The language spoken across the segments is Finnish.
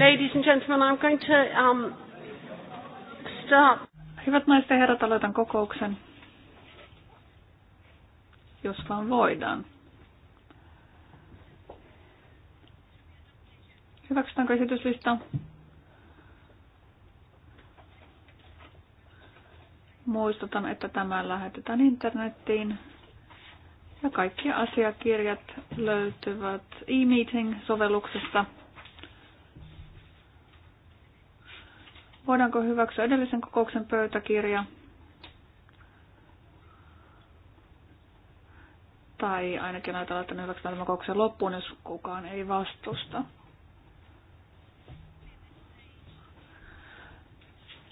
Ladies and gentlemen, I'm going to um, start. Hyvät naiset ja herrat, aloitan kokouksen, jos vaan voidaan. Hyväksytäänkö esityslista? Muistutan, että tämä lähetetään internettiin ja kaikki asiakirjat löytyvät e-meeting-sovelluksesta – Voidaanko hyväksyä edellisen kokouksen pöytäkirja? Tai ainakin ajatellaan, että ne hyväksytään tämän kokouksen loppuun, jos kukaan ei vastusta.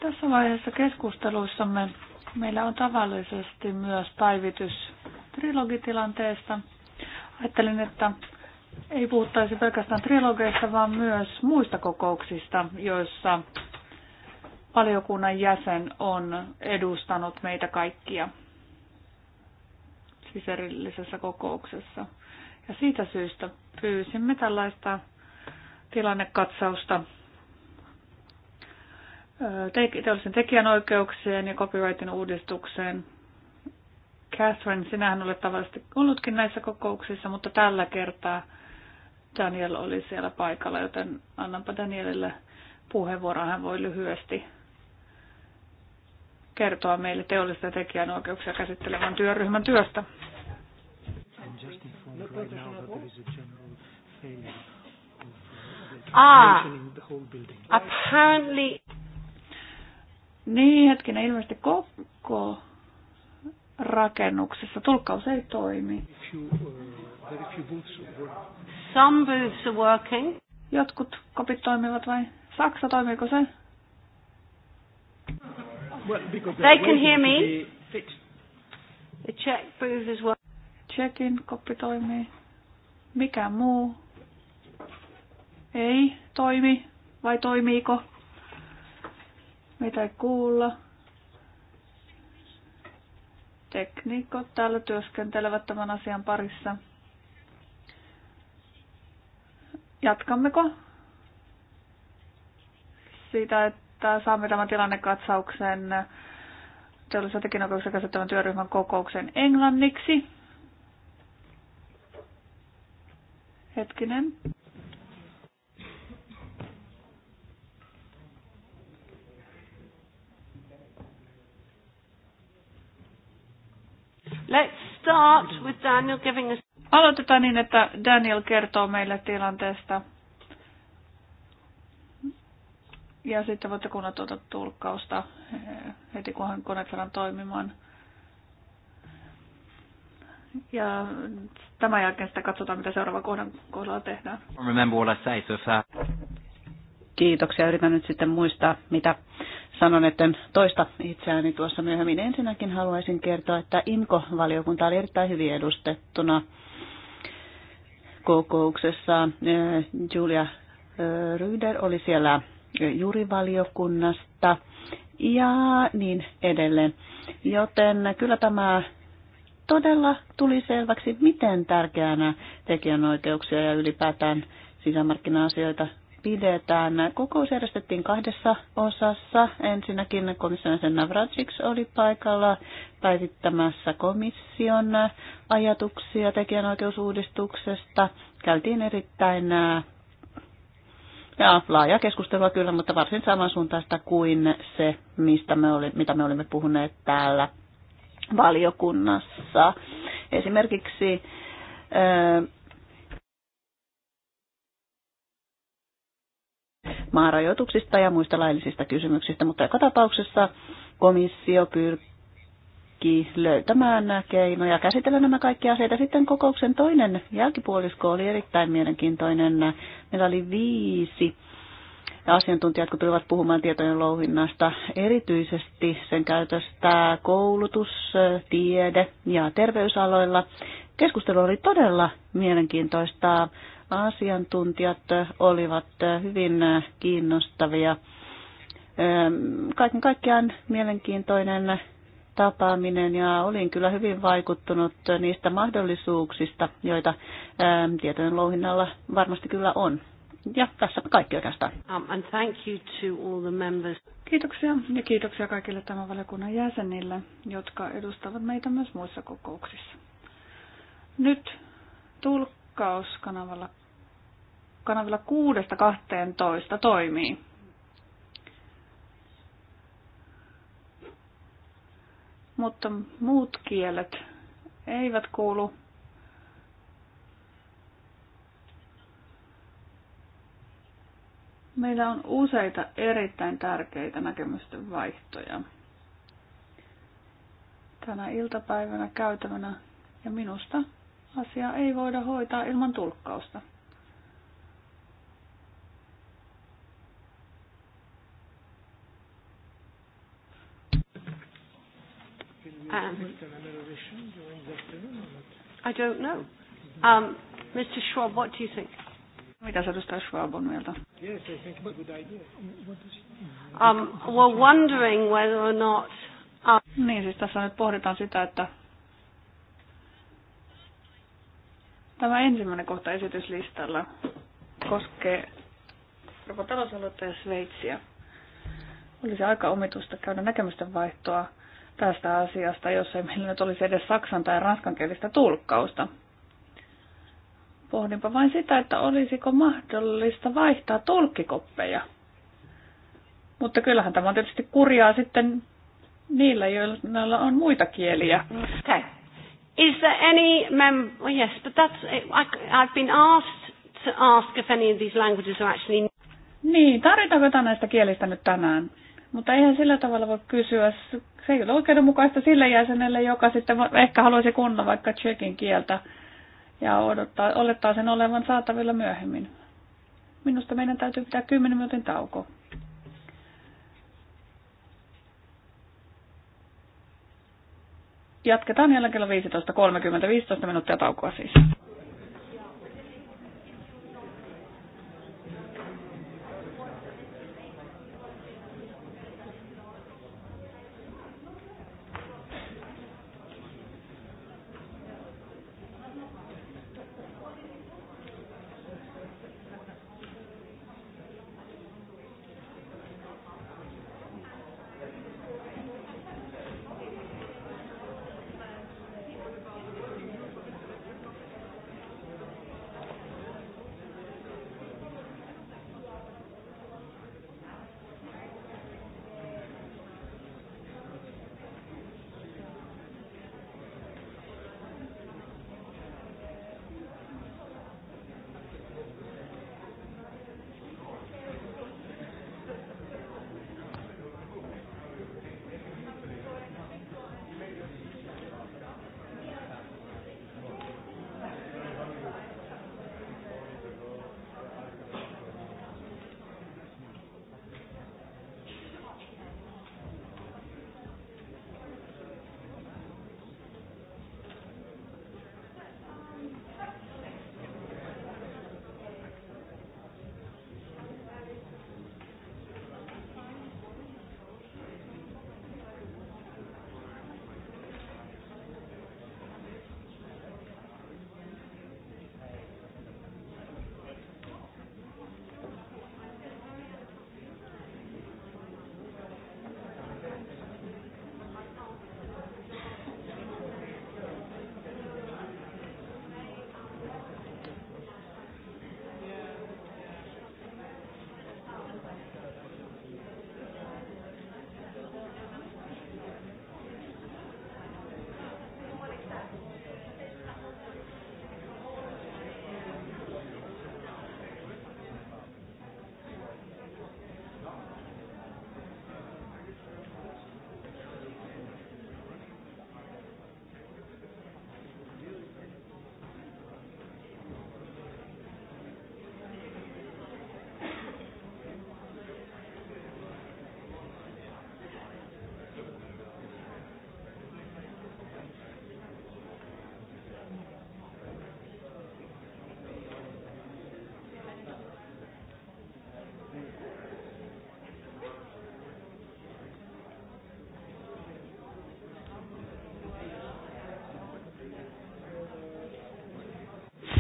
Tässä vaiheessa keskusteluissamme meillä on tavallisesti myös päivitys trilogitilanteesta. Ajattelin, että ei puhuttaisi pelkästään trilogeista, vaan myös muista kokouksista, joissa valiokunnan jäsen on edustanut meitä kaikkia sisärillisessä kokouksessa. Ja siitä syystä pyysimme tällaista tilannekatsausta teollisen tekijänoikeuksien ja copyrightin uudistukseen. Catherine, sinähän olet tavallisesti ollutkin näissä kokouksissa, mutta tällä kertaa Daniel oli siellä paikalla, joten annanpa Danielille puheenvuoron. Hän voi lyhyesti kertoa meille teollista ja tekijänoikeuksia käsittelevän työryhmän työstä. Ah, apparently. Niin, hetkinen, ilmeisesti koko rakennuksessa tulkkaus ei toimi. Some booths are working. Jotkut kopit toimivat vai? Saksa, toimiiko se? Well, because they can hear me. The check booth as well. Check-in, koppi toimii. Mikä muu? Ei toimi. Vai toimiiko? Mitä ei kuulla. Tekniikot täällä työskentelevät tämän asian parissa. Jatkammeko? Siitä, että että saamme tämän tilannekatsauksen ja tekinoikeuksia käsittävän työryhmän kokouksen englanniksi. Hetkinen. Let's start with Daniel giving us... Aloitetaan niin, että Daniel kertoo meille tilanteesta. Ja sitten voitte kunnat tuota tulkkausta eh, heti, kunhan kone saadaan toimimaan. Ja tämän jälkeen sitä katsotaan, mitä seuraava kohdan kohdalla tehdään. Kiitoksia. Yritän nyt sitten muistaa, mitä sanon, että en toista itseäni tuossa myöhemmin. Ensinnäkin haluaisin kertoa, että IMKO-valiokunta oli erittäin hyvin edustettuna kokouksessa. Eh, Julia eh, Ryder oli siellä juurivaliokunnasta ja niin edelleen. Joten kyllä tämä todella tuli selväksi, miten tärkeänä tekijänoikeuksia ja ylipäätään sisämarkkina-asioita pidetään. Kokous järjestettiin kahdessa osassa. Ensinnäkin komission sen Navracic oli paikalla päivittämässä komission ajatuksia tekijänoikeusuudistuksesta. Käytiin erittäin äh, ja laajaa keskustelua kyllä, mutta varsin samansuuntaista kuin se, mistä me oli, mitä me olimme puhuneet täällä valiokunnassa. Esimerkiksi öö, maarajoituksista ja muista laillisista kysymyksistä, mutta joka tapauksessa komissio pyr- kaikki löytämään keinoja käsitellä nämä kaikki asiat. Sitten kokouksen toinen jälkipuolisko oli erittäin mielenkiintoinen. Meillä oli viisi asiantuntijat, jotka tulivat puhumaan tietojen louhinnasta, erityisesti sen käytöstä koulutus, tiede ja terveysaloilla. Keskustelu oli todella mielenkiintoista. Asiantuntijat olivat hyvin kiinnostavia. Öö, kaiken kaikkiaan mielenkiintoinen tapaaminen ja olin kyllä hyvin vaikuttunut niistä mahdollisuuksista, joita ähm, tietojen louhinnalla varmasti kyllä on. Ja tässä kaikki oikeastaan. Um, and thank you to all the members. Kiitoksia ja kiitoksia kaikille tämän valiokunnan jäsenille, jotka edustavat meitä myös muissa kokouksissa. Nyt tulkkaus kanavalla, kuudesta 6-12 toimii. mutta muut kielet eivät kuulu Meillä on useita erittäin tärkeitä näkemysten vaihtoja tänä iltapäivänä käytävänä ja minusta asia ei voida hoitaa ilman tulkkausta. Um, I don't know. Um, Mr. Schwab, what do you think? Mitä Schwab on mieltä? Yes, I think it's a good idea. um, we're wondering whether or not... Um, niin, siis tässä nyt pohditaan sitä, että tämä ensimmäinen kohta esityslistalla koskee joko talousaloitetta ja Sveitsiä. Olisi aika omitusta käydä näkemysten vaihtoa tästä asiasta, jos ei meillä nyt olisi edes saksan tai ranskankielistä tulkkausta. Pohdinpa vain sitä, että olisiko mahdollista vaihtaa tulkkikoppeja. Mutta kyllähän tämä on tietysti kurjaa sitten niillä, joilla on muita kieliä. Okay. Is there any mem- well, oh, yes, but that's I, I've been asked to ask if any of these languages are actually. Niin, tarvitaanko jotain näistä kielistä nyt tänään? Mutta eihän sillä tavalla voi kysyä. Se ei ole oikeudenmukaista sille jäsenelle, joka sitten ehkä haluaisi kunnon vaikka tsekin kieltä ja odottaa, olettaa sen olevan saatavilla myöhemmin. Minusta meidän täytyy pitää 10 minuutin tauko. Jatketaan jälleen kello 15.30, 15 minuuttia taukoa siis.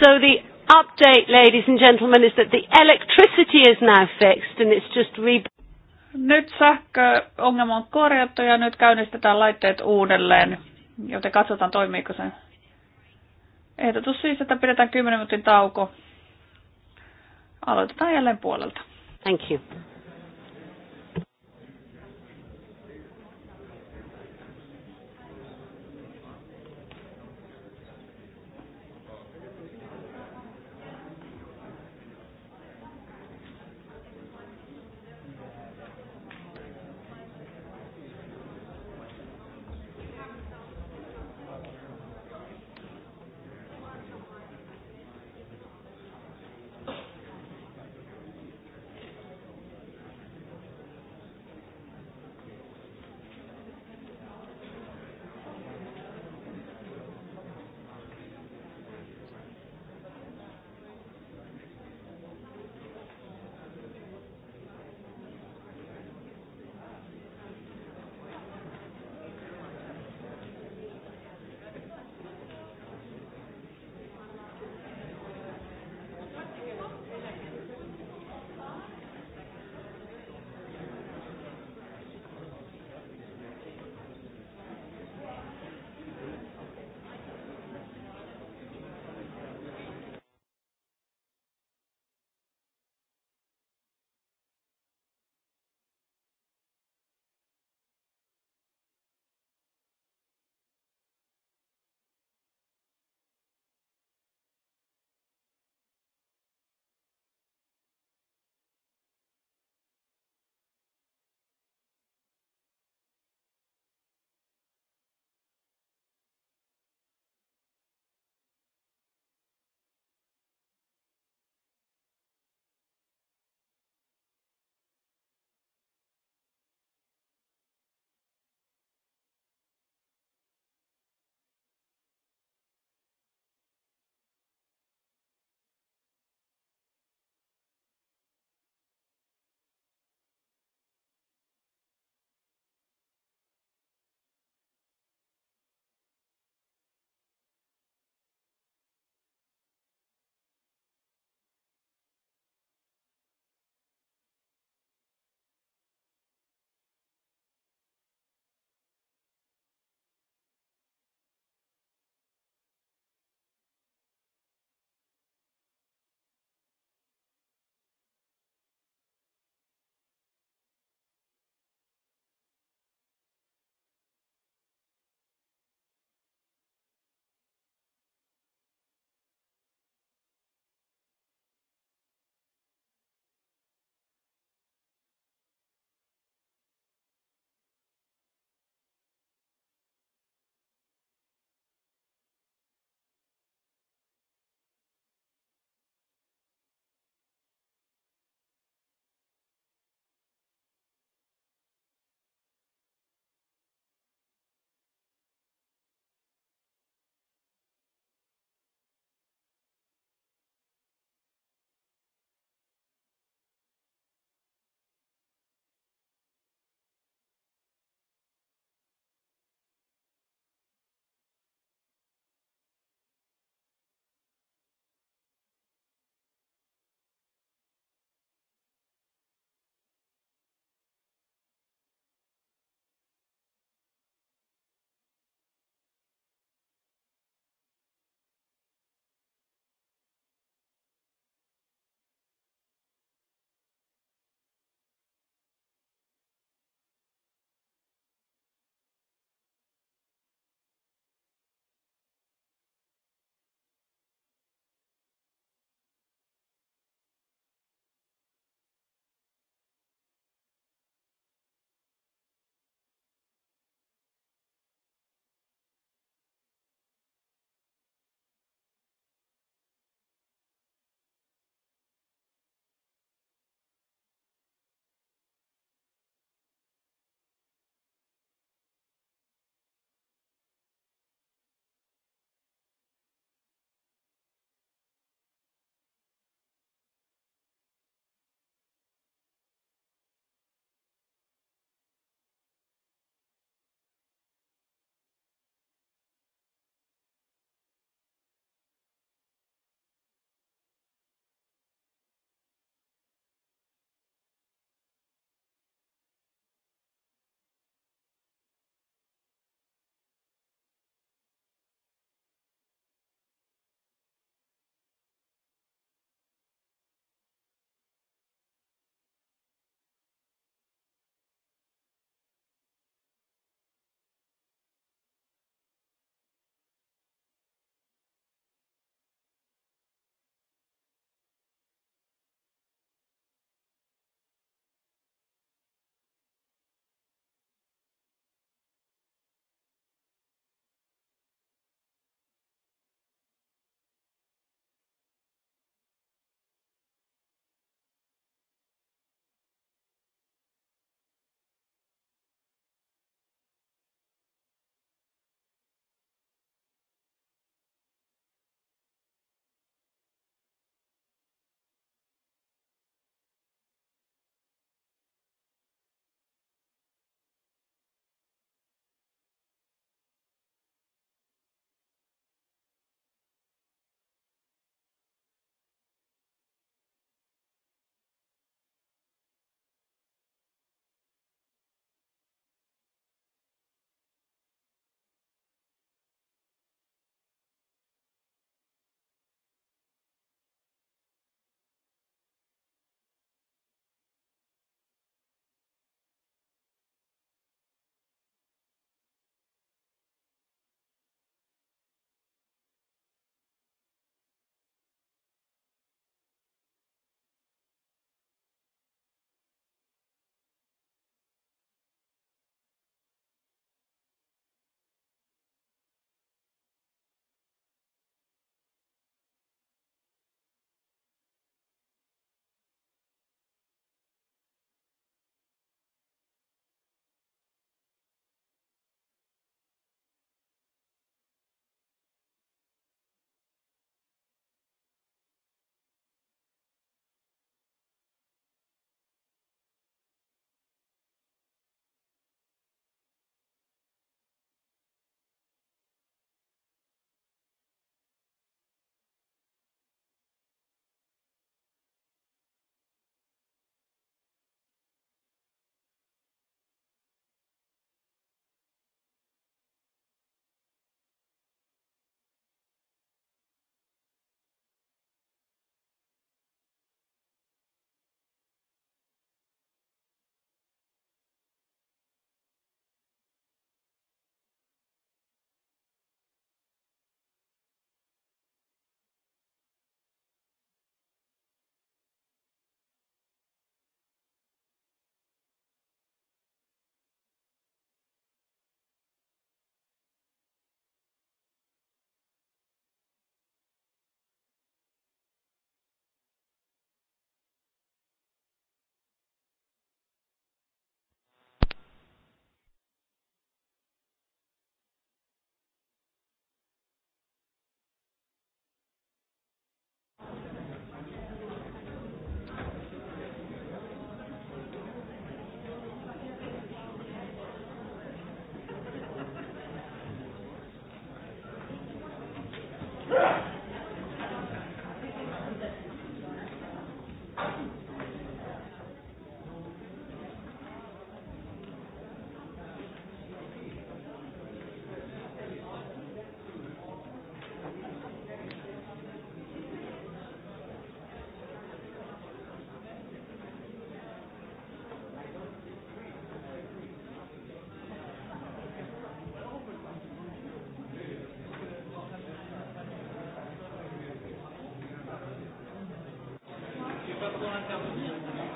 So the update, ladies and gentlemen, is that the electricity is now fixed and it's just re... Nyt sähköongelma on korjattu ja nyt käynnistetään laitteet uudelleen, joten katsotaan toimiiko se. Ehdotus siis, että pidetään 10 minuutin tauko. Aloitetaan jälleen puolelta. Thank you.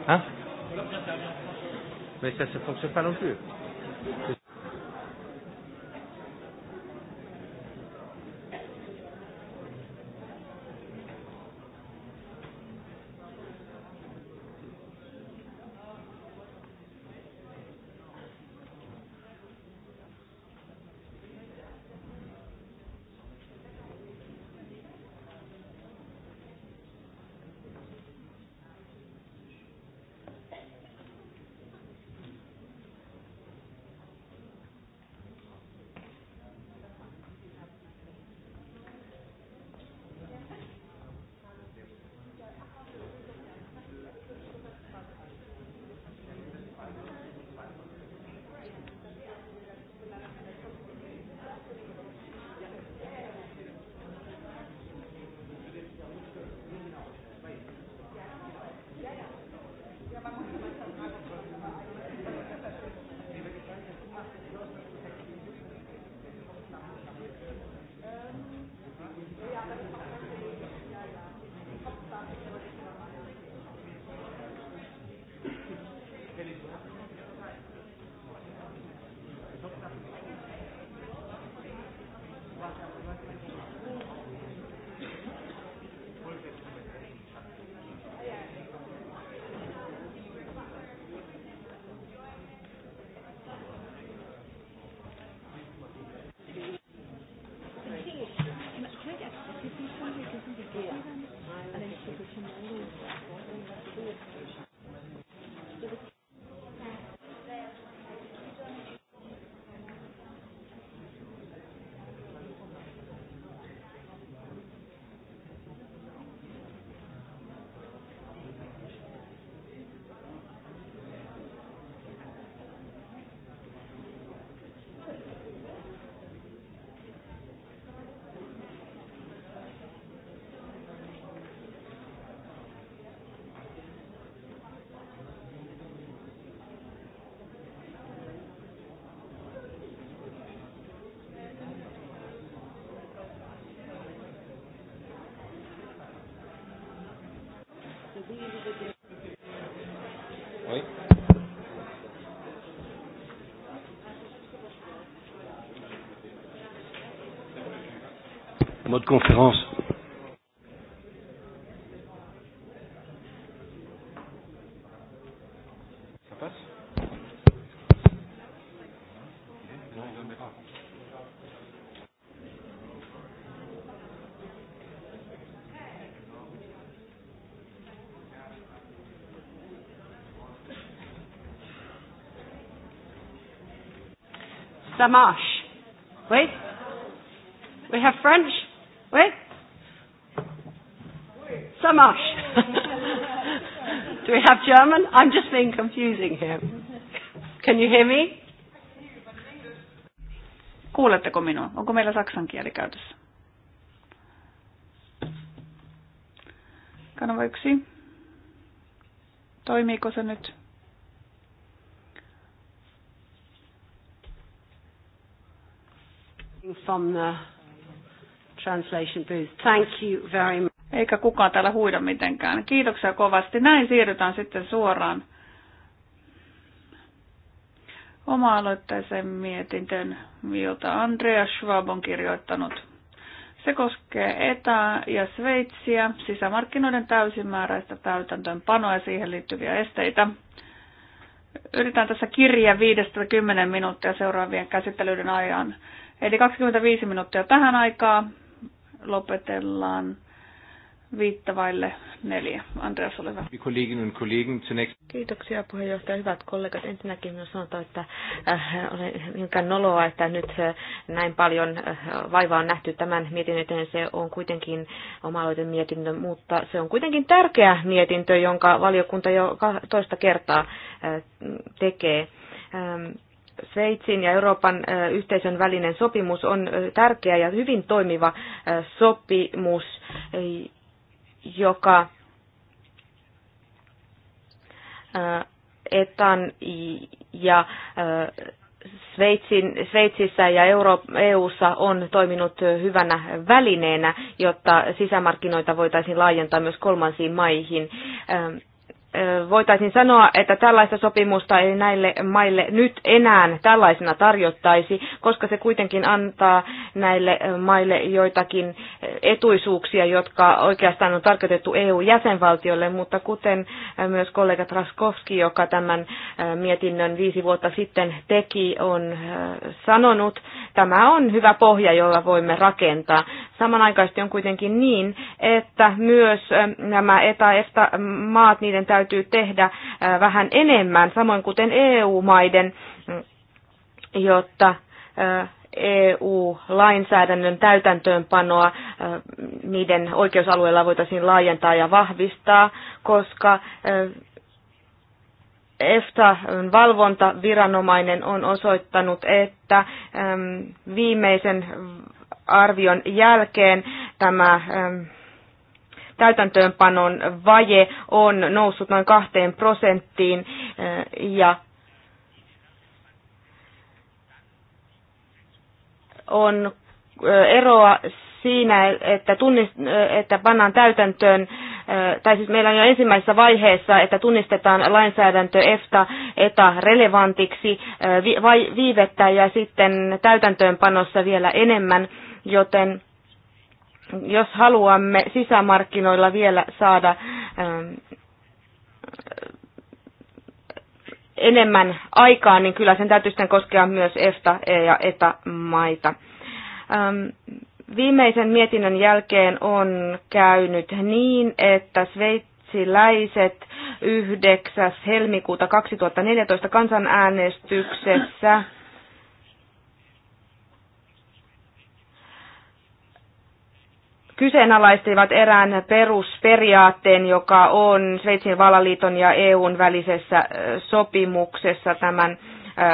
Hein Mais ça ne fonctionne pas non plus. Oui. Mode conférence Damash. Oui? We have French? Oui? Samash. Do we have German? I'm just being confusing here. Can you hear me? Kuuletteko minua? Onko meillä saksan kieli käytössä? Kanava yksi. Toimiiko se nyt? from the translation booth. Thank you very much. Eikä kukaan täällä huida mitenkään. Kiitoksia kovasti. Näin siirrytään sitten suoraan oma-aloitteisen mietintön, jota Andrea Schwab on kirjoittanut. Se koskee ETA ja Sveitsiä, sisämarkkinoiden täysimääräistä täytäntöönpanoa ja siihen liittyviä esteitä. Yritän tässä kirjaa 5-10 minuuttia seuraavien käsittelyiden ajan. Eli 25 minuuttia tähän aikaa. Lopetellaan viittavaille neljä. Andreas, ole hyvä. Kiitoksia puheenjohtaja. Hyvät kollegat, ensinnäkin minun sanotaan, että äh, olen noloa, että nyt äh, näin paljon äh, vaivaa on nähty tämän mietinnön eteen. Se on kuitenkin oma mietintö, mutta se on kuitenkin tärkeä mietintö, jonka valiokunta jo toista kertaa äh, tekee. Ähm, Sveitsin ja Euroopan yhteisön välinen sopimus on tärkeä ja hyvin toimiva sopimus, joka etan ja Sveitsin, Sveitsissä ja Euro, e ssa on toiminut hyvänä välineenä, jotta sisämarkkinoita voitaisiin laajentaa myös kolmansiin maihin voitaisiin sanoa, että tällaista sopimusta ei näille maille nyt enää tällaisena tarjottaisi, koska se kuitenkin antaa näille maille joitakin etuisuuksia, jotka oikeastaan on tarkoitettu EU-jäsenvaltiolle, mutta kuten myös kollega Traskowski, joka tämän mietinnön viisi vuotta sitten teki, on sanonut, tämä on hyvä pohja, jolla voimme rakentaa. Samanaikaisesti on kuitenkin niin, että myös nämä ETA-EFTA-maat, niiden täytyy täytyy tehdä äh, vähän enemmän, samoin kuten EU-maiden, mm, jotta äh, EU-lainsäädännön täytäntöönpanoa äh, niiden oikeusalueella voitaisiin laajentaa ja vahvistaa, koska EFTA-valvontaviranomainen on osoittanut, että viimeisen arvion jälkeen tämä täytäntöönpanon vaje on noussut noin kahteen prosenttiin eh, ja on eh, eroa siinä, että, tunnist, eh, että pannaan täytäntöön, tai siis meillä on jo ensimmäisessä vaiheessa, että tunnistetaan lainsäädäntö EFTA ETA-relevantiksi viivettä ja sitten täytäntöönpanossa vielä enemmän, joten jos haluamme sisämarkkinoilla vielä saada ähm, enemmän aikaa, niin kyllä sen täytyy sitten koskea myös EFTA- ja ETA-maita. Ähm, viimeisen mietinnön jälkeen on käynyt niin, että sveitsiläiset 9. helmikuuta 2014 kansanäänestyksessä kyseenalaistivat erään perusperiaatteen, joka on Sveitsin valaliiton ja EUn välisessä sopimuksessa tämän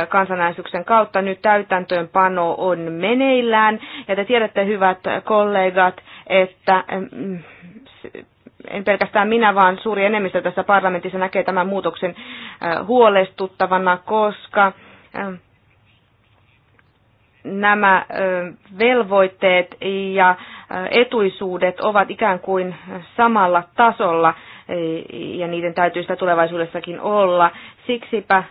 kansanäänestyksen kautta. Nyt täytäntöönpano on meneillään ja te tiedätte hyvät kollegat, että mm, en pelkästään minä, vaan suuri enemmistö tässä parlamentissa näkee tämän muutoksen huolestuttavana, koska nämä velvoitteet ja etuisuudet ovat ikään kuin samalla tasolla ja niiden täytyy sitä tulevaisuudessakin olla. Siksipä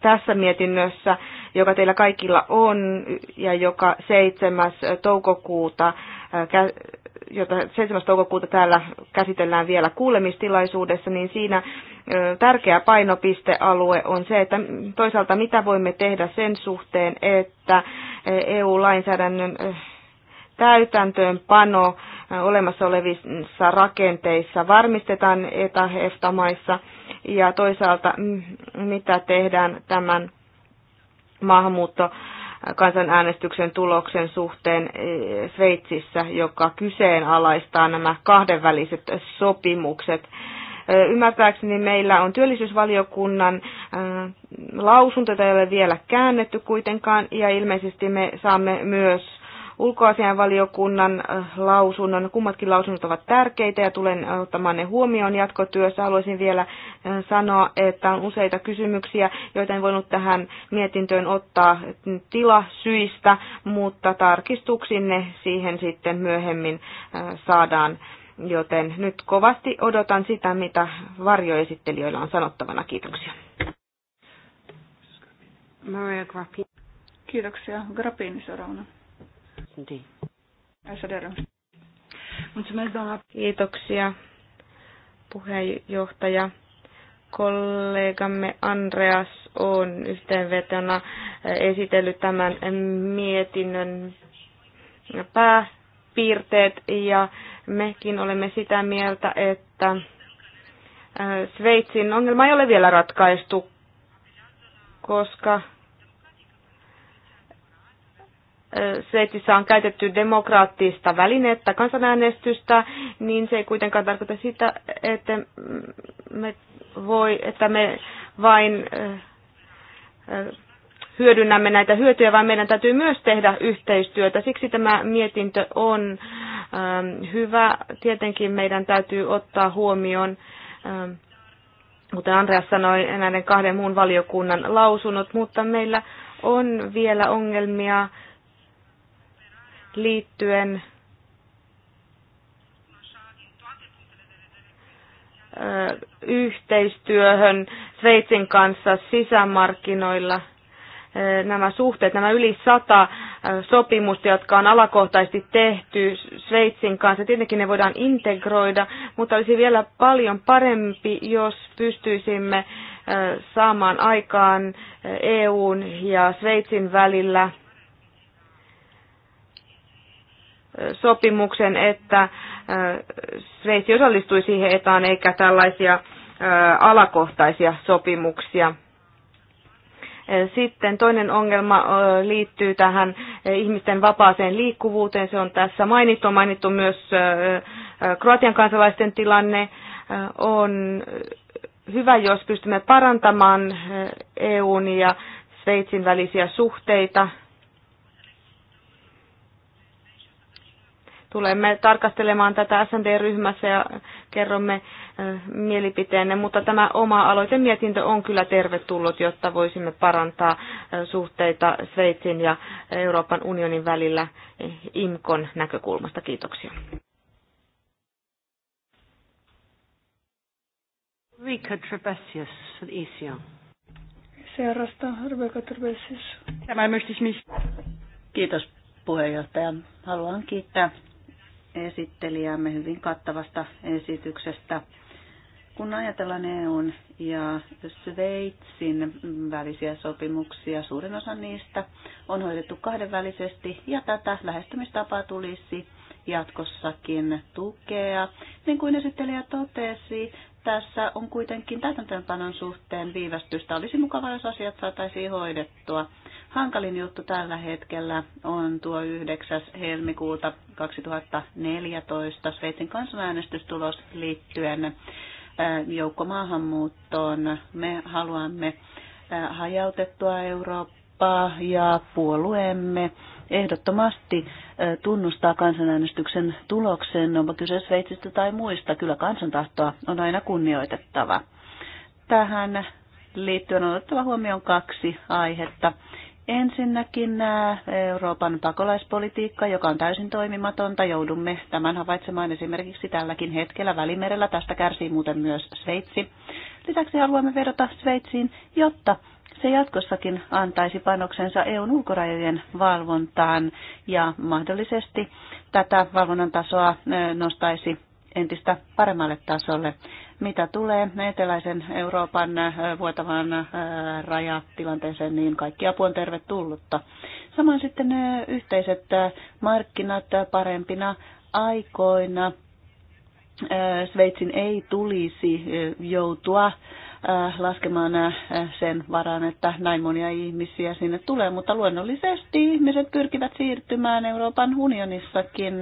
tässä mietinnössä, joka teillä kaikilla on ja joka 7. toukokuuta jota 7. toukokuuta täällä käsitellään vielä kuulemistilaisuudessa, niin siinä tärkeä painopistealue on se, että toisaalta mitä voimme tehdä sen suhteen, että EU-lainsäädännön täytäntöönpano olemassa olevissa rakenteissa varmistetaan ETA-EFTA-maissa ja toisaalta mitä tehdään tämän maahanmuutto kansanäänestyksen tuloksen suhteen Sveitsissä, joka kyseenalaistaa nämä kahdenväliset sopimukset Ymmärtääkseni meillä on työllisyysvaliokunnan lausunto, jota ei ole vielä käännetty kuitenkaan, ja ilmeisesti me saamme myös ulkoasianvaliokunnan lausunnon. Kummatkin lausunnot ovat tärkeitä ja tulen ottamaan ne huomioon jatkotyössä. Haluaisin vielä sanoa, että on useita kysymyksiä, joita en voinut tähän mietintöön ottaa tilasyistä, mutta ne siihen sitten myöhemmin saadaan Joten nyt kovasti odotan sitä, mitä varjoesittelijöillä on sanottavana. Kiitoksia. Maria Grappini. Kiitoksia. Grappini seuraavana. Niin. Kiitoksia puheenjohtaja. Kollegamme Andreas on yhteenvetona esitellyt tämän mietinnön pää piirteet ja mekin olemme sitä mieltä, että Sveitsin ongelma ei ole vielä ratkaistu, koska Sveitsissä on käytetty demokraattista välineettä kansanäänestystä, niin se ei kuitenkaan tarkoita sitä, että me, voi, että me vain hyödynnämme näitä hyötyjä, vaan meidän täytyy myös tehdä yhteistyötä. Siksi tämä mietintö on ähm, hyvä. Tietenkin meidän täytyy ottaa huomioon ähm, kuten Andreas sanoi, näiden kahden muun valiokunnan lausunnot, mutta meillä on vielä ongelmia liittyen äh, yhteistyöhön Sveitsin kanssa sisämarkkinoilla – nämä suhteet, nämä yli sata sopimusta, jotka on alakohtaisesti tehty Sveitsin kanssa. Tietenkin ne voidaan integroida, mutta olisi vielä paljon parempi, jos pystyisimme saamaan aikaan EUn ja Sveitsin välillä sopimuksen, että Sveitsi osallistui siihen etaan eikä tällaisia alakohtaisia sopimuksia. Sitten toinen ongelma liittyy tähän ihmisten vapaaseen liikkuvuuteen. Se on tässä mainittu. On mainittu myös Kroatian kansalaisten tilanne. On hyvä, jos pystymme parantamaan EUn ja Sveitsin välisiä suhteita Tulemme tarkastelemaan tätä smd ryhmässä ja kerromme äh, mielipiteenne, mutta tämä oma aloitemietintö on kyllä tervetullut, jotta voisimme parantaa äh, suhteita Sveitsin ja Euroopan unionin välillä eh, IMKON näkökulmasta. Kiitoksia. Rika Trebesius ECO. Seurasta Rebecca Trebesius. Tämä möchte Kiitos puheenjohtaja. Haluan kiittää esittelijämme hyvin kattavasta esityksestä. Kun ajatellaan EUn ja Sveitsin välisiä sopimuksia, suurin osa niistä on hoidettu kahdenvälisesti ja tätä lähestymistapaa tulisi jatkossakin tukea. Niin kuin esittelijä totesi, tässä on kuitenkin täytäntöönpanon suhteen viivästystä. Olisi mukava, jos asiat saataisiin hoidettua. Hankalin juttu tällä hetkellä on tuo 9. helmikuuta 2014 Sveitsin kansanäänestystulos liittyen äh, joukkomaahanmuuttoon. Me haluamme äh, hajautettua Eurooppaa ja puolueemme ehdottomasti äh, tunnustaa kansanäänestyksen tuloksen, onpa kyse Sveitsistä tai muista. Kyllä kansantahtoa on aina kunnioitettava. Tähän liittyen on otettava huomioon kaksi aihetta. Ensinnäkin äh, Euroopan pakolaispolitiikka, joka on täysin toimimatonta, joudumme tämän havaitsemaan esimerkiksi tälläkin hetkellä Välimerellä. Tästä kärsii muuten myös Sveitsi. Lisäksi haluamme vedota Sveitsiin, jotta se jatkossakin antaisi panoksensa EUn ulkorajojen valvontaan ja mahdollisesti tätä valvonnan tasoa äh, nostaisi entistä paremmalle tasolle. Mitä tulee eteläisen Euroopan äh, vuotavaan äh, rajatilanteeseen, niin kaikki apu on tervetullutta. Samoin sitten äh, yhteiset markkinat parempina aikoina. Sveitsin ei tulisi joutua laskemaan sen varaan, että näin monia ihmisiä sinne tulee, mutta luonnollisesti ihmiset pyrkivät siirtymään Euroopan unionissakin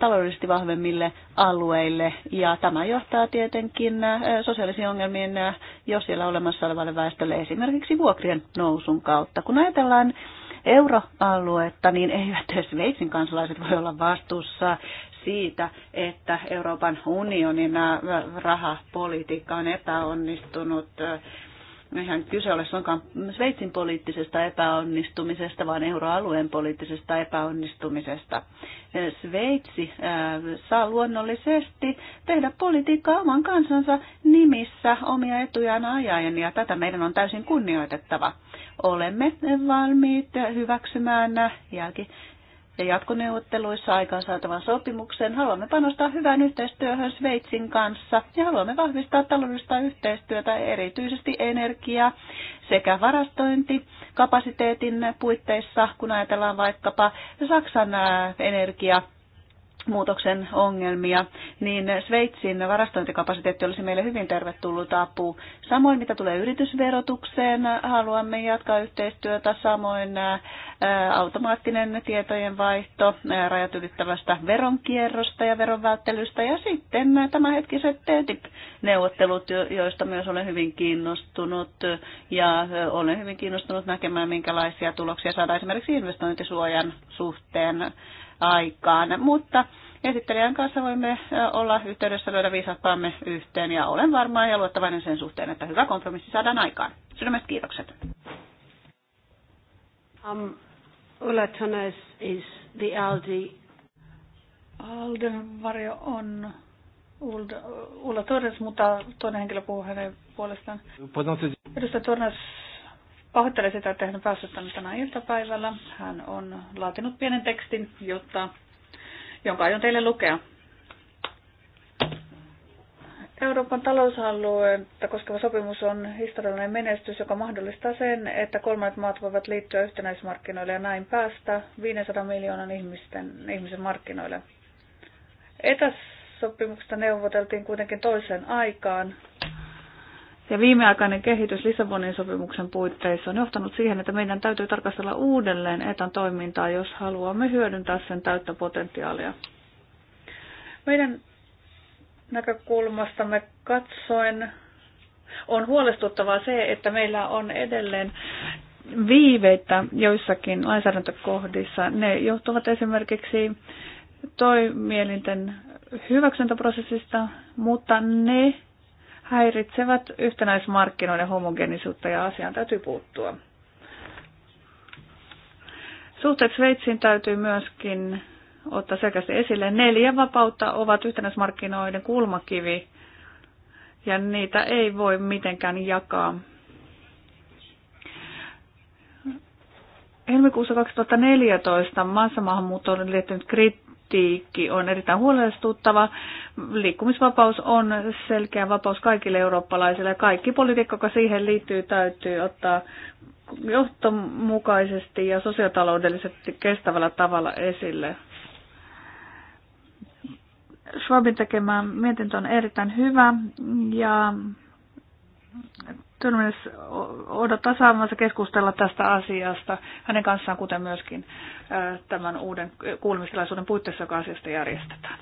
taloudellisesti vahvemmille alueille. Ja tämä johtaa tietenkin äh, sosiaalisiin ongelmiin äh, jo siellä olemassa olevalle väestölle esimerkiksi vuokrien nousun kautta. Kun ajatellaan euroaluetta, niin eivät Sveitsin kansalaiset voi olla vastuussa siitä, että Euroopan unionin äh, rahapolitiikka on epäonnistunut eihän kyse ole suinkaan Sveitsin poliittisesta epäonnistumisesta, vaan euroalueen poliittisesta epäonnistumisesta. Sveitsi äh, saa luonnollisesti tehdä politiikkaa oman kansansa nimissä omia etujaan ajaen, ja tätä meidän on täysin kunnioitettava. Olemme valmiit hyväksymään jälki ja jatkoneuvotteluissa aikaansaatavan sopimuksen. Haluamme panostaa hyvään yhteistyöhön Sveitsin kanssa ja haluamme vahvistaa taloudellista yhteistyötä erityisesti energia- sekä varastointikapasiteetin puitteissa, kun ajatellaan vaikkapa Saksan energia- muutoksen ongelmia, niin Sveitsin varastointikapasiteetti olisi meille hyvin tervetullut apu. Samoin mitä tulee yritysverotukseen, haluamme jatkaa yhteistyötä, samoin äh, automaattinen tietojen vaihto äh, rajat ylittävästä veronkierrosta ja veronvälttelystä ja sitten tämä hetkiset TTIP-neuvottelut, joista myös olen hyvin kiinnostunut ja äh, olen hyvin kiinnostunut näkemään, minkälaisia tuloksia saadaan esimerkiksi investointisuojan suhteen aikaan. Mutta esittelijän kanssa voimme olla yhteydessä, löydä viisaampaamme yhteen ja olen varma ja luottavainen sen suhteen, että hyvä kompromissi saadaan aikaan. Sydämestä kiitokset. Um, Ulla Tunes is the LD. Alden varjo on Ulla Torres, mutta toinen henkilö puhuu hänen puolestaan. Edustaja Torres Pahoittelen sitä, että hän on päässyt tänne tänä iltapäivällä. Hän on laatinut pienen tekstin, jotta, jonka aion teille lukea. Euroopan talousalueetta koskeva sopimus on historiallinen menestys, joka mahdollistaa sen, että kolmannet maat voivat liittyä yhtenäismarkkinoille ja näin päästä 500 miljoonan ihmisten, ihmisen markkinoille. Etäsopimuksesta neuvoteltiin kuitenkin toiseen aikaan, ja viimeaikainen kehitys Lissabonin sopimuksen puitteissa on johtanut siihen, että meidän täytyy tarkastella uudelleen etan toimintaa, jos haluamme hyödyntää sen täyttä potentiaalia. Meidän näkökulmastamme katsoen on huolestuttavaa se, että meillä on edelleen viiveitä joissakin lainsäädäntökohdissa. Ne johtuvat esimerkiksi toimielinten hyväksyntäprosessista, mutta ne häiritsevät yhtenäismarkkinoiden homogenisuutta ja asiaan täytyy puuttua. Suhteet Sveitsiin täytyy myöskin ottaa selkeästi esille. Neljä vapautta ovat yhtenäismarkkinoiden kulmakivi ja niitä ei voi mitenkään jakaa. Helmikuussa 2014 maassamaahanmuuttoon liittynyt politiikki on erittäin huolestuttava. Liikkumisvapaus on selkeä vapaus kaikille eurooppalaisille. Kaikki politiikka, joka siihen liittyy, täytyy ottaa johtomukaisesti ja sosiotaloudellisesti kestävällä tavalla esille. Schwabin tekemä mietintö on erittäin hyvä ja työmies odottaa saamansa keskustella tästä asiasta hänen kanssaan, kuten myöskin tämän uuden kuulemistilaisuuden puitteissa, joka asiasta järjestetään.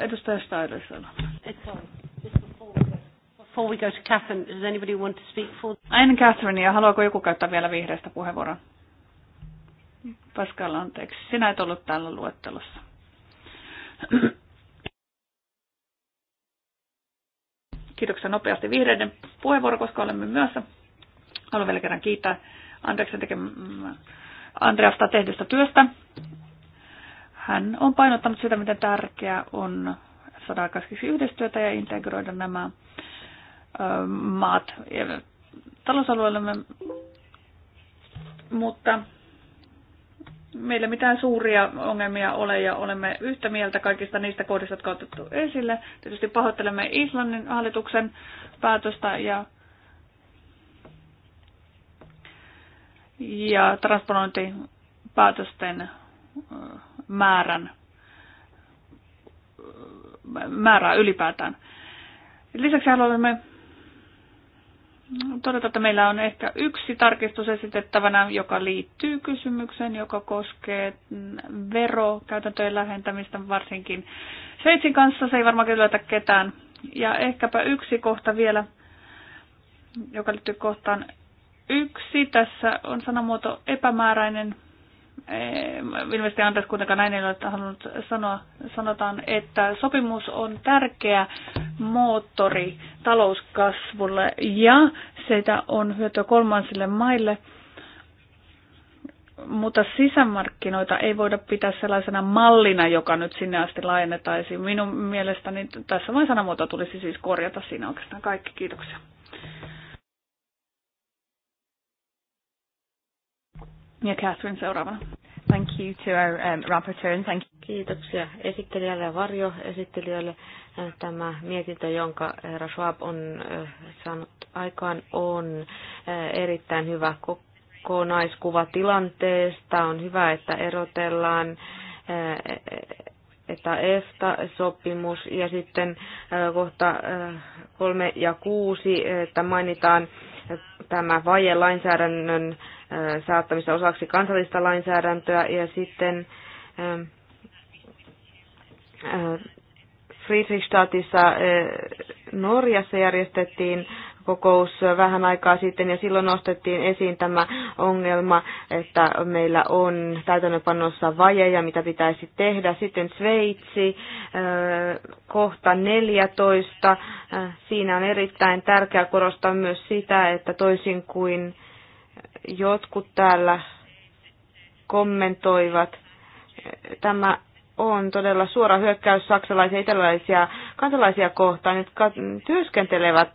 Edustaja Steilerson. Before we go to Catherine, does anybody want to speak for? Ennen Catherine, haluaako joku käyttää vielä vihreästä puheenvuoron? Pascal, anteeksi. Sinä et ollut täällä luettelossa. Kiitoksia nopeasti vihreiden puheenvuoro, koska olemme myössä. Haluan vielä kerran kiittää Andreasta tekemä, Andreasta tehdystä työstä. Hän on painottanut sitä, miten tärkeää on saada aikaiseksi yhteistyötä ja integroida nämä ö, maat talousalueellemme. Mutta meillä mitään suuria ongelmia ole ja olemme yhtä mieltä kaikista niistä kohdista, jotka on otettu esille. Tietysti pahoittelemme Islannin hallituksen päätöstä ja, ja transponointipäätösten määrän määrää ylipäätään. Lisäksi haluamme todeta, että meillä on ehkä yksi tarkistus esitettävänä, joka liittyy kysymykseen, joka koskee verokäytäntöjen lähentämistä varsinkin Sveitsin kanssa. Se ei varmaan yllätä ketään. Ja ehkäpä yksi kohta vielä, joka liittyy kohtaan yksi. Tässä on sanamuoto epämääräinen ilmeisesti Anders kuitenkaan näin ei ole halunnut sanoa, sanotaan, että sopimus on tärkeä moottori talouskasvulle ja sitä on hyötyä kolmansille maille, mutta sisämarkkinoita ei voida pitää sellaisena mallina, joka nyt sinne asti laajennetaisiin. Minun mielestäni tässä vain sanamuoto tulisi siis korjata siinä oikeastaan kaikki. Kiitoksia. Ja Catherine seuraavana. Thank you to our um, rapporteur and thank you. Kiitoksia esittelijälle ja varjoesittelijöille. Äh, tämä mietintö, jonka herra Schwab on äh, saanut aikaan, on äh, erittäin hyvä kokonaiskuva tilanteesta. On hyvä, että erotellaan että EFTA-sopimus ja sitten kohta kolme ja kuusi, että mainitaan tämä vajelainsäädännön lainsäädännön saattamista osaksi kansallista lainsäädäntöä ja sitten Friedrichstadtissa Norjassa järjestettiin kokous vähän aikaa sitten ja silloin nostettiin esiin tämä ongelma, että meillä on täytännöpanossa vajeja, mitä pitäisi tehdä. Sitten Sveitsi, kohta 14. Siinä on erittäin tärkeää korostaa myös sitä, että toisin kuin jotkut täällä kommentoivat. Tämä on todella suora hyökkäys saksalaisia ja italialaisia kansalaisia kohtaan, jotka työskentelevät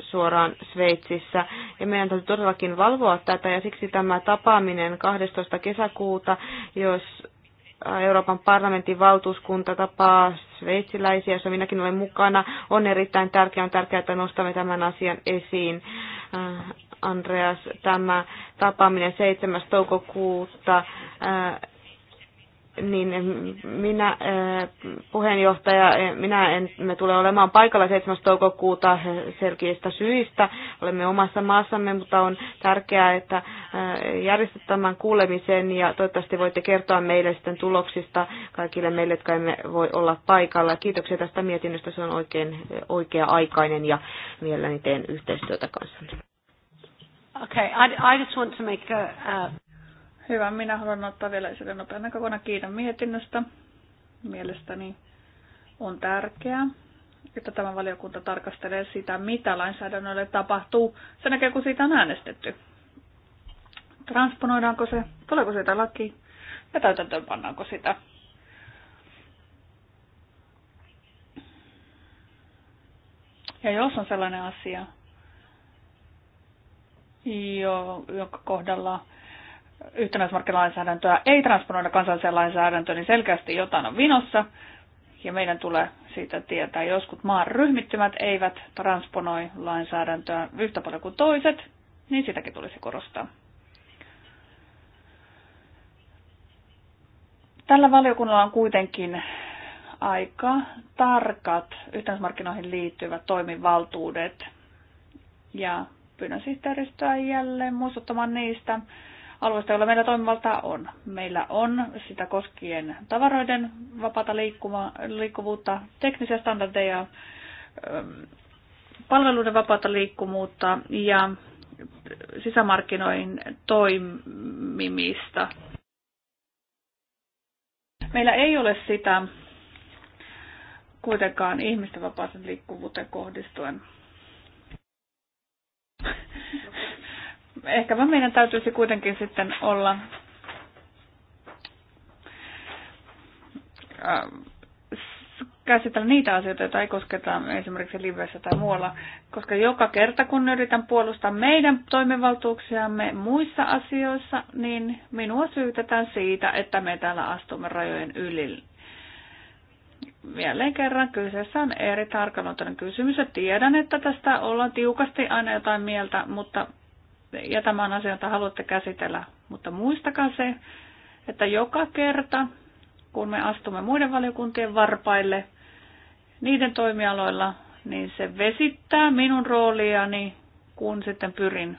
suoraan Sveitsissä. Ja meidän täytyy todellakin valvoa tätä ja siksi tämä tapaaminen 12. kesäkuuta, jos Euroopan parlamentin valtuuskunta tapaa sveitsiläisiä, jossa minäkin olen mukana, on erittäin tärkeää. On tärkeää, että nostamme tämän asian esiin. Andreas, tämä tapaaminen 7. toukokuuta niin minä puheenjohtaja, minä en, me tulee olemaan paikalla 7. toukokuuta selkeistä syistä. Olemme omassa maassamme, mutta on tärkeää, että järjestät tämän kuulemisen ja toivottavasti voitte kertoa meille sitten tuloksista kaikille meille, jotka emme voi olla paikalla. Kiitoksia tästä mietinnöstä, se on oikein oikea-aikainen ja mielelläni teen yhteistyötä kanssanne. Okay, I, I just want to make a, a... Hyvä, minä haluan ottaa vielä esille nopean näkökulman. Kiitän mietinnöstä. Mielestäni on tärkeää, että tämä valiokunta tarkastelee sitä, mitä lainsäädännölle tapahtuu sen näkee, kun siitä on äänestetty. Transponoidaanko se, tuleeko siitä laki ja pannaanko sitä. Ja jos on sellainen asia, jo, jonka kohdalla yhtenäismarkkinalainsäädäntöä ei transponoida kansalliseen lainsäädäntöön, niin selkeästi jotain on vinossa. Ja meidän tulee siitä tietää, joskus maan ryhmittymät eivät transponoi lainsäädäntöä yhtä paljon kuin toiset, niin sitäkin tulisi korostaa. Tällä valiokunnalla on kuitenkin aika tarkat yhtenäismarkkinoihin liittyvät toimivaltuudet. Ja pyydän sihteeristöä jälleen muistuttamaan niistä alueista, joilla meillä toimivalta on. Meillä on sitä koskien tavaroiden vapaata liikkuma, liikkuvuutta, teknisiä standardeja, palveluiden vapaata liikkuvuutta ja sisämarkkinoin toimimista. Meillä ei ole sitä kuitenkaan ihmisten vapaaseen liikkuvuuteen kohdistuen. Ehkä vaan meidän täytyisi kuitenkin sitten olla äh, käsitellä niitä asioita, joita ei kosketa esimerkiksi liveissä tai muualla, koska joka kerta kun yritän puolustaa meidän toimivaltuuksiamme muissa asioissa, niin minua syytetään siitä, että me täällä astumme rajojen yli jälleen kerran kyseessä on eri tarkaluontoinen kysymys ja tiedän, että tästä ollaan tiukasti aina jotain mieltä, mutta ja tämän asian, jota haluatte käsitellä. Mutta muistakaa se, että joka kerta, kun me astumme muiden valiokuntien varpaille niiden toimialoilla, niin se vesittää minun rooliani, kun sitten pyrin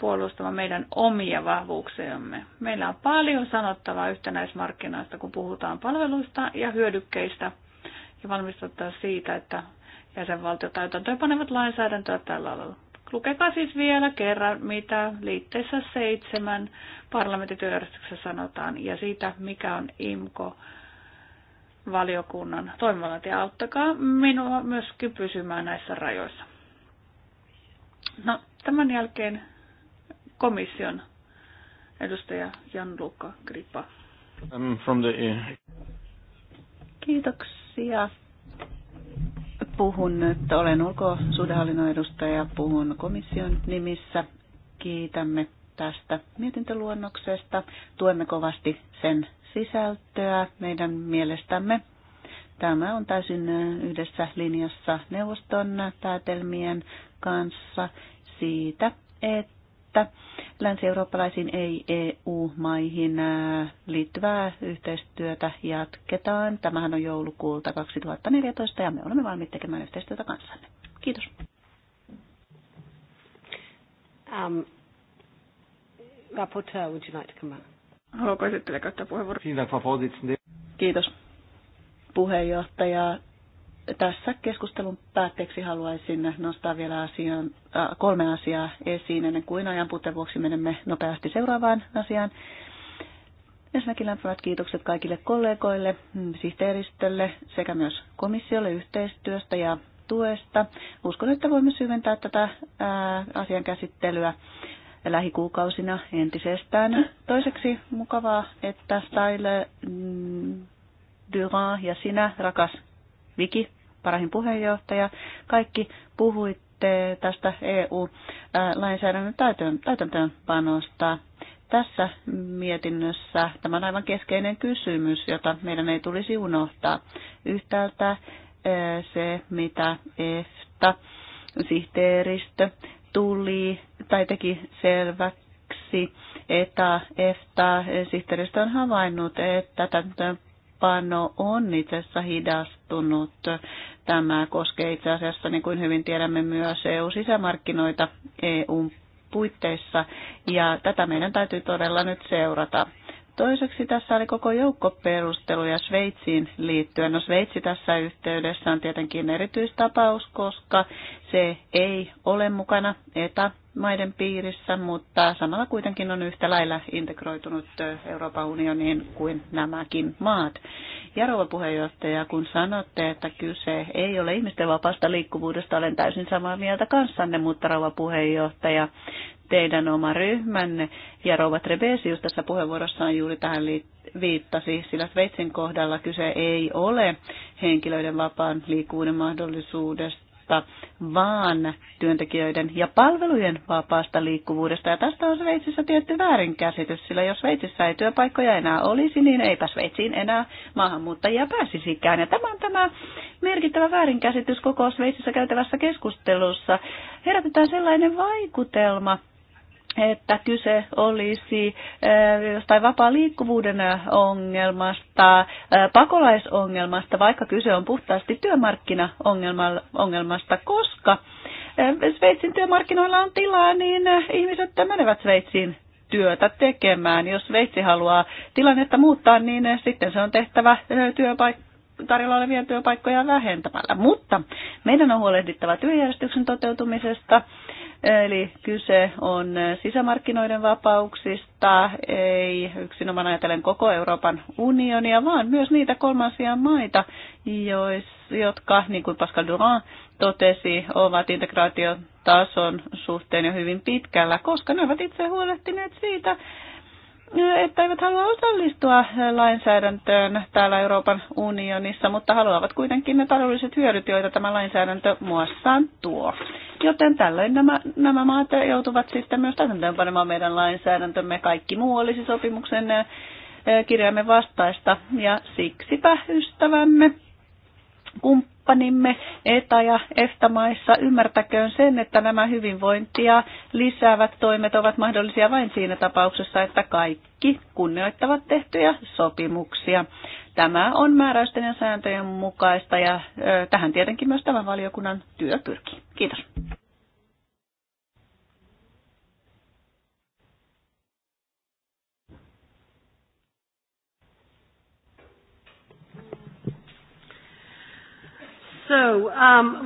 puolustamaan meidän omia vahvuuksiamme. Meillä on paljon sanottavaa yhtenäismarkkinoista, kun puhutaan palveluista ja hyödykkeistä ja valmistuttaa siitä, että jäsenvaltiot täytäntöön panevat lainsäädäntöä tällä alalla. Lukekaa siis vielä kerran, mitä liitteessä seitsemän parlamentityöjärjestyksessä sanotaan ja siitä, mikä on IMKO valiokunnan toimivallat ja auttakaa minua myöskin pysymään näissä rajoissa. No, tämän jälkeen komission edustaja Jan-Luka Gripa. I'm um, from the... Uh, Kiitoksia. Puhun nyt, olen ulkosuhdehallinnon edustaja, puhun komission nimissä. Kiitämme tästä mietintöluonnoksesta. Tuemme kovasti sen sisältöä meidän mielestämme. Tämä on täysin yhdessä linjassa neuvoston päätelmien kanssa siitä, että että länsi-eurooppalaisiin ei-EU-maihin liittyvää yhteistyötä jatketaan. Tämähän on joulukuulta 2014 ja me olemme valmiit tekemään yhteistyötä kanssanne. Kiitos. Um, rapporteur, would you like to come back? käyttää puheenvuoron? Kiitos puheenjohtaja tässä keskustelun päätteeksi haluaisin nostaa vielä asian, äh, kolme asiaa esiin ennen kuin ajan puutteen vuoksi menemme nopeasti seuraavaan asiaan. Ensinnäkin lämpimät kiitokset kaikille kollegoille, sihteeristölle sekä myös komissiolle yhteistyöstä ja tuesta. Uskon, että voimme syventää tätä ää, äh, asian käsittelyä lähikuukausina entisestään. Toiseksi mukavaa, että Style mm, Durand ja sinä, rakas Viki, varahin puheenjohtaja. Kaikki puhuitte tästä EU-lainsäädännön täytäntöönpanosta. Tässä mietinnössä tämä on aivan keskeinen kysymys, jota meidän ei tulisi unohtaa. Yhtäältä e, se, mitä EFTA, sihteeristö, tuli tai teki selväksi, että EFTA, sihteeristö on havainnut, että täytäntöönpano on itse asiassa hidastunut. Tämä koskee itse asiassa, niin kuin hyvin tiedämme, myös EU-sisämarkkinoita eu puitteissa, ja tätä meidän täytyy todella nyt seurata. Toiseksi tässä oli koko joukko perusteluja Sveitsiin liittyen. No Sveitsi tässä yhteydessä on tietenkin erityistapaus, koska se ei ole mukana etämaiden piirissä, mutta samalla kuitenkin on yhtä lailla integroitunut Euroopan unioniin kuin nämäkin maat. rouva puheenjohtaja, kun sanotte, että kyse ei ole ihmisten vapaasta liikkuvuudesta, olen täysin samaa mieltä kanssanne, mutta rouva puheenjohtaja, teidän oma ryhmänne. Ja Rouva Trebesius tässä puheenvuorossaan juuri tähän viittasi, sillä Sveitsin kohdalla kyse ei ole henkilöiden vapaan liikkuvuuden mahdollisuudesta, vaan työntekijöiden ja palvelujen vapaasta liikkuvuudesta. Ja tästä on Sveitsissä tietty väärinkäsitys, sillä jos Sveitsissä ei työpaikkoja enää olisi, niin eipä Sveitsiin enää maahanmuuttajia pääsisikään. Ja tämä on tämä merkittävä väärinkäsitys koko Sveitsissä käytävässä keskustelussa. Herätetään sellainen vaikutelma, että kyse olisi äh, jostain vapaa liikkuvuuden äh, ongelmasta, äh, pakolaisongelmasta, vaikka kyse on puhtaasti työmarkkinaongelmasta, koska Sveitsin työmarkkinoilla on tilaa, niin ihmiset menevät Sveitsiin työtä tekemään. Jos Sveitsi haluaa tilannetta muuttaa, niin sitten se on tehtävä työpaikka tarjolla olevia työpaikkoja vähentämällä. Mutta meidän on huolehdittava työjärjestyksen toteutumisesta Eli kyse on sisämarkkinoiden vapauksista, ei yksinomaan ajatellen koko Euroopan unionia, vaan myös niitä kolmansia maita, jotka, niin kuin Pascal Durand totesi, ovat integraatiotason suhteen jo hyvin pitkällä, koska ne ovat itse huolehtineet siitä, että eivät halua osallistua äh, lainsäädäntöön täällä Euroopan unionissa, mutta haluavat kuitenkin ne taloudelliset hyödyt, joita tämä lainsäädäntö muassaan tuo. Joten tällöin nämä, nämä maat joutuvat sitten myös täytäntöönpanemaan meidän lainsäädäntömme. Kaikki muu olisi sopimuksen äh, kirjaimen vastaista ja siksipä ystävämme kumppanimme ETA- ja EFTA-maissa ymmärtäköön sen, että nämä hyvinvointia lisäävät toimet ovat mahdollisia vain siinä tapauksessa, että kaikki kunnioittavat tehtyjä sopimuksia. Tämä on määräysten ja sääntöjen mukaista ja tähän tietenkin myös tämän valiokunnan työ pyrkii. Kiitos. So, um,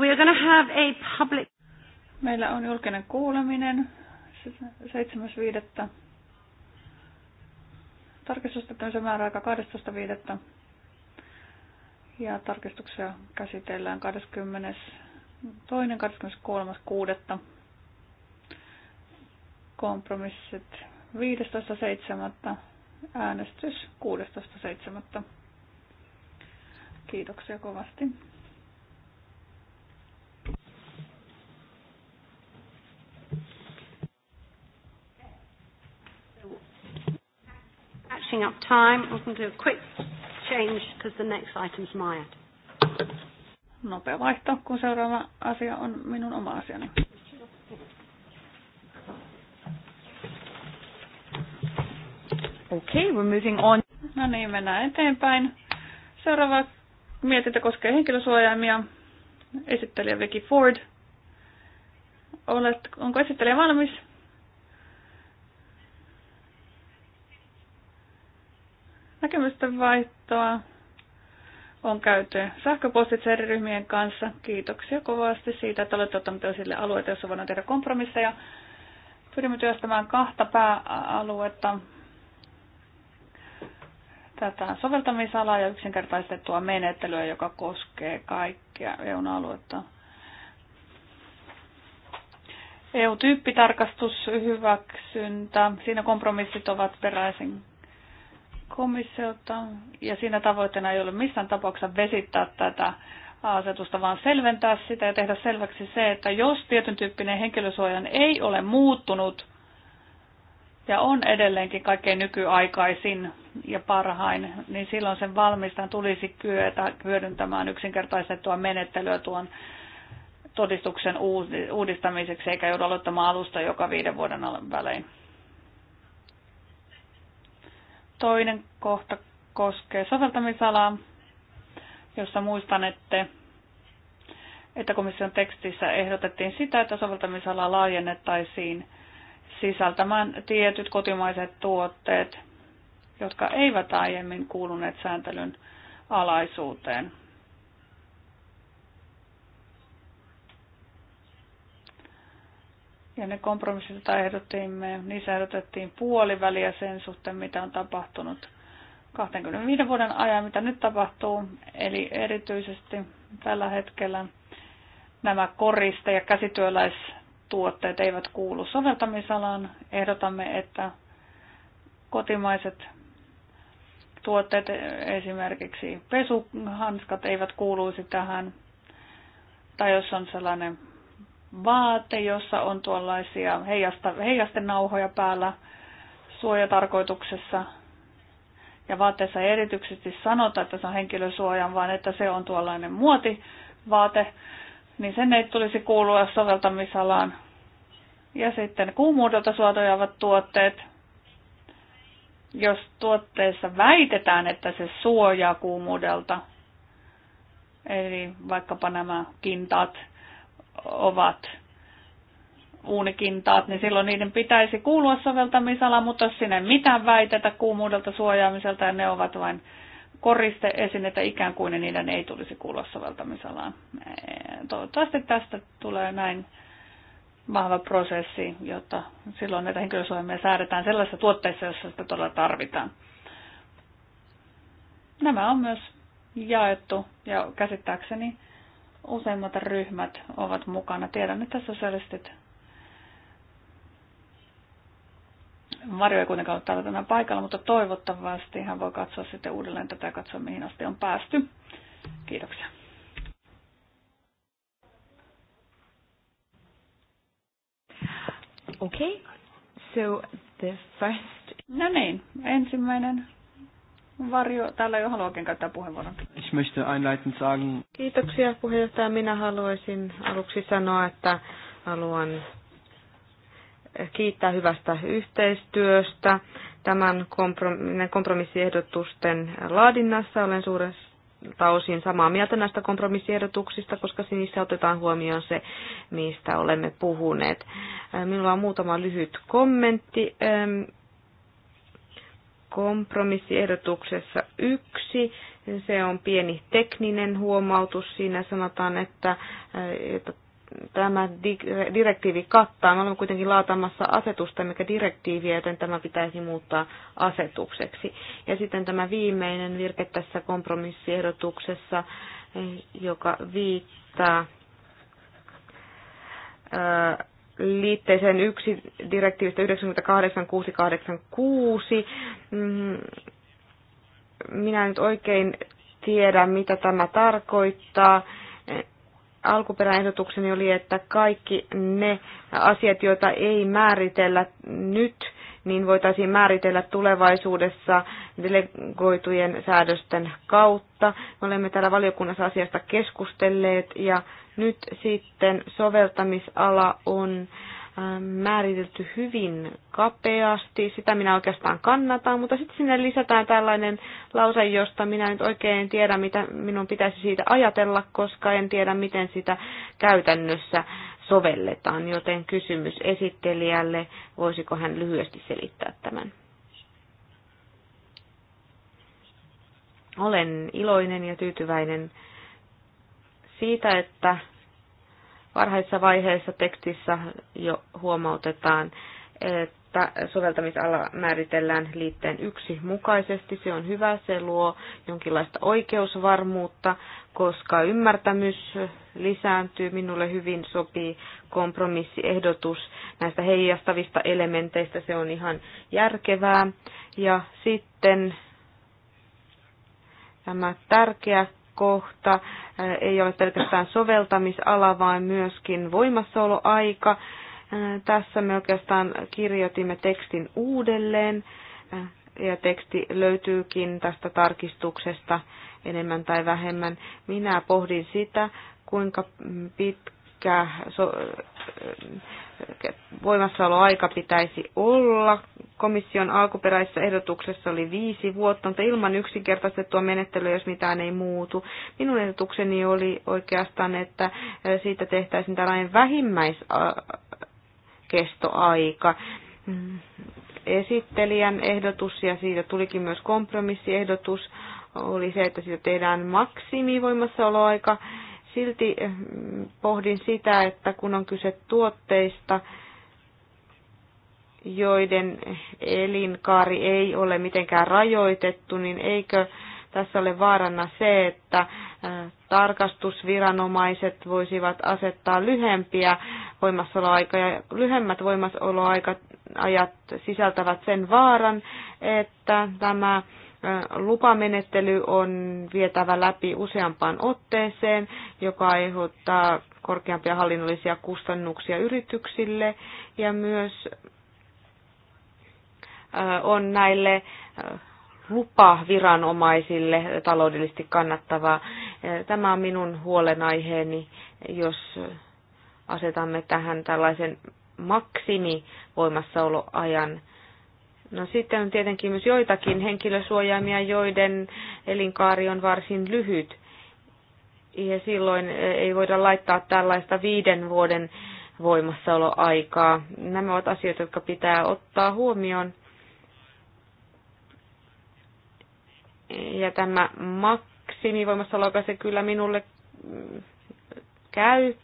we are gonna have a public... Meillä on julkinen kuuleminen 7.5. se määräaika 12.5. Ja tarkistuksia käsitellään 22. 23.6. Kompromissit 15.7. Äänestys 16.7. Kiitoksia kovasti. eating up time. I'm going to do a quick change because the next item's my ad. Nopea vaihto, kun seuraava asia on minun oma asiani. okay, we're moving on. No niin, mennään eteenpäin. Seuraava mietintä koskee henkilösuojaimia. Esittelijä Vicky Ford. Olet, onko esittelijä valmis? Näkemysten vaihtoa on käyty sähköpostit eri ryhmien kanssa. Kiitoksia kovasti siitä, että olette ottaneet esille alueita, joissa voidaan tehdä kompromisseja. Pyrimme työstämään kahta pääaluetta, tätä soveltamisalaa ja yksinkertaistettua menettelyä, joka koskee kaikkia EUn aluetta. EU-tyyppitarkastus, hyväksyntä, siinä kompromissit ovat peräisin komissiota, ja siinä tavoitteena ei ole missään tapauksessa vesittää tätä asetusta, vaan selventää sitä ja tehdä selväksi se, että jos tietyn tyyppinen henkilösuojan ei ole muuttunut ja on edelleenkin kaikkein nykyaikaisin ja parhain, niin silloin sen valmistan tulisi kyetä hyödyntämään yksinkertaistettua menettelyä tuon todistuksen uudistamiseksi eikä joudu aloittamaan alusta joka viiden vuoden välein. Toinen kohta koskee soveltamisalaa, jossa muistan, että, että komission tekstissä ehdotettiin sitä, että soveltamisalaa laajennettaisiin sisältämään tietyt kotimaiset tuotteet, jotka eivät aiemmin kuuluneet sääntelyn alaisuuteen. Ja ne kompromissit, joita ehdotimme, niissä ehdotettiin puoliväliä sen suhteen, mitä on tapahtunut 25 vuoden ajan, mitä nyt tapahtuu. Eli erityisesti tällä hetkellä nämä koriste- ja käsityöläistuotteet eivät kuulu soveltamisalaan. Ehdotamme, että kotimaiset tuotteet, esimerkiksi pesuhanskat, eivät kuuluisi tähän. Tai jos on sellainen vaate, jossa on tuollaisia heijasta, heijastenauhoja päällä suojatarkoituksessa. Ja vaatteessa ei erityisesti sanota, että se on henkilösuojan, vaan että se on tuollainen muotivaate, niin sen ei tulisi kuulua soveltamisalaan. Ja sitten kuumuudelta suojaavat tuotteet, jos tuotteessa väitetään, että se suojaa kuumuudelta, eli vaikkapa nämä kintaat, ovat uunikintaat, niin silloin niiden pitäisi kuulua soveltamisala, mutta jos sinne mitään väitetä kuumuudelta suojaamiselta ja ne ovat vain koriste esiin, että ikään kuin niiden ei tulisi kuulua soveltamisalaan. Toivottavasti tästä tulee näin vahva prosessi, jotta silloin näitä henkilösuojelmia säädetään sellaisessa tuotteessa, jossa sitä todella tarvitaan. Nämä on myös jaettu ja käsittääkseni useimmat ryhmät ovat mukana. Tiedän, että sosialistit Marjo ei kuitenkaan ole täällä tänään paikalla, mutta toivottavasti hän voi katsoa sitten uudelleen tätä ja katsoa, mihin asti on päästy. Kiitoksia. Okay, so the first... No niin, ensimmäinen Varjo, täällä halua oikein käyttää puheenvuoron. Ich möchte einleitend sagen. Kiitoksia puheenjohtaja. Minä haluaisin aluksi sanoa, että haluan kiittää hyvästä yhteistyöstä tämän kompromissiehdotusten laadinnassa. Olen suuressa osin samaa mieltä näistä kompromissiehdotuksista, koska niissä otetaan huomioon se, mistä olemme puhuneet. Minulla on muutama lyhyt kommentti kompromissiehdotuksessa yksi. Se on pieni tekninen huomautus. Siinä sanotaan, että, että tämä direktiivi kattaa. Me olemme kuitenkin laatamassa asetusta, mikä direktiiviä, joten tämä pitäisi muuttaa asetukseksi. Ja sitten tämä viimeinen virke tässä kompromissiehdotuksessa, joka viittaa liitteeseen yksi direktiivistä 98686. Mm, minä en nyt oikein tiedä, mitä tämä tarkoittaa. Alkuperäehdotukseni oli, että kaikki ne asiat, joita ei määritellä nyt, niin voitaisiin määritellä tulevaisuudessa delegoitujen säädösten kautta. Me olemme täällä valiokunnassa asiasta keskustelleet ja nyt sitten soveltamisala on ähm, määritelty hyvin kapeasti. Sitä minä oikeastaan kannatan, mutta sitten sinne lisätään tällainen lause, josta minä nyt oikein tiedä, mitä minun pitäisi siitä ajatella, koska en tiedä, miten sitä käytännössä sovelletaan. Joten kysymys esittelijälle, voisiko hän lyhyesti selittää tämän? Olen iloinen ja tyytyväinen siitä, että varhaisessa vaiheessa tekstissä jo huomautetaan, että soveltamisala määritellään liitteen yksi mukaisesti. Se on hyvä, se luo jonkinlaista oikeusvarmuutta, koska ymmärtämys lisääntyy. Minulle hyvin sopii kompromissiehdotus näistä heijastavista elementeistä. Se on ihan järkevää. Ja sitten tämä tärkeä ajankohta, äh, ei ole pelkästään soveltamisala, vaan myöskin voimassaoloaika. Äh, tässä me oikeastaan kirjoitimme tekstin uudelleen äh, ja teksti löytyykin tästä tarkistuksesta enemmän tai vähemmän. Minä pohdin sitä, kuinka pitkä voimassaoloaika pitäisi olla. Komission alkuperäisessä ehdotuksessa oli viisi vuotta, mutta ilman yksinkertaistettua menettelyä, jos mitään ei muutu. Minun ehdotukseni oli oikeastaan, että eh, siitä tehtäisiin tällainen vähimmäiskestoaika mm. esittelijän ehdotus ja siitä tulikin myös kompromissiehdotus oli se, että siitä tehdään maksimivoimassaoloaika Silti eh, pohdin sitä, että kun on kyse tuotteista, joiden elinkaari ei ole mitenkään rajoitettu, niin eikö tässä ole vaarana se, että eh, tarkastusviranomaiset voisivat asettaa lyhempiä voimassaoloaikoja. Lyhemmät voimassaoloajat sisältävät sen vaaran, että tämä Lupamenettely on vietävä läpi useampaan otteeseen, joka aiheuttaa korkeampia hallinnollisia kustannuksia yrityksille ja myös äh, on näille äh, lupaviranomaisille taloudellisesti kannattavaa. Äh, tämä on minun huolenaiheeni, jos asetamme tähän tällaisen maksimivoimassaoloajan. No sitten on tietenkin myös joitakin henkilösuojaimia, joiden elinkaari on varsin lyhyt. Ja silloin e, ei voida laittaa tällaista viiden vuoden voimassaoloaikaa. Nämä ovat asioita, jotka pitää ottaa huomioon. Ja tämä maksimivoimassaoloaika se kyllä minulle mm, käy,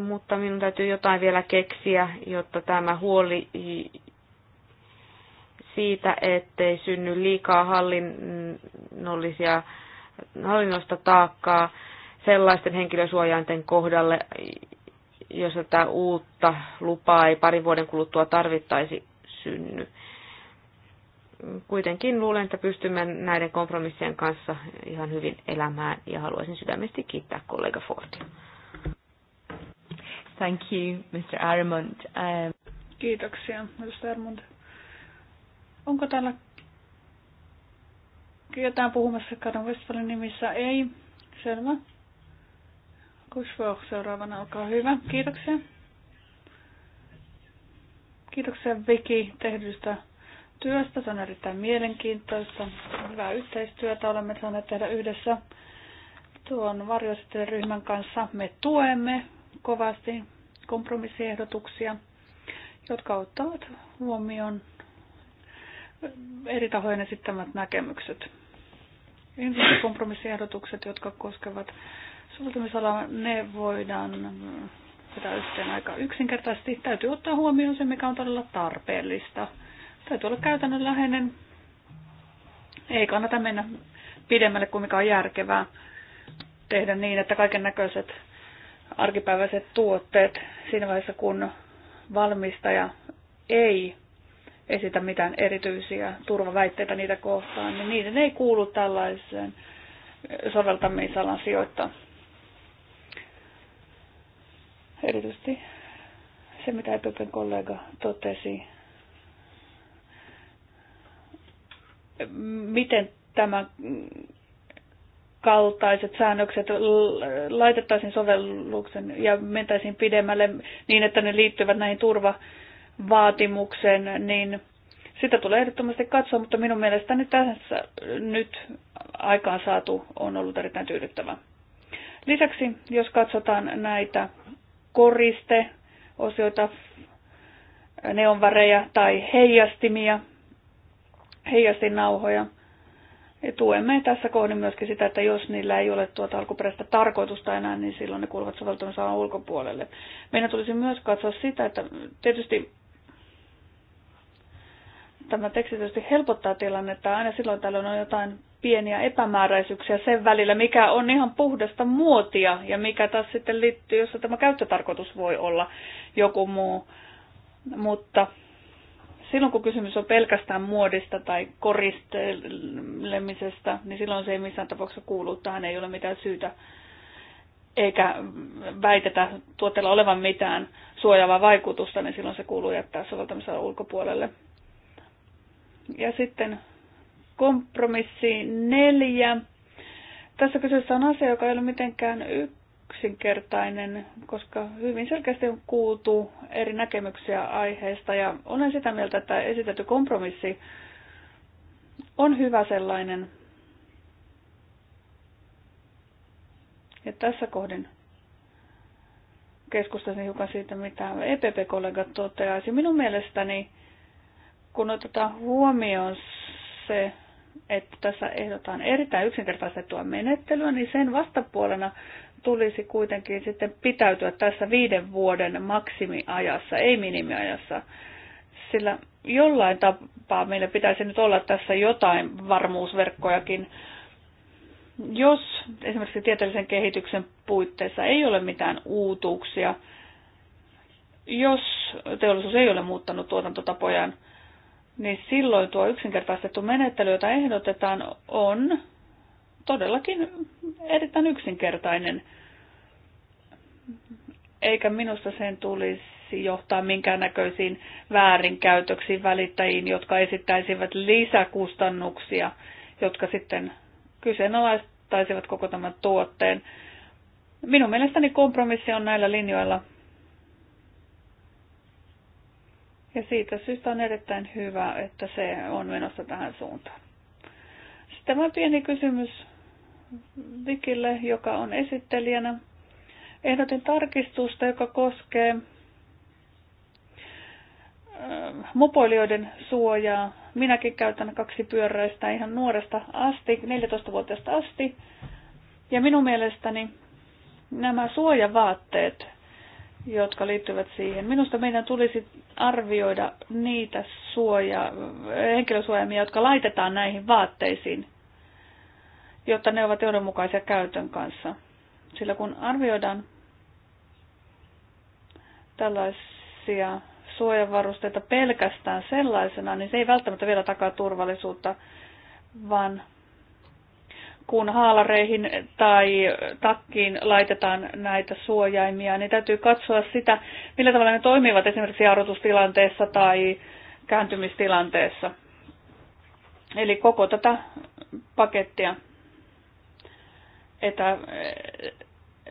mutta minun täytyy jotain vielä keksiä, jotta tämä huoli, siitä, ettei synny liikaa hallinnollisia, hallinnosta taakkaa sellaisten henkilösuojainten kohdalle, jos tätä uutta lupaa ei parin vuoden kuluttua tarvittaisi synny. Kuitenkin luulen, että pystymme näiden kompromissien kanssa ihan hyvin elämään ja haluaisin sydämesti kiittää kollega Fordia. Thank you, Mr. Aramont. Um... Kiitoksia, Mr. Aramont. Onko täällä jotain puhumassa Kadon Westfalen nimissä? Ei. Selvä. Kushvog seuraavana, olkaa hyvä. Kiitoksia. Kiitoksia Viki tehdystä työstä. Se on erittäin mielenkiintoista. Hyvää yhteistyötä olemme saaneet tehdä yhdessä tuon ryhmän kanssa. Me tuemme kovasti kompromissiehdotuksia, jotka ottavat huomioon eri tahojen esittämät näkemykset. Ensimmäiset kompromissiehdotukset, jotka koskevat soveltamisalaa, ne voidaan pitää yhteen aika yksinkertaisesti. Täytyy ottaa huomioon se, mikä on todella tarpeellista. Täytyy olla käytännönläheinen. Ei kannata mennä pidemmälle kuin mikä on järkevää tehdä niin, että kaiken näköiset arkipäiväiset tuotteet siinä vaiheessa, kun valmistaja ei esitä mitään erityisiä turvaväitteitä niitä kohtaan, niin niiden ei kuulu tällaiseen soveltamisalan sijoittaa. Erityisesti se, mitä Etupen kollega totesi, miten tämä kaltaiset säännökset laitettaisiin sovelluksen ja mentäisiin pidemmälle niin, että ne liittyvät näihin turva vaatimuksen, niin sitä tulee ehdottomasti katsoa, mutta minun mielestäni tässä nyt aikaan saatu on ollut erittäin tyydyttävä. Lisäksi, jos katsotaan näitä koriste-osioita, neonvärejä tai heijastimia, heijastinauhoja, tuemme tässä kohdin myöskin sitä, että jos niillä ei ole tuota alkuperäistä tarkoitusta enää, niin silloin ne kuuluvat soveltamisalan ulkopuolelle. Meidän tulisi myös katsoa sitä, että tietysti Tämä teksti tietysti helpottaa tilannetta. Aina silloin tällöin on jotain pieniä epämääräisyyksiä sen välillä, mikä on ihan puhdasta muotia ja mikä taas sitten liittyy, jossa tämä käyttötarkoitus voi olla joku muu. Mutta silloin kun kysymys on pelkästään muodista tai koristelemisesta, niin silloin se ei missään tapauksessa kuulu. Tähän ei ole mitään syytä eikä väitetä tuotteella olevan mitään suojaavaa vaikutusta, niin silloin se kuuluu jättää soveltamisen ulkopuolelle. Ja sitten kompromissi neljä. Tässä kyseessä on asia, joka ei ole mitenkään yksinkertainen, koska hyvin selkeästi on kuultu eri näkemyksiä aiheesta ja olen sitä mieltä, että esitetty kompromissi on hyvä sellainen. Ja tässä kohdin keskustaisin hiukan siitä, mitä EPP-kollegat toteaisi. Minun mielestäni kun otetaan huomioon se, että tässä ehdotaan erittäin yksinkertaistettua menettelyä, niin sen vastapuolena tulisi kuitenkin sitten pitäytyä tässä viiden vuoden maksimiajassa, ei minimiajassa. Sillä jollain tapaa meillä pitäisi nyt olla tässä jotain varmuusverkkojakin. Jos esimerkiksi tieteellisen kehityksen puitteissa ei ole mitään uutuuksia, jos teollisuus ei ole muuttanut tuotantotapojaan, niin silloin tuo yksinkertaistettu menettely, jota ehdotetaan, on todellakin erittäin yksinkertainen. Eikä minusta sen tulisi johtaa minkäännäköisiin väärinkäytöksiin välittäjiin, jotka esittäisivät lisäkustannuksia, jotka sitten kyseenalaistaisivat koko tämän tuotteen. Minun mielestäni kompromissi on näillä linjoilla Ja siitä syystä on erittäin hyvä, että se on menossa tähän suuntaan. Sitten tämä pieni kysymys Vikille, joka on esittelijänä. Ehdotin tarkistusta, joka koskee mopoilijoiden ähm, suojaa. Minäkin käytän kaksi pyöräistä ihan nuoresta asti, 14-vuotiaasta asti. Ja minun mielestäni nämä suojavaatteet jotka liittyvät siihen. Minusta meidän tulisi arvioida niitä suoja, henkilösuojaimia, jotka laitetaan näihin vaatteisiin, jotta ne ovat johdonmukaisia käytön kanssa. Sillä kun arvioidaan tällaisia suojavarusteita pelkästään sellaisena, niin se ei välttämättä vielä takaa turvallisuutta, vaan kun haalareihin tai takkiin laitetaan näitä suojaimia, niin täytyy katsoa sitä, millä tavalla ne toimivat esimerkiksi jarrutustilanteessa tai kääntymistilanteessa. Eli koko tätä pakettia, että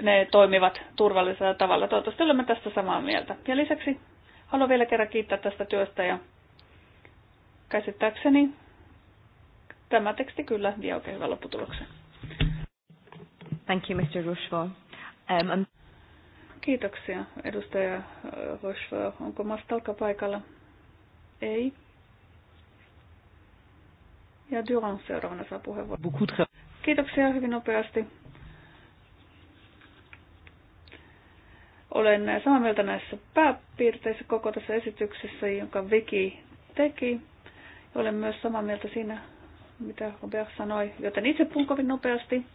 ne toimivat turvallisella tavalla. Toivottavasti olemme tästä samaa mieltä. Ja lisäksi haluan vielä kerran kiittää tästä työstä ja käsittääkseni tämä teksti kyllä vie oikein hyvän lopputuloksen. Thank you, Mr. Rochefort. Um, Kiitoksia, edustaja äh, Rochefort. Onko Mastalka paikalla? Ei. Ja Durant seuraavana saa puheenvuoron. Kiitoksia hyvin nopeasti. Olen samaa mieltä näissä pääpiirteissä koko tässä esityksessä, jonka Viki teki. Olen myös samaa mieltä siinä mitä Robert sanoi, joten itse puhun kovin nopeasti.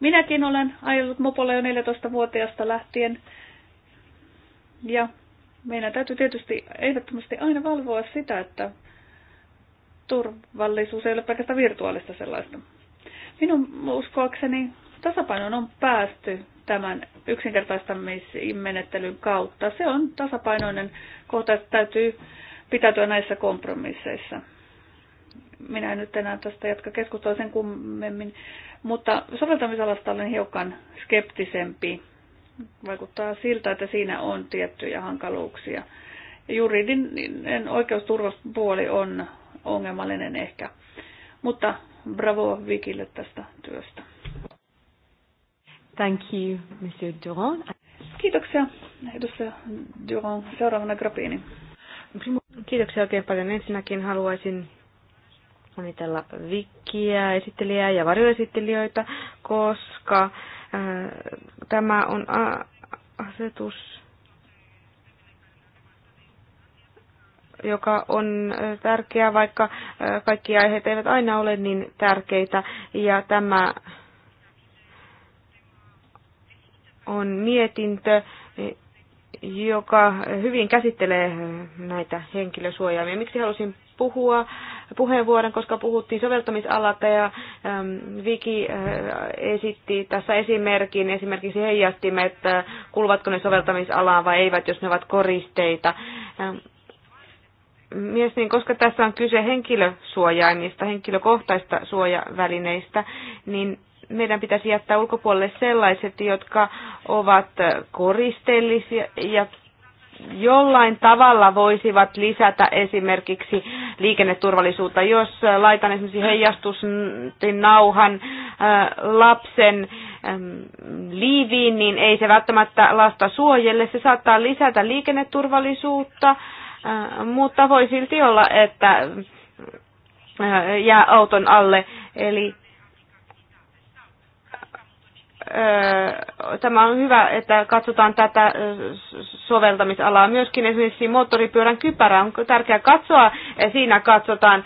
Minäkin olen ajellut mopolla jo 14-vuotiaasta lähtien. Ja meidän täytyy tietysti ehdottomasti aina valvoa sitä, että turvallisuus ei ole pelkästään virtuaalista sellaista. Minun uskoakseni tasapainon on päästy tämän yksinkertaistamismenettelyn kautta. Se on tasapainoinen kohta, että täytyy pitäytyä näissä kompromisseissa. Minä en nyt enää tästä jatka keskustelua sen kummemmin, mutta soveltamisalasta olen hiukan skeptisempi. Vaikuttaa siltä, että siinä on tiettyjä hankaluuksia. Juridinen oikeusturvapuoli on ongelmallinen ehkä. Mutta bravo Vikille tästä työstä. Thank you, Monsieur Durand. Kiitoksia, edustaja Durand. Seuraavana Grappini. Kiitoksia oikein paljon. Ensinnäkin haluaisin onnitella Vikkiä, esittelijää ja varjoesittelijöitä, koska äh, tämä on asetus, joka on äh, tärkeä, vaikka äh, kaikki aiheet eivät aina ole niin tärkeitä. Ja tämä on mietintö, joka hyvin käsittelee näitä henkilösuojaimia. Miksi halusin puhua puheenvuoron, koska puhuttiin soveltamisalata ja äm, Viki äh, esitti tässä esimerkin, esimerkiksi heijastimet, että kuuluvatko ne soveltamisalaan vai eivät, jos ne ovat koristeita. Ähm, mies, niin koska tässä on kyse henkilösuojaimista, henkilökohtaista suojavälineistä, niin meidän pitäisi jättää ulkopuolelle sellaiset, jotka ovat koristeellisia ja jollain tavalla voisivat lisätä esimerkiksi liikenneturvallisuutta. Jos laitan esimerkiksi heijastusnauhan lapsen liiviin, niin ei se välttämättä lasta suojelle. Se saattaa lisätä liikenneturvallisuutta, mutta voi silti olla, että jää auton alle. Eli tämä on hyvä, että katsotaan tätä soveltamisalaa myöskin esimerkiksi moottoripyörän kypärä. On tärkeää katsoa, siinä katsotaan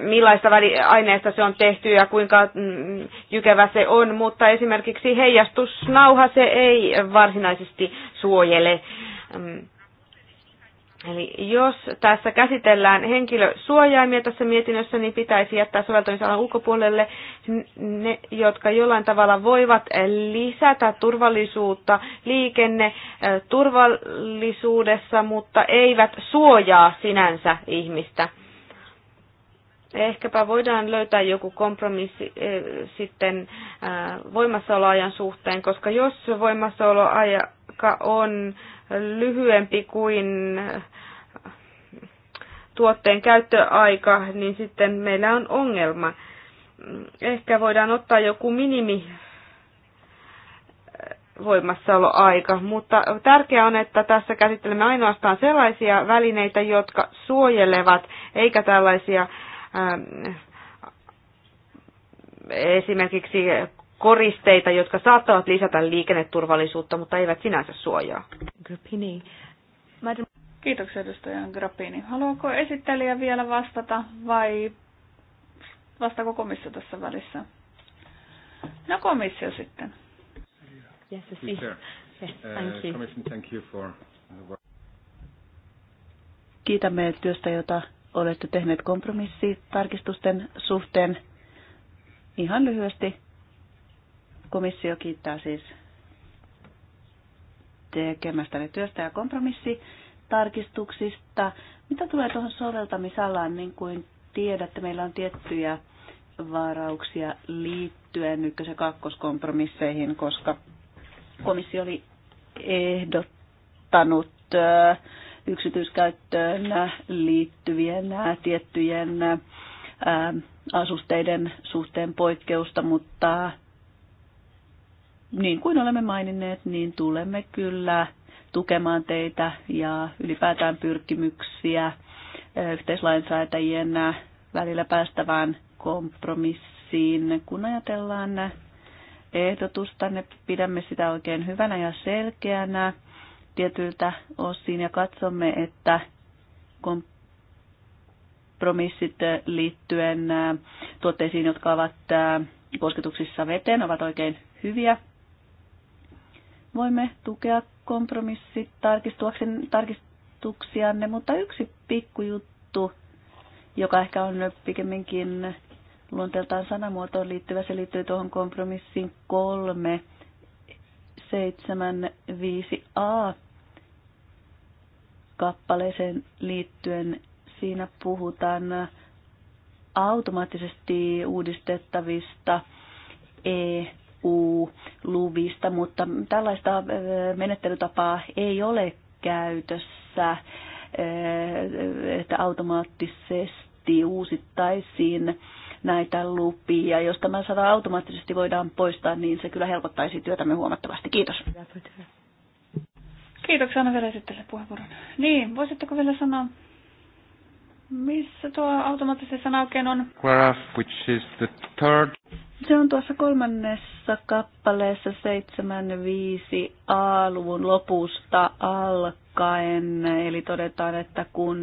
millaista aineesta se on tehty ja kuinka mm, jykevä se on, mutta esimerkiksi heijastusnauha se ei varsinaisesti suojele. Mm. Eli jos tässä käsitellään henkilösuojaimia tässä mietinnössä, niin pitäisi jättää soveltamisalan ulkopuolelle ne, jotka jollain tavalla voivat lisätä turvallisuutta liikenne turvallisuudessa, mutta eivät suojaa sinänsä ihmistä. Ehkäpä voidaan löytää joku kompromissi sitten voimassaoloajan suhteen, koska jos voimassaoloaja joka on lyhyempi kuin tuotteen käyttöaika, niin sitten meillä on ongelma. Ehkä voidaan ottaa joku minimi voimassaoloaika, mutta tärkeää on, että tässä käsittelemme ainoastaan sellaisia välineitä, jotka suojelevat, eikä tällaisia ähm, esimerkiksi koristeita, jotka saattavat lisätä liikenneturvallisuutta, mutta eivät sinänsä suojaa. Grappini. Kiitoksia edustaja Grappini. Haluaako esittelijä vielä vastata vai vastaako komissio tässä välissä? No komissio sitten. Yes, thank you. Uh, Kiitämme työstä, jota olette tehneet kompromissitarkistusten suhteen. Ihan lyhyesti Komissio kiittää siis tekemästäni työstä ja kompromissitarkistuksista. Mitä tulee tuohon soveltamisalaan, niin kuin tiedätte, meillä on tiettyjä varauksia liittyen ykkös- ja kakkoskompromisseihin, koska komissio oli ehdottanut äh, yksityiskäyttöön liittyvien äh, tiettyjen äh, asusteiden suhteen poikkeusta, mutta niin kuin olemme maininneet, niin tulemme kyllä tukemaan teitä ja ylipäätään pyrkimyksiä yhteislainsäätäjien välillä päästävään kompromissiin. Kun ajatellaan ehdotusta, ne pidämme sitä oikein hyvänä ja selkeänä tietyiltä osin ja katsomme, että kompromissit liittyen tuotteisiin, jotka ovat kosketuksissa veteen, ovat oikein hyviä voimme tukea kompromissitarkistuksianne, mutta yksi pikkujuttu, joka ehkä on pikemminkin luonteeltaan sanamuotoon liittyvä, se liittyy tuohon kompromissiin 3, 7, 5a kappaleeseen liittyen. Siinä puhutaan automaattisesti uudistettavista e EU-luvista, mutta tällaista menettelytapaa ei ole käytössä, että automaattisesti uusittaisiin näitä lupia. Jos tämä sana automaattisesti voidaan poistaa, niin se kyllä helpottaisi työtämme huomattavasti. Kiitos. Kiitoksia Anna vielä esittelen puheenvuoron. Niin, voisitteko vielä sanoa, missä tuo automaattisesti sana oikein on? Graph, which is the third. Se on tuossa kolmannessa kappaleessa 75 A-luvun lopusta alkaen, eli todetaan, että kun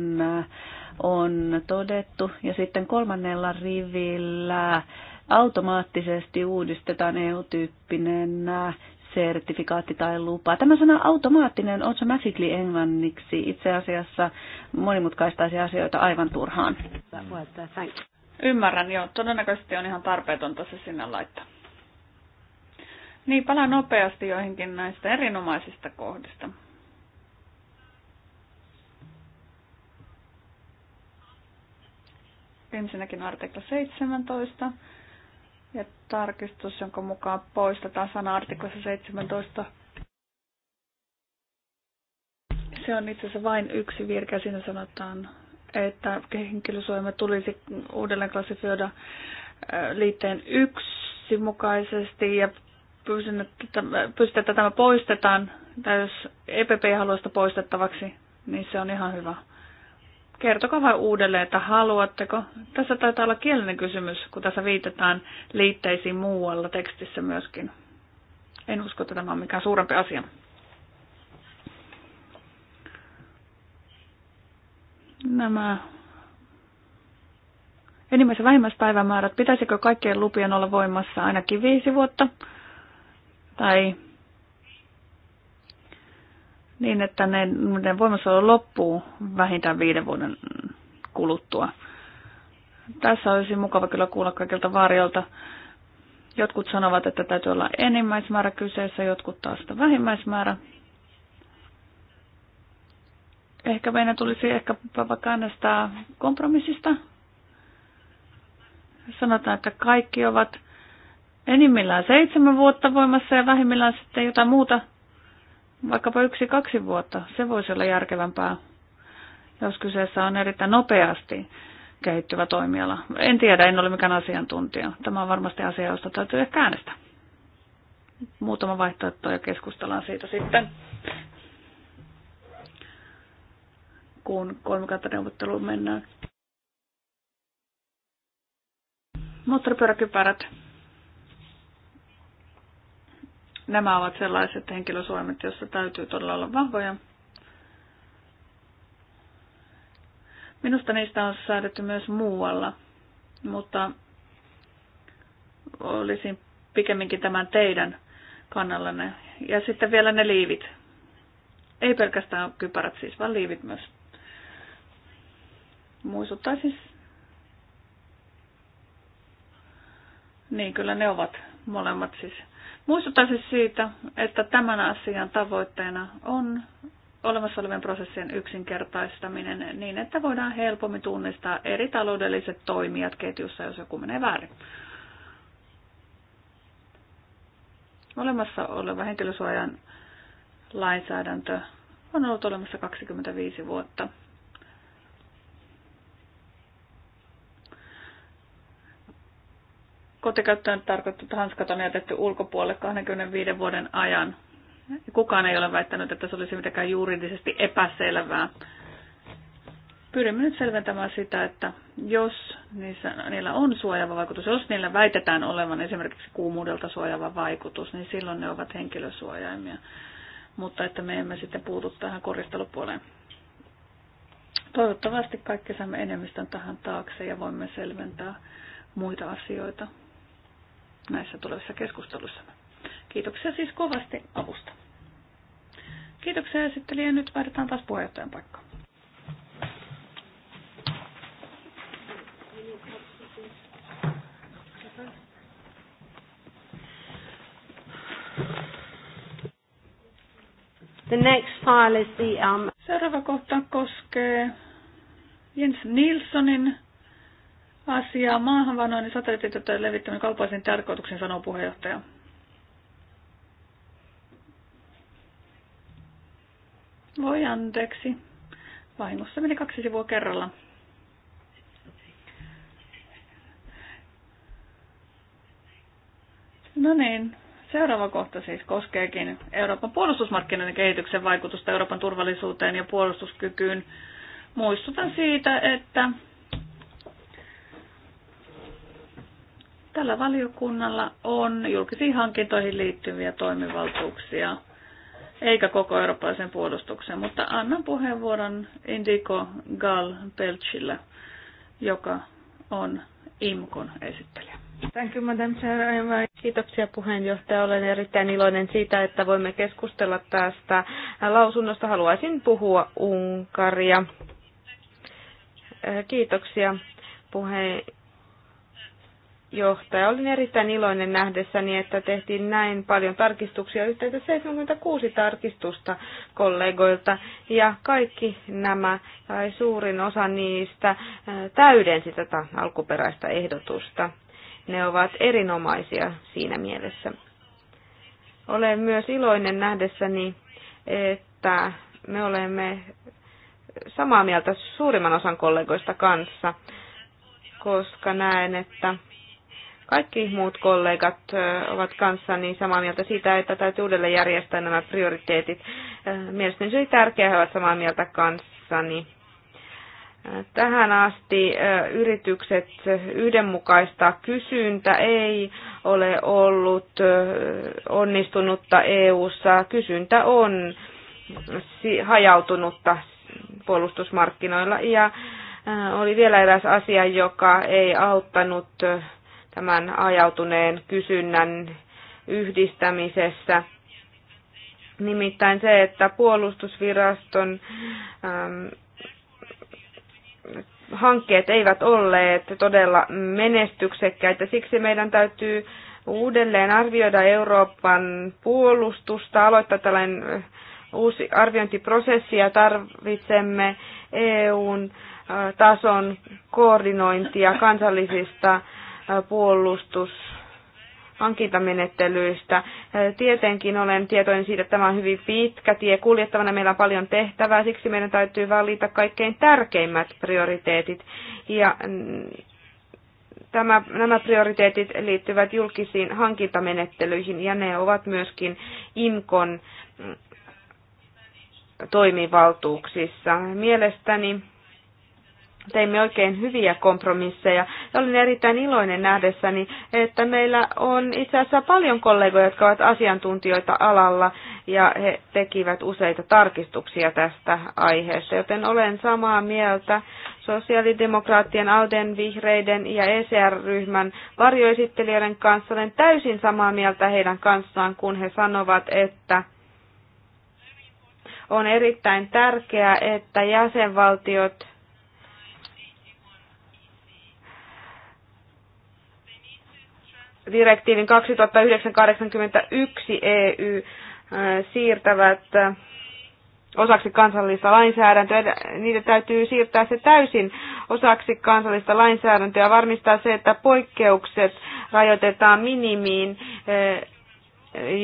on todettu, ja sitten kolmannella rivillä automaattisesti uudistetaan EU-tyyppinen sertifikaatti tai lupa. Tämä sana automaattinen on automatically englanniksi itse asiassa monimutkaistaisi asioita aivan turhaan. Ymmärrän, joo. Todennäköisesti on ihan tarpeetonta se sinne laittaa. Niin, palaan nopeasti joihinkin näistä erinomaisista kohdista. Ensinnäkin artikla 17 ja tarkistus, jonka mukaan poistetaan sana artiklassa 17. Se on itse asiassa vain yksi virke, siinä sanotaan että henkilösuojama tulisi uudelleen klassifioida liitteen yksi mukaisesti ja pyysin, että, pyysin, että tämä poistetaan, tai jos EPP haluaa sitä poistettavaksi, niin se on ihan hyvä. Kertokaa vain uudelleen, että haluatteko. Tässä taitaa olla kielinen kysymys, kun tässä viitataan liitteisiin muualla tekstissä myöskin. En usko, että tämä on mikään suurempi asia. nämä enimmäis- ja vähimmäispäivämäärät, pitäisikö kaikkien lupien olla voimassa ainakin viisi vuotta? Tai niin, että ne, ne voimassaolo loppuu vähintään viiden vuoden kuluttua. Tässä olisi mukava kyllä kuulla kaikilta varjolta. Jotkut sanovat, että täytyy olla enimmäismäärä kyseessä, jotkut taas sitä vähimmäismäärä. Ehkä meidän tulisi ehkä vaikka äänestää kompromissista. Sanotaan, että kaikki ovat enimmillään seitsemän vuotta voimassa ja vähimmillään sitten jotain muuta, vaikkapa yksi, kaksi vuotta. Se voisi olla järkevämpää, jos kyseessä on erittäin nopeasti kehittyvä toimiala. En tiedä, en ole mikään asiantuntija. Tämä on varmasti asia, josta täytyy ehkä äänestää. Muutama vaihtoehto ja keskustellaan siitä sitten kun kolmikantaneuvotteluun mennään. Moottoripyöräkypärät. Nämä ovat sellaiset henkilösuojelmat, joissa täytyy todella olla vahvoja. Minusta niistä on säädetty myös muualla, mutta olisin pikemminkin tämän teidän kannallanne. Ja sitten vielä ne liivit. Ei pelkästään kypärät siis, vaan liivit myös. Muistuttaa siis. Niin, kyllä ne ovat molemmat siis. Muistuttaa siis siitä, että tämän asian tavoitteena on olemassa olevien prosessien yksinkertaistaminen niin, että voidaan helpommin tunnistaa eri taloudelliset toimijat ketjussa, jos joku menee väärin. Olemassa oleva henkilösuojan lainsäädäntö on ollut olemassa 25 vuotta. kotikäyttöön tarkoitetut hanskat on jätetty ulkopuolelle 25 vuoden ajan. Kukaan ei ole väittänyt, että se olisi mitenkään juridisesti epäselvää. Pyrimme nyt selventämään sitä, että jos niissä, niillä on suojaava vaikutus, jos niillä väitetään olevan esimerkiksi kuumuudelta suojaava vaikutus, niin silloin ne ovat henkilösuojaimia. Mutta että me emme sitten puutu tähän koristelupuoleen. Toivottavasti kaikki saamme enemmistön tähän taakse ja voimme selventää muita asioita näissä tulevissa keskusteluissa. Kiitoksia siis kovasti avusta. Kiitoksia esittelijä. Nyt vaihdetaan taas puheenjohtajan paikka. The next file is the, um... Seuraava kohta koskee Jens Nilssonin asiaa. Maahanvanoinnin satelliittitietojen levittäminen kaupallisen tarkoituksen, sanoo puheenjohtaja. Voi anteeksi. Vahingossa meni kaksi sivua kerralla. No niin, seuraava kohta siis koskeekin Euroopan puolustusmarkkinoiden kehityksen vaikutusta Euroopan turvallisuuteen ja puolustuskykyyn. Muistutan siitä, että Tällä valiokunnalla on julkisiin hankintoihin liittyviä toimivaltuuksia, eikä koko eurooppalaisen puolustukseen, mutta annan puheenvuoron Indiko Gal Pelchille, joka on IMKON esittelijä. Kiitoksia puheenjohtaja. Olen erittäin iloinen siitä, että voimme keskustella tästä lausunnosta. Haluaisin puhua Unkaria. Kiitoksia puheenjohtaja johtaja. Olin erittäin iloinen nähdessäni, että tehtiin näin paljon tarkistuksia, yhteensä 76 tarkistusta kollegoilta, ja kaikki nämä, tai suurin osa niistä, äh, täydensi tätä alkuperäistä ehdotusta. Ne ovat erinomaisia siinä mielessä. Olen myös iloinen nähdessäni, että me olemme samaa mieltä suurimman osan kollegoista kanssa, koska näen, että kaikki muut kollegat ovat kanssani samaa mieltä siitä, että täytyy uudelleen järjestää nämä prioriteetit. Mielestäni se oli tärkeää, he ovat samaa mieltä kanssani. Tähän asti yritykset yhdenmukaista kysyntä ei ole ollut onnistunutta EU-ssa. Kysyntä on hajautunutta puolustusmarkkinoilla ja oli vielä eräs asia, joka ei auttanut tämän ajautuneen kysynnän yhdistämisessä. Nimittäin se, että puolustusviraston ähm, hankkeet eivät olleet todella menestyksekkäitä. Siksi meidän täytyy uudelleen arvioida Euroopan puolustusta, aloittaa tällainen äh, uusi arviointiprosessi ja tarvitsemme EUn äh, tason koordinointia kansallisista puolustus hankintamenettelyistä. Tietenkin olen tietoinen siitä, että tämä on hyvin pitkä tie kuljettavana. Meillä on paljon tehtävää, siksi meidän täytyy valita kaikkein tärkeimmät prioriteetit. Ja mm, tämä, nämä prioriteetit liittyvät julkisiin hankintamenettelyihin ja ne ovat myöskin IMKON mm, toimivaltuuksissa. Mielestäni teimme oikein hyviä kompromisseja. Ja olin erittäin iloinen nähdessäni, että meillä on itse asiassa paljon kollegoja, jotka ovat asiantuntijoita alalla ja he tekivät useita tarkistuksia tästä aiheesta, joten olen samaa mieltä sosiaalidemokraattien, Auden, Vihreiden ja ECR-ryhmän varjoesittelijöiden kanssa. Olen täysin samaa mieltä heidän kanssaan, kun he sanovat, että on erittäin tärkeää, että jäsenvaltiot direktiivin 2009-81 EY äh, siirtävät äh, osaksi kansallista lainsäädäntöä. Niitä täytyy siirtää se täysin osaksi kansallista lainsäädäntöä ja varmistaa se, että poikkeukset rajoitetaan minimiin, äh,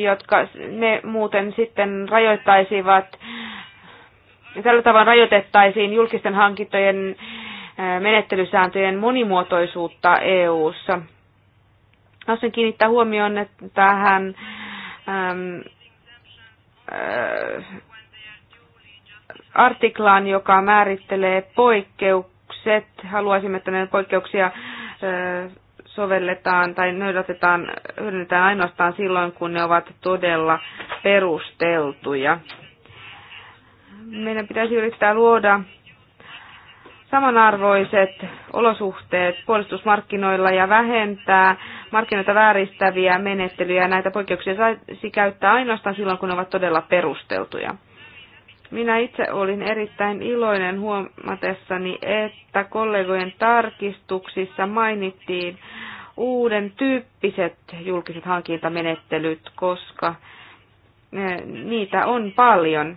jotka ne muuten sitten rajoittaisivat. Tällä tavalla rajoitettaisiin julkisten hankintojen menettelysääntöjen monimuotoisuutta EU:ssa. Haluaisin kiinnittää huomioon että tähän äm, äh, artiklaan, joka määrittelee poikkeukset. Haluaisimme, että näitä poikkeuksia äh, sovelletaan tai noudatetaan, hyödynnetään ainoastaan silloin, kun ne ovat todella perusteltuja. Meidän pitäisi yrittää luoda samanarvoiset olosuhteet puolustusmarkkinoilla ja vähentää markkinoita vääristäviä menettelyjä. Näitä poikkeuksia saisi käyttää ainoastaan silloin, kun ne ovat todella perusteltuja. Minä itse olin erittäin iloinen huomatessani, että kollegojen tarkistuksissa mainittiin uuden tyyppiset julkiset hankintamenettelyt, koska eh, niitä on paljon.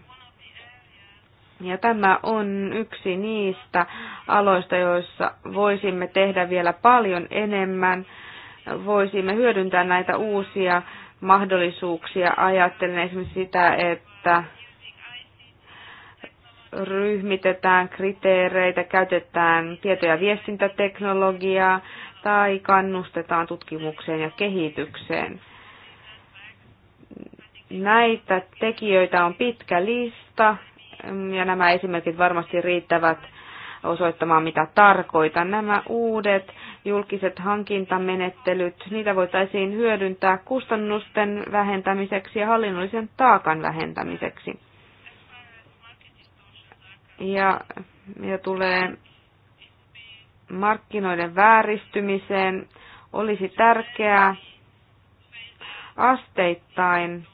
Ja tämä on yksi niistä aloista, joissa voisimme tehdä vielä paljon enemmän. Voisimme hyödyntää näitä uusia mahdollisuuksia. Ajattelen esimerkiksi sitä, että ryhmitetään kriteereitä, käytetään tieto- ja viestintäteknologiaa tai kannustetaan tutkimukseen ja kehitykseen. Näitä tekijöitä on pitkä lista ja nämä esimerkit varmasti riittävät osoittamaan, mitä tarkoitan. Nämä uudet julkiset hankintamenettelyt, niitä voitaisiin hyödyntää kustannusten vähentämiseksi ja hallinnollisen taakan vähentämiseksi. Ja, ja tulee markkinoiden vääristymiseen, olisi tärkeää asteittain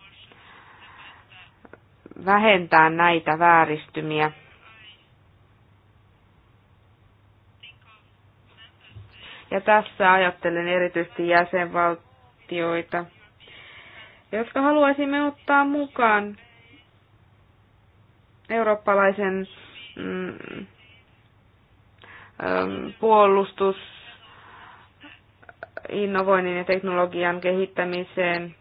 vähentää näitä vääristymiä. Ja tässä ajattelen erityisesti jäsenvaltioita, jotka haluaisimme ottaa mukaan eurooppalaisen mm, mm puolustusinnovoinnin ja teknologian kehittämiseen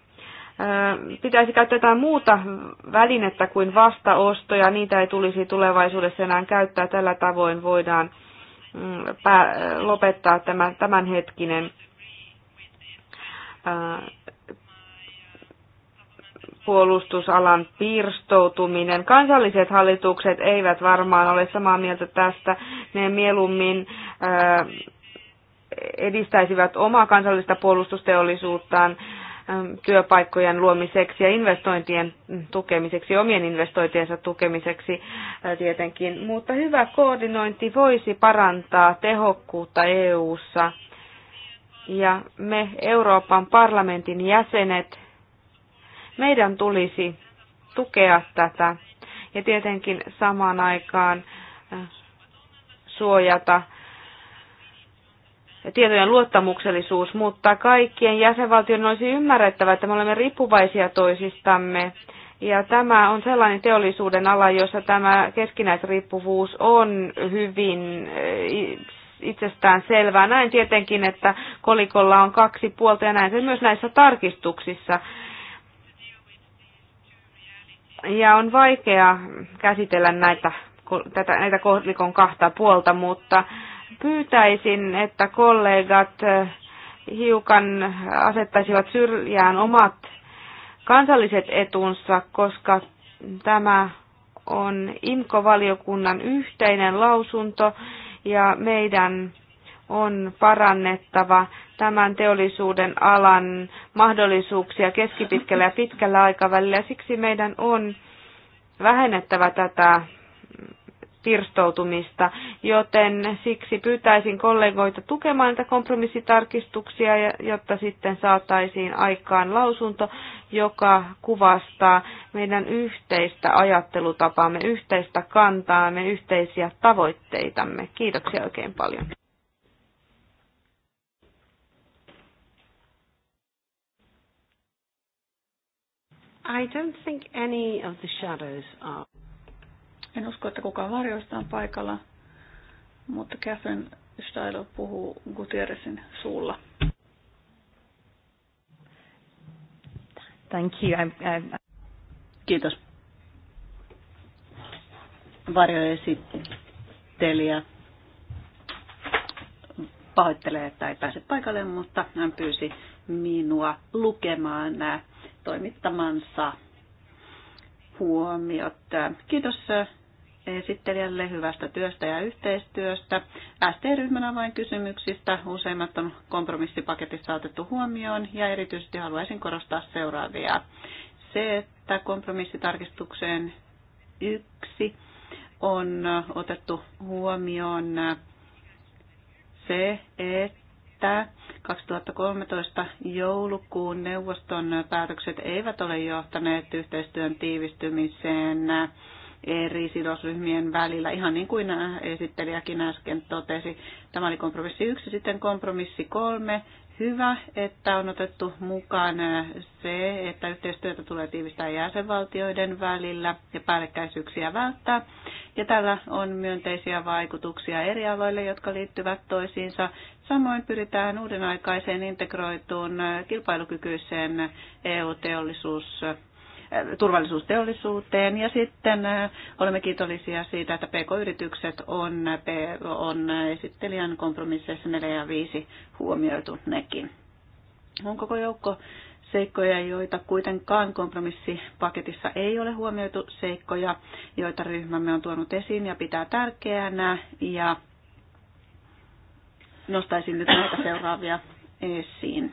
pitäisi käyttää jotain muuta välinettä kuin vastaostoja. Niitä ei tulisi tulevaisuudessa enää käyttää. Tällä tavoin voidaan mm, lopettaa tämä tämänhetkinen puolustusalan pirstoutuminen. Kansalliset hallitukset eivät varmaan ole samaa mieltä tästä. Ne mieluummin edistäisivät omaa kansallista puolustusteollisuuttaan työpaikkojen luomiseksi ja investointien tukemiseksi, omien investointiensa tukemiseksi tietenkin. Mutta hyvä koordinointi voisi parantaa tehokkuutta EU:ssa ja me Euroopan parlamentin jäsenet, meidän tulisi tukea tätä ja tietenkin samaan aikaan suojata tietojen luottamuksellisuus, mutta kaikkien jäsenvaltioiden olisi ymmärrettävä, että me olemme riippuvaisia toisistamme. Ja tämä on sellainen teollisuuden ala, jossa tämä keskinäisriippuvuus on hyvin eh, itsestään selvää. Näin tietenkin, että kolikolla on kaksi puolta ja näin se myös näissä tarkistuksissa. Ja on vaikea käsitellä näitä, tätä, näitä kolikon kahta puolta, mutta äh, Pyytäisin, että kollegat eh, hiukan asettaisivat syrjään omat kansalliset etunsa, koska tämä on IMKO-valiokunnan yhteinen lausunto ja meidän on parannettava tämän teollisuuden alan mahdollisuuksia keskipitkällä ja pitkällä aikavälillä. Siksi meidän on vähennettävä tätä pirstoutumista, joten siksi pyytäisin kollegoita tukemaan näitä kompromissitarkistuksia, jotta sitten saataisiin aikaan lausunto, joka kuvastaa meidän yhteistä ajattelutapaamme, yhteistä kantaamme, yhteisiä tavoitteitamme. Kiitoksia oikein paljon. I don't think any of the shadows are. En usko, että kukaan varjoista on paikalla, mutta Catherine Steilo puhuu Gutierrezin suulla. Thank you. I'm, I'm... Kiitos. Varjoesittelijä pahoittelee, että ei pääse paikalle, mutta hän pyysi minua lukemaan äh, toimittamansa huomiot. Äh, kiitos äh, esittelijälle hyvästä työstä ja yhteistyöstä. ST-ryhmän kysymyksistä useimmat on kompromissipaketissa otettu huomioon ja erityisesti haluaisin korostaa seuraavia. Se, että kompromissitarkistukseen yksi on otettu huomioon se, että 2013 joulukuun neuvoston päätökset eivät ole johtaneet yhteistyön tiivistymiseen eri sidosryhmien välillä, ihan niin kuin esittelijäkin äsken totesi. Tämä oli kompromissi yksi, sitten kompromissi kolme. Hyvä, että on otettu mukaan se, että yhteistyötä tulee tiivistää jäsenvaltioiden välillä ja päällekkäisyyksiä välttää. Ja tällä on myönteisiä vaikutuksia eri aloille, jotka liittyvät toisiinsa. Samoin pyritään uuden aikaiseen integroituun kilpailukykyiseen EU-teollisuus turvallisuusteollisuuteen. Ja sitten olemme kiitollisia siitä, että PK-yritykset on, on esittelijän kompromisseissa 4 ja 5 huomioitu nekin. On koko joukko seikkoja, joita kuitenkaan kompromissipaketissa ei ole huomioitu, seikkoja, joita ryhmämme on tuonut esiin ja pitää tärkeänä. Ja nostaisin nyt näitä seuraavia esiin.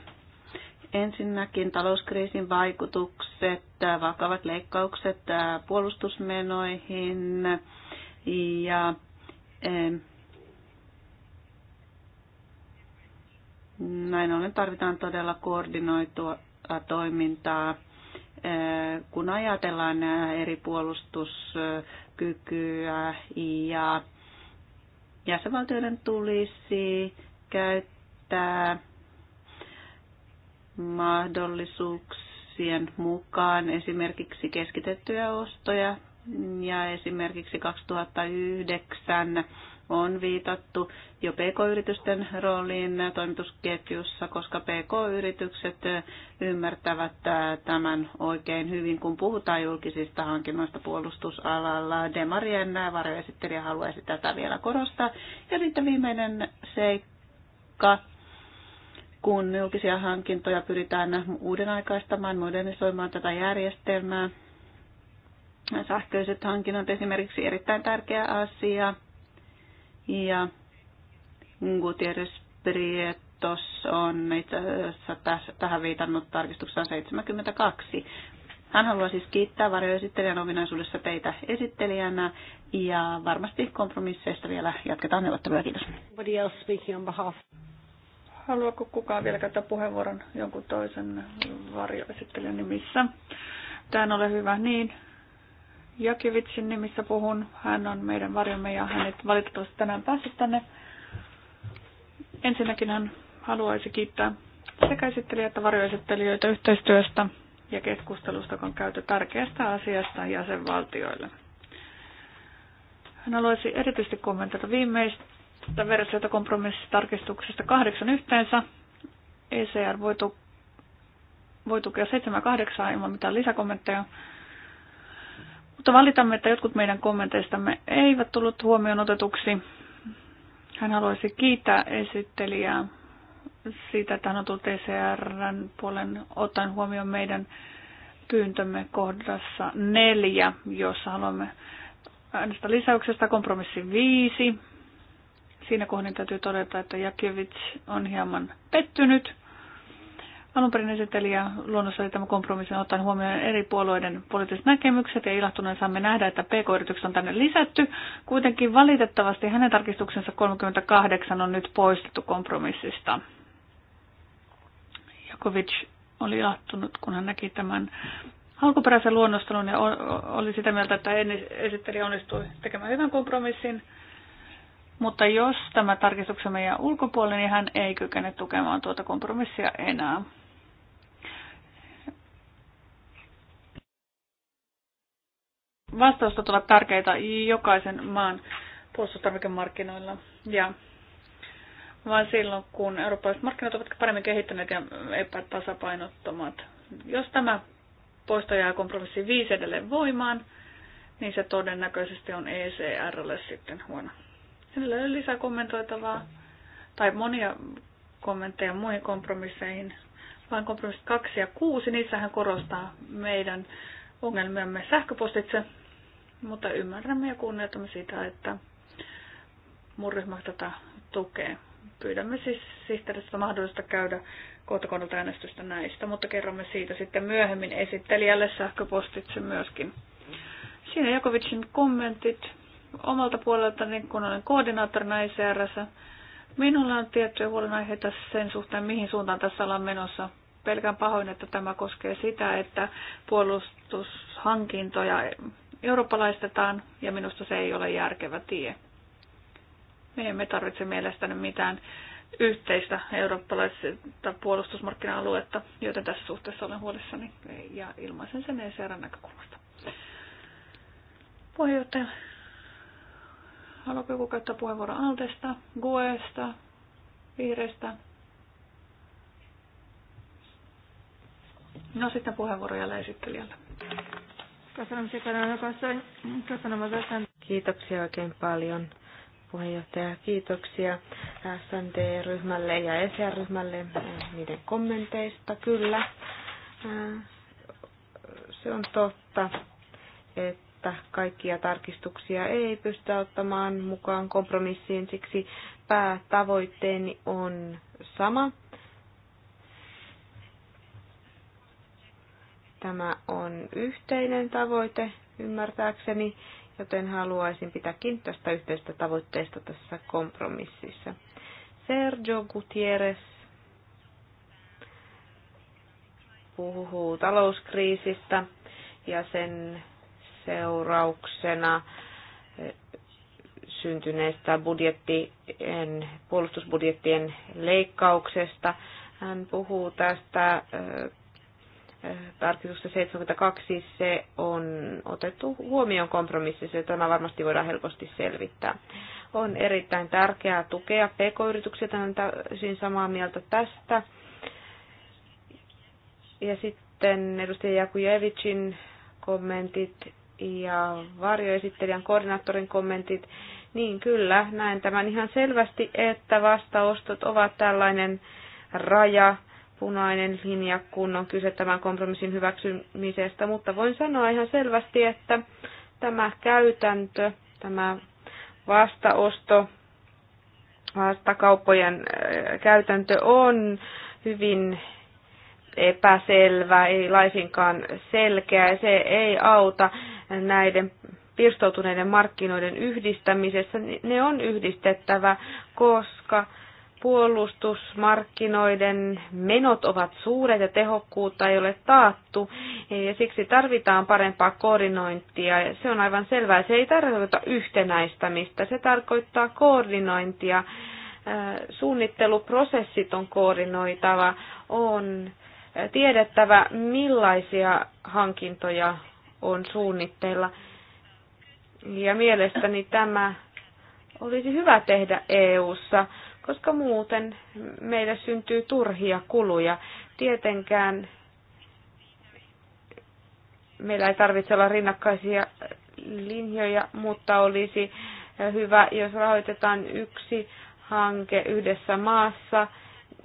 Ensinnäkin talouskriisin vaikutukset, vakavat leikkaukset puolustusmenoihin ja näin ollen tarvitaan todella koordinoitua toimintaa kun ajatellaan eri puolustuskykyä ja jäsenvaltioiden tulisi käyttää mahdollisuuksien mukaan esimerkiksi keskitettyjä ostoja ja esimerkiksi 2009 on viitattu jo pk-yritysten rooliin toimitusketjussa, koska pk-yritykset ymmärtävät tämän oikein hyvin, kun puhutaan julkisista hankinnoista puolustusalalla. Demarien varjoesittelijä haluaisi tätä vielä korostaa. Ja sitten viimeinen seikka kun julkisia hankintoja pyritään uuden aikaistamaan, modernisoimaan tätä järjestelmää. Sähköiset hankinnat esimerkiksi erittäin tärkeä asia. Ja Gutierrez Prietos on itse asiassa tähän viitannut tarkistuksessaan 72. Hän haluaa siis kiittää varjoesittelijän ominaisuudessa teitä esittelijänä ja varmasti kompromisseista vielä jatketaan neuvotteluja. Kiitos. Haluaako kukaan vielä käyttää puheenvuoron jonkun toisen varjoesittelijän nimissä? Tämä ole hyvä. Niin, Jakivitsin nimissä puhun. Hän on meidän varjomme ja hänet valitettavasti tänään päässyt tänne. Ensinnäkin hän haluaisi kiittää sekä esittelijä että varjoesittelijöitä yhteistyöstä ja keskustelusta, kun on käyty tärkeästä asiasta jäsenvaltioille. Hän haluaisi erityisesti kommentoida viimeistä tämän versioita kompromissitarkistuksesta kahdeksan yhteensä. ECR voi, tu- voi tukea 7-8 ilman mitään lisäkommentteja. Mutta valitamme, että jotkut meidän kommenteistamme eivät tullut huomioon otetuksi. Hän haluaisi kiittää esittelijää siitä, että hän on tullut ECRn puolen ottaen huomioon meidän pyyntömme kohdassa neljä, jossa haluamme äänestää lisäyksestä kompromissi viisi, Siinä kohdin täytyy todeta, että Jakevits on hieman pettynyt. Alun perin esittelijä luonnossa oli tämä kompromissi ottaen huomioon eri puolueiden poliittiset näkemykset ja ilahtuneen saamme nähdä, että PK-yritykset on tänne lisätty. Kuitenkin valitettavasti hänen tarkistuksensa 38 on nyt poistettu kompromissista. Jakovic oli ilahtunut, kun hän näki tämän alkuperäisen luonnostelun ja oli sitä mieltä, että esittelijä onnistui tekemään hyvän kompromissin. Mutta jos tämä tarkistuksemme jää ulkopuolelle, niin hän ei kykene tukemaan tuota kompromissia enää. Vastaustot ovat tärkeitä jokaisen maan puolustustarvikemarkkinoilla. Ja vain silloin, kun eurooppalaiset markkinat ovat paremmin kehittyneet ja epätasapainottomat. Jos tämä poisto jää kompromissi viisi edelleen voimaan, niin se todennäköisesti on ECRlle sitten huono. Kyllä, ei ole lisää kommentoitavaa tai monia kommentteja muihin kompromisseihin, vaan kompromissit 2 ja 6, niissähän korostaa meidän ongelmiamme sähköpostitse, mutta ymmärrämme ja kunnioitamme sitä, että mun ryhmä tätä tukee. Pyydämme siis sihteeristä mahdollista käydä kohtakohdalta äänestystä näistä, mutta kerromme siitä sitten myöhemmin esittelijälle sähköpostitse myöskin. Siinä Jakovicin kommentit omalta puoleltani, niin kun olen koordinaattorina icr minulla on tiettyjä huolenaiheita sen suhteen, mihin suuntaan tässä ollaan menossa. Pelkään pahoin, että tämä koskee sitä, että puolustushankintoja eurooppalaistetaan, ja minusta se ei ole järkevä tie. Me emme tarvitse mielestäni mitään yhteistä eurooppalaisista puolustusmarkkina-aluetta, joten tässä suhteessa olen huolissani ja ilmaisen sen ecr näkökulmasta. Puheenjohtaja, Haluatko joku käyttää puheenvuoro Altesta, Guesta, Vihreistä? No sitten puheenvuoro jälleen esittelijälle. Kiitoksia oikein paljon puheenjohtaja. Kiitoksia äh, SND-ryhmälle ja ESR-ryhmälle äh, niiden kommenteista. Kyllä, äh, se on totta, että että kaikkia tarkistuksia ei pystytä ottamaan mukaan kompromissiin, siksi päätavoitteeni on sama. Tämä on yhteinen tavoite, ymmärtääkseni, joten haluaisin kiinni tästä yhteistä tavoitteesta tässä kompromississa. Sergio Gutierrez puhuu talouskriisistä ja sen seurauksena syntyneestä budjettien, puolustusbudjettien leikkauksesta. Hän puhuu tästä tarkistuksesta 72. Se on otettu huomioon kompromississa ja tämä varmasti voidaan helposti selvittää. On erittäin tärkeää tukea pk-yrityksiä, olen täysin samaa mieltä tästä. Ja sitten edustaja Jakujevicin kommentit ja varjoesittelijän koordinaattorin kommentit, niin kyllä, näen tämän ihan selvästi, että vastaostot ovat tällainen raja, punainen linja, kun on kyse tämän kompromissin hyväksymisestä, mutta voin sanoa ihan selvästi, että tämä käytäntö, tämä vastaosto, vastakauppojen äh, käytäntö on hyvin epäselvä, ei laisinkaan selkeä ja se ei auta näiden pirstoutuneiden markkinoiden yhdistämisessä, ne on yhdistettävä, koska puolustusmarkkinoiden menot ovat suuret ja tehokkuutta ei ole taattu ja siksi tarvitaan parempaa koordinointia. Se on aivan selvää. Se ei tarkoita yhtenäistämistä, se tarkoittaa koordinointia. Suunnitteluprosessit on koordinoitava, on tiedettävä millaisia hankintoja on suunnitteilla. Ja mielestäni tämä olisi hyvä tehdä EU:ssa, koska muuten meille syntyy turhia kuluja. Tietenkään meillä ei tarvitse olla rinnakkaisia linjoja, mutta olisi hyvä, jos rahoitetaan yksi hanke yhdessä maassa,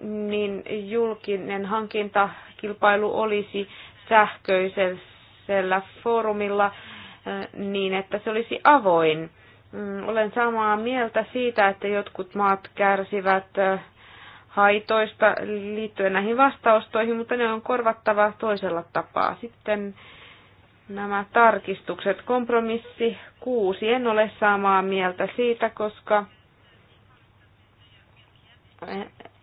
niin julkinen hankintakilpailu olisi sähköisessä yhteisellä foorumilla niin, että se olisi avoin. Mm, olen samaa mieltä siitä, että jotkut maat kärsivät haitoista liittyen näihin vastaustoihin, mutta ne on korvattava toisella tapaa. Sitten nämä tarkistukset. Kompromissi kuusi. En ole samaa mieltä siitä, koska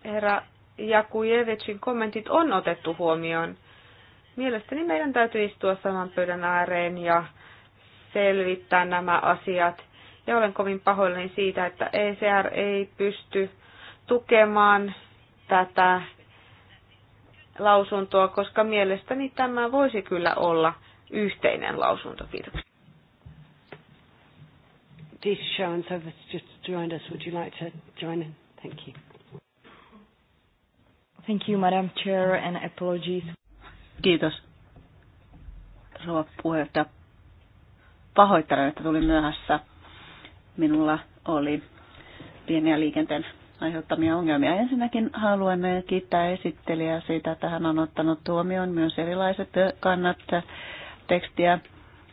herra Jakujevicin kommentit on otettu huomioon. Mielestäni meidän täytyy istua saman pöydän ääreen ja selvittää nämä asiat. Ja olen kovin pahoillani siitä, että ECR ei pysty tukemaan tätä lausuntoa, koska mielestäni tämä voisi kyllä olla yhteinen lausunto. Kiitoksia. just joined us. Would you like to join in? Thank you. Thank you, Madam Chair, and apologies. Kiitos. Rouva puheenjohtaja, pahoittelen, että tulin myöhässä. Minulla oli pieniä liikenteen aiheuttamia ongelmia. Ensinnäkin haluan kiittää esittelijää siitä, että hän on ottanut tuomioon myös erilaiset kannat tekstiä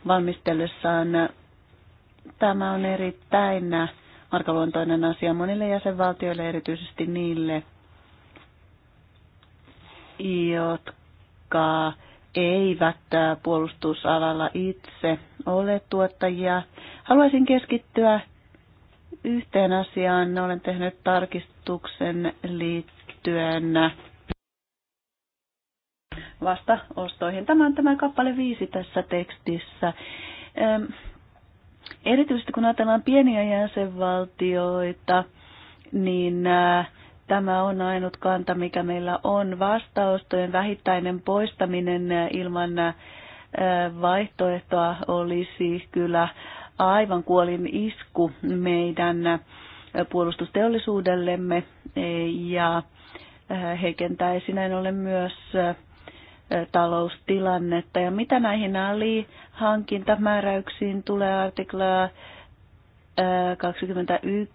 valmistellessaan. Tämä on erittäin arkaluontoinen asia monille jäsenvaltioille, erityisesti niille, jotka jotka eivät puolustusalalla itse ole tuottajia. Haluaisin keskittyä yhteen asiaan. Olen tehnyt tarkistuksen liittyen vastaostoihin. Tämä on tämä kappale viisi tässä tekstissä. Erityisesti kun ajatellaan pieniä jäsenvaltioita, niin Tämä on ainut kanta, mikä meillä on. vastaustojen vähittäinen poistaminen ilman äh, vaihtoehtoa olisi kyllä aivan kuolin isku meidän äh, puolustusteollisuudellemme ja äh, heikentäisi näin ollen myös taloustilannetta. Ja mitä näihin alihankintamääräyksiin tulee artiklaa 21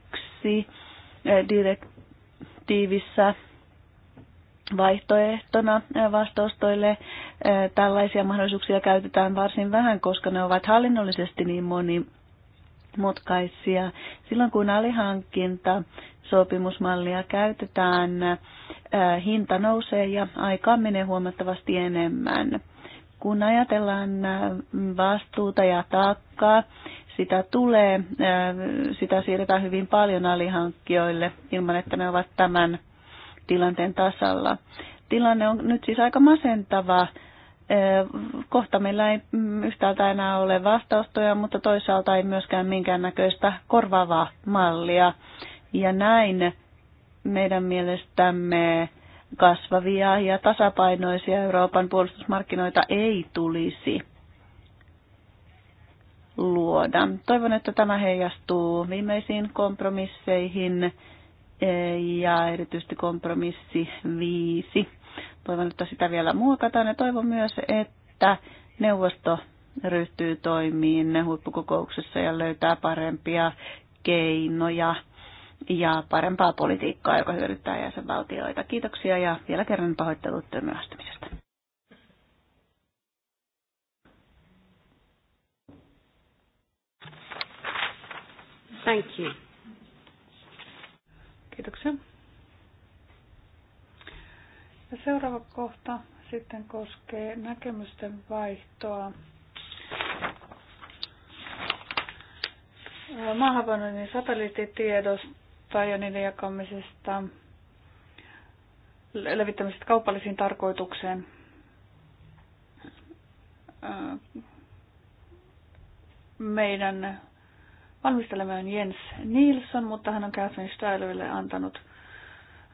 direkt direktiivissä vaihtoehtona vastaustoille tällaisia mahdollisuuksia käytetään varsin vähän, koska ne ovat hallinnollisesti niin monimutkaisia. Silloin kun alihankinta sopimusmallia käytetään, hinta nousee ja aika menee huomattavasti enemmän. Kun ajatellaan vastuuta ja taakkaa, sitä tulee, sitä siirretään hyvin paljon alihankkijoille ilman, että ne ovat tämän tilanteen tasalla. Tilanne on nyt siis aika masentava. Kohta meillä ei mm, yhtäältä enää ole vastaustoja, mutta toisaalta ei myöskään minkäännäköistä korvaavaa mallia. Ja näin meidän mielestämme kasvavia ja tasapainoisia Euroopan puolustusmarkkinoita ei tulisi luoda. Toivon, että tämä heijastuu viimeisiin kompromisseihin eh, ja erityisesti kompromissi viisi. Toivon, että sitä vielä muokataan ja toivon myös, että neuvosto ryhtyy toimiin huippukokouksessa ja löytää parempia keinoja ja parempaa politiikkaa, joka hyödyttää jäsenvaltioita. Kiitoksia ja vielä kerran pahoittelut myöhästymisestä. Thank you. Kiitoksia. Ja seuraava kohta sitten koskee näkemysten vaihtoa maahanpannoinnin satelliittitiedosta ja niiden jakamisesta levittämisestä kaupallisiin tarkoitukseen. Meidän valmistelemaan on Jens Nilsson, mutta hän on Catherine Stylerille antanut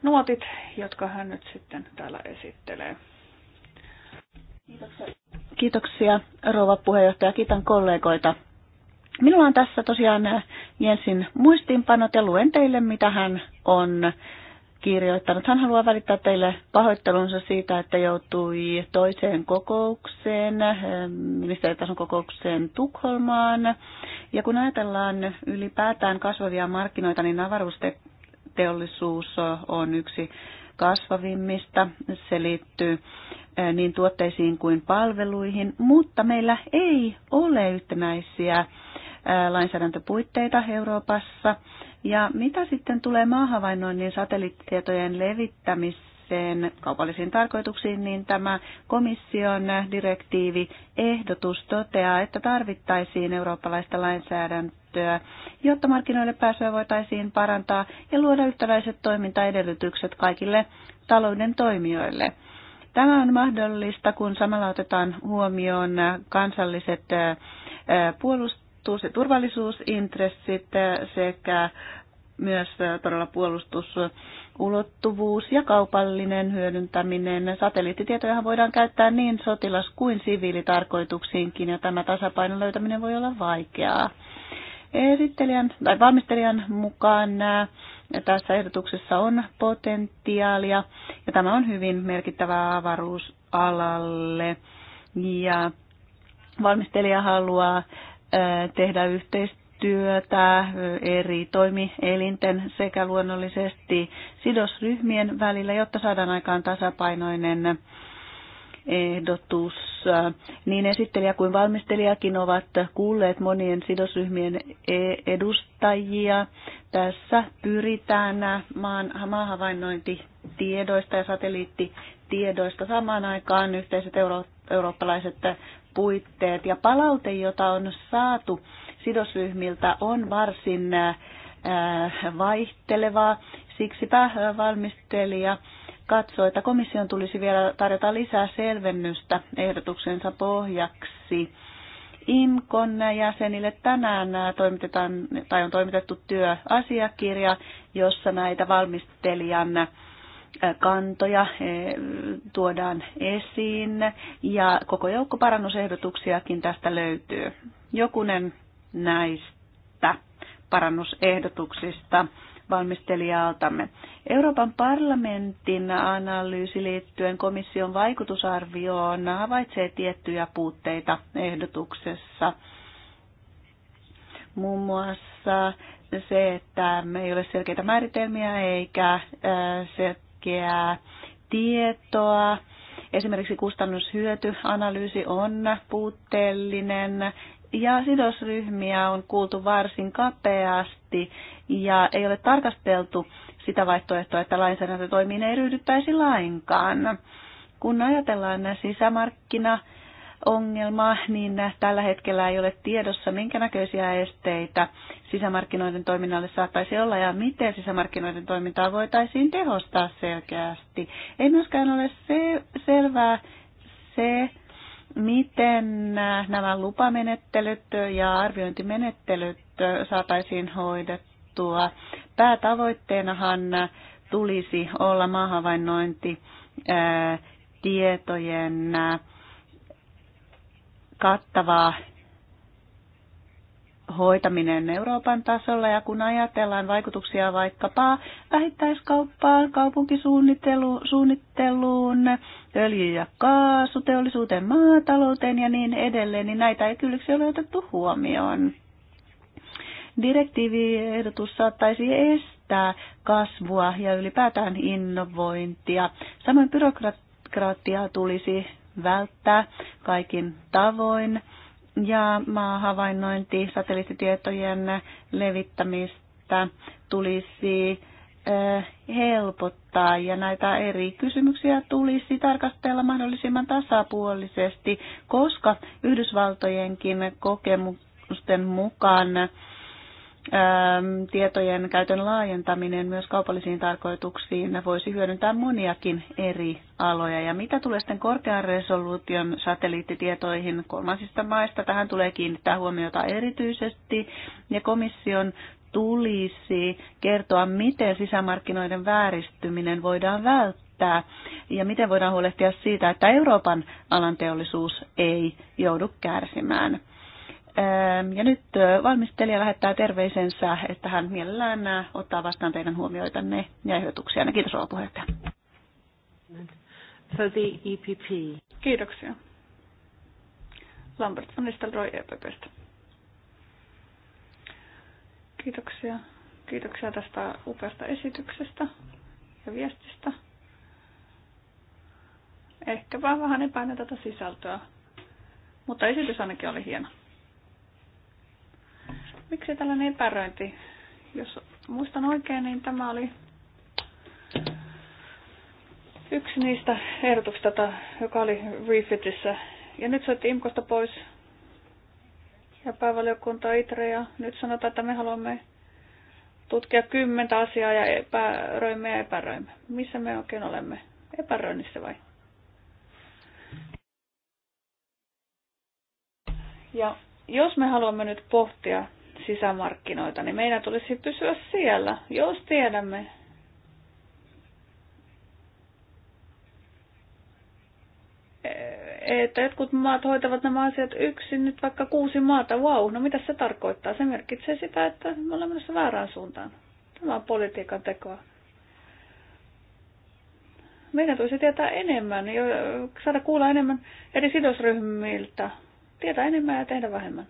nuotit, jotka hän nyt sitten täällä esittelee. Kiitoksia. Kiitoksia rouva puheenjohtaja. Kiitän kollegoita. Minulla on tässä tosiaan Jensin muistiinpanot ja luen teille, mitä hän on kirjoittanut. Hän haluaa välittää teille pahoittelunsa siitä, että joutui toiseen kokoukseen, eh, ministeritason kokoukseen Tukholmaan. Ja kun ajatellaan ylipäätään kasvavia markkinoita, niin avaruusteollisuus on yksi kasvavimmista. Se liittyy eh, niin tuotteisiin kuin palveluihin, mutta meillä ei ole yhtenäisiä lainsäädäntöpuitteita Euroopassa. Ja mitä sitten tulee maahavainnoinnin satelliittitietojen levittämiseen kaupallisiin tarkoituksiin, niin tämä komission direktiivi ehdotus toteaa, että tarvittaisiin eurooppalaista lainsäädäntöä, jotta markkinoille pääsyä voitaisiin parantaa ja luoda yhtäläiset toimintaedellytykset kaikille talouden toimijoille. Tämä on mahdollista, kun samalla otetaan huomioon kansalliset puolustukset, turvallisuus ja turvallisuusintressit sekä myös todella puolustusulottuvuus ja kaupallinen hyödyntäminen. Satelliittitietojahan voidaan käyttää niin sotilas- kuin siviilitarkoituksiinkin ja tämä tasapainon löytäminen voi olla vaikeaa. Esittelijän tai valmistelijan mukaan äh, tässä ehdotuksessa on potentiaalia ja tämä on hyvin merkittävä avaruusalalle. Ja valmistelija haluaa tehdä yhteistyötä eri toimielinten sekä luonnollisesti sidosryhmien välillä, jotta saadaan aikaan tasapainoinen ehdotus. Niin esittelijä kuin valmistelijakin ovat kuulleet monien sidosryhmien e- edustajia. Tässä pyritään maan, maahavainnointitiedoista ja satelliittitiedoista samaan aikaan yhteiset euro, eurooppalaiset puitteet ja palaute, jota on saatu sidosryhmiltä, on varsin äh, vaihtelevaa. Siksipä äh, valmistelija katsoo, että komission tulisi vielä tarjota lisää selvennystä ehdotuksensa pohjaksi. IMKON jäsenille tänään äh, toimitetaan, tai on toimitettu työasiakirja, jossa näitä valmistelijan kantoja eh, tuodaan esiin ja koko joukko parannusehdotuksiakin tästä löytyy. Jokunen näistä parannusehdotuksista valmistelijaltamme. Euroopan parlamentin analyysi liittyen komission vaikutusarvioon havaitsee tiettyjä puutteita ehdotuksessa. Muun muassa se, että me ei ole selkeitä määritelmiä eikä eh, se tärkeää tietoa. Esimerkiksi kustannushyötyanalyysi on puutteellinen ja sidosryhmiä on kuultu varsin kapeasti ja ei ole tarkasteltu sitä vaihtoehtoa, että lainsäädäntötoimiin ei ryhdyttäisi lainkaan. Kun ajatellaan sisämarkkina ongelma, niin tällä hetkellä ei ole tiedossa, minkä näköisiä esteitä sisämarkkinoiden toiminnalle saattaisi olla ja miten sisämarkkinoiden toimintaa voitaisiin tehostaa selkeästi. Ei myöskään ole se, selvää se, miten nämä lupamenettelyt ja arviointimenettelyt saataisiin hoidettua. Päätavoitteenahan tulisi olla maahavainnointi tietojen kattavaa hoitaminen Euroopan tasolla ja kun ajatellaan vaikutuksia vaikkapa vähittäiskauppaan, kaupunkisuunnitteluun, öljy- ja kaasuteollisuuteen, maatalouteen ja niin edelleen, niin näitä ei kylliksi ole otettu huomioon. Direktiiviehdotus saattaisi estää kasvua ja ylipäätään innovointia. Samoin byrokratiaa tulisi välttää kaikin tavoin. Ja maahavainnointi, satelliittitietojen levittämistä tulisi helpottaa ja näitä eri kysymyksiä tulisi tarkastella mahdollisimman tasapuolisesti, koska Yhdysvaltojenkin kokemusten mukaan Ähm, tietojen käytön laajentaminen myös kaupallisiin tarkoituksiin voisi hyödyntää moniakin eri aloja. Ja mitä tulee sitten korkean resoluution satelliittitietoihin kolmansista maista, tähän tulee kiinnittää huomiota erityisesti. Ja komission tulisi kertoa, miten sisämarkkinoiden vääristyminen voidaan välttää ja miten voidaan huolehtia siitä, että Euroopan alan teollisuus ei joudu kärsimään. Ja nyt valmistelija lähettää terveisensä, että hän mielellään ottaa vastaan teidän huomioitanne ja ehdotuksia. Kiitos rouva puheenjohtaja. For the EPP. Kiitoksia. Lambert von Nistelrooy EPPstä. Kiitoksia. Kiitoksia tästä upeasta esityksestä ja viestistä. Ehkä vähän epäinen tätä sisältöä, mutta esitys ainakin oli hieno. Miksi tällainen epäröinti? Jos muistan oikein, niin tämä oli yksi niistä ehdotuksista, joka oli Refitissä. Ja nyt soitti Imkosta pois ja päävaliokunta ITRE ja nyt sanotaan, että me haluamme tutkia kymmentä asiaa ja epäröimme ja epäröimme. Missä me oikein olemme? Epäröinnissä vai? Ja jos me haluamme nyt pohtia sisämarkkinoita, niin meidän tulisi pysyä siellä, jos tiedämme, että jotkut maat hoitavat nämä asiat yksin, nyt vaikka kuusi maata, wow, no mitä se tarkoittaa? Se merkitsee sitä, että me olemme menossa väärään suuntaan. Tämä on politiikan tekoa. Meidän tulisi tietää enemmän, saada kuulla enemmän eri sidosryhmiltä, tietää enemmän ja tehdä vähemmän.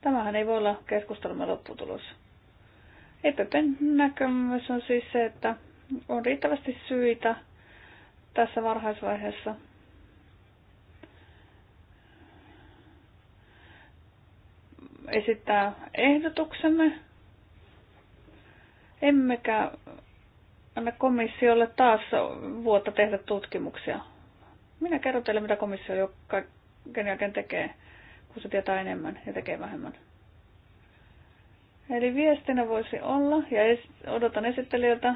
Tämähän ei voi olla keskustelumme lopputulos. EPPn näkemys on siis se, että on riittävästi syitä tässä varhaisvaiheessa esittää ehdotuksemme, emmekä anna komissiolle taas vuotta tehdä tutkimuksia. Minä kerron teille, mitä komissio joka jälkeen tekee kun se tietää enemmän ja tekee vähemmän. Eli viestinä voisi olla, ja odotan esittelijöiltä,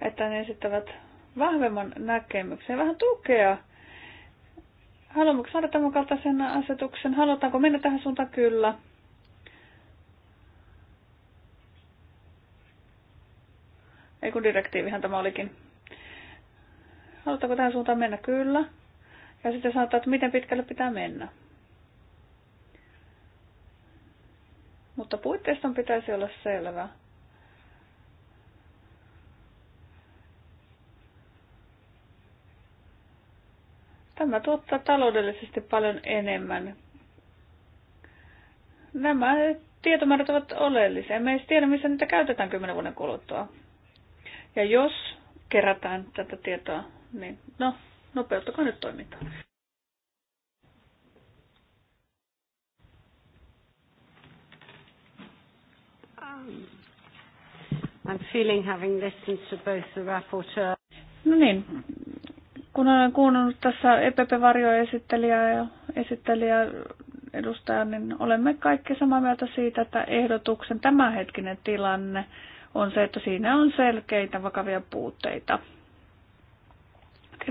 että ne esittävät vahvemman näkemyksen, vähän tukea. Haluammeko saada tämän kaltaisen asetuksen? Halutaanko mennä tähän suuntaan? Kyllä. Ei kun direktiivihän tämä olikin. Halutaanko tähän suuntaan mennä? Kyllä. Ja sitten sanotaan, että miten pitkälle pitää mennä. Mutta puitteiston pitäisi olla selvä. Tämä tuottaa taloudellisesti paljon enemmän. Nämä tietomäärät ovat oleellisia. Me ei tiedä, missä niitä käytetään kymmenen vuoden kuluttua. Ja jos kerätään tätä tietoa, niin no, Nopeuttakaa nyt toimintaa. Um, I'm feeling having listened to both the rapporteur. No niin, kun olen kuunnellut tässä EPP-varjoesittelijää ja esittelijä edustajan, niin olemme kaikki samaa mieltä siitä, että ehdotuksen tämänhetkinen tilanne on se, että siinä on selkeitä vakavia puutteita.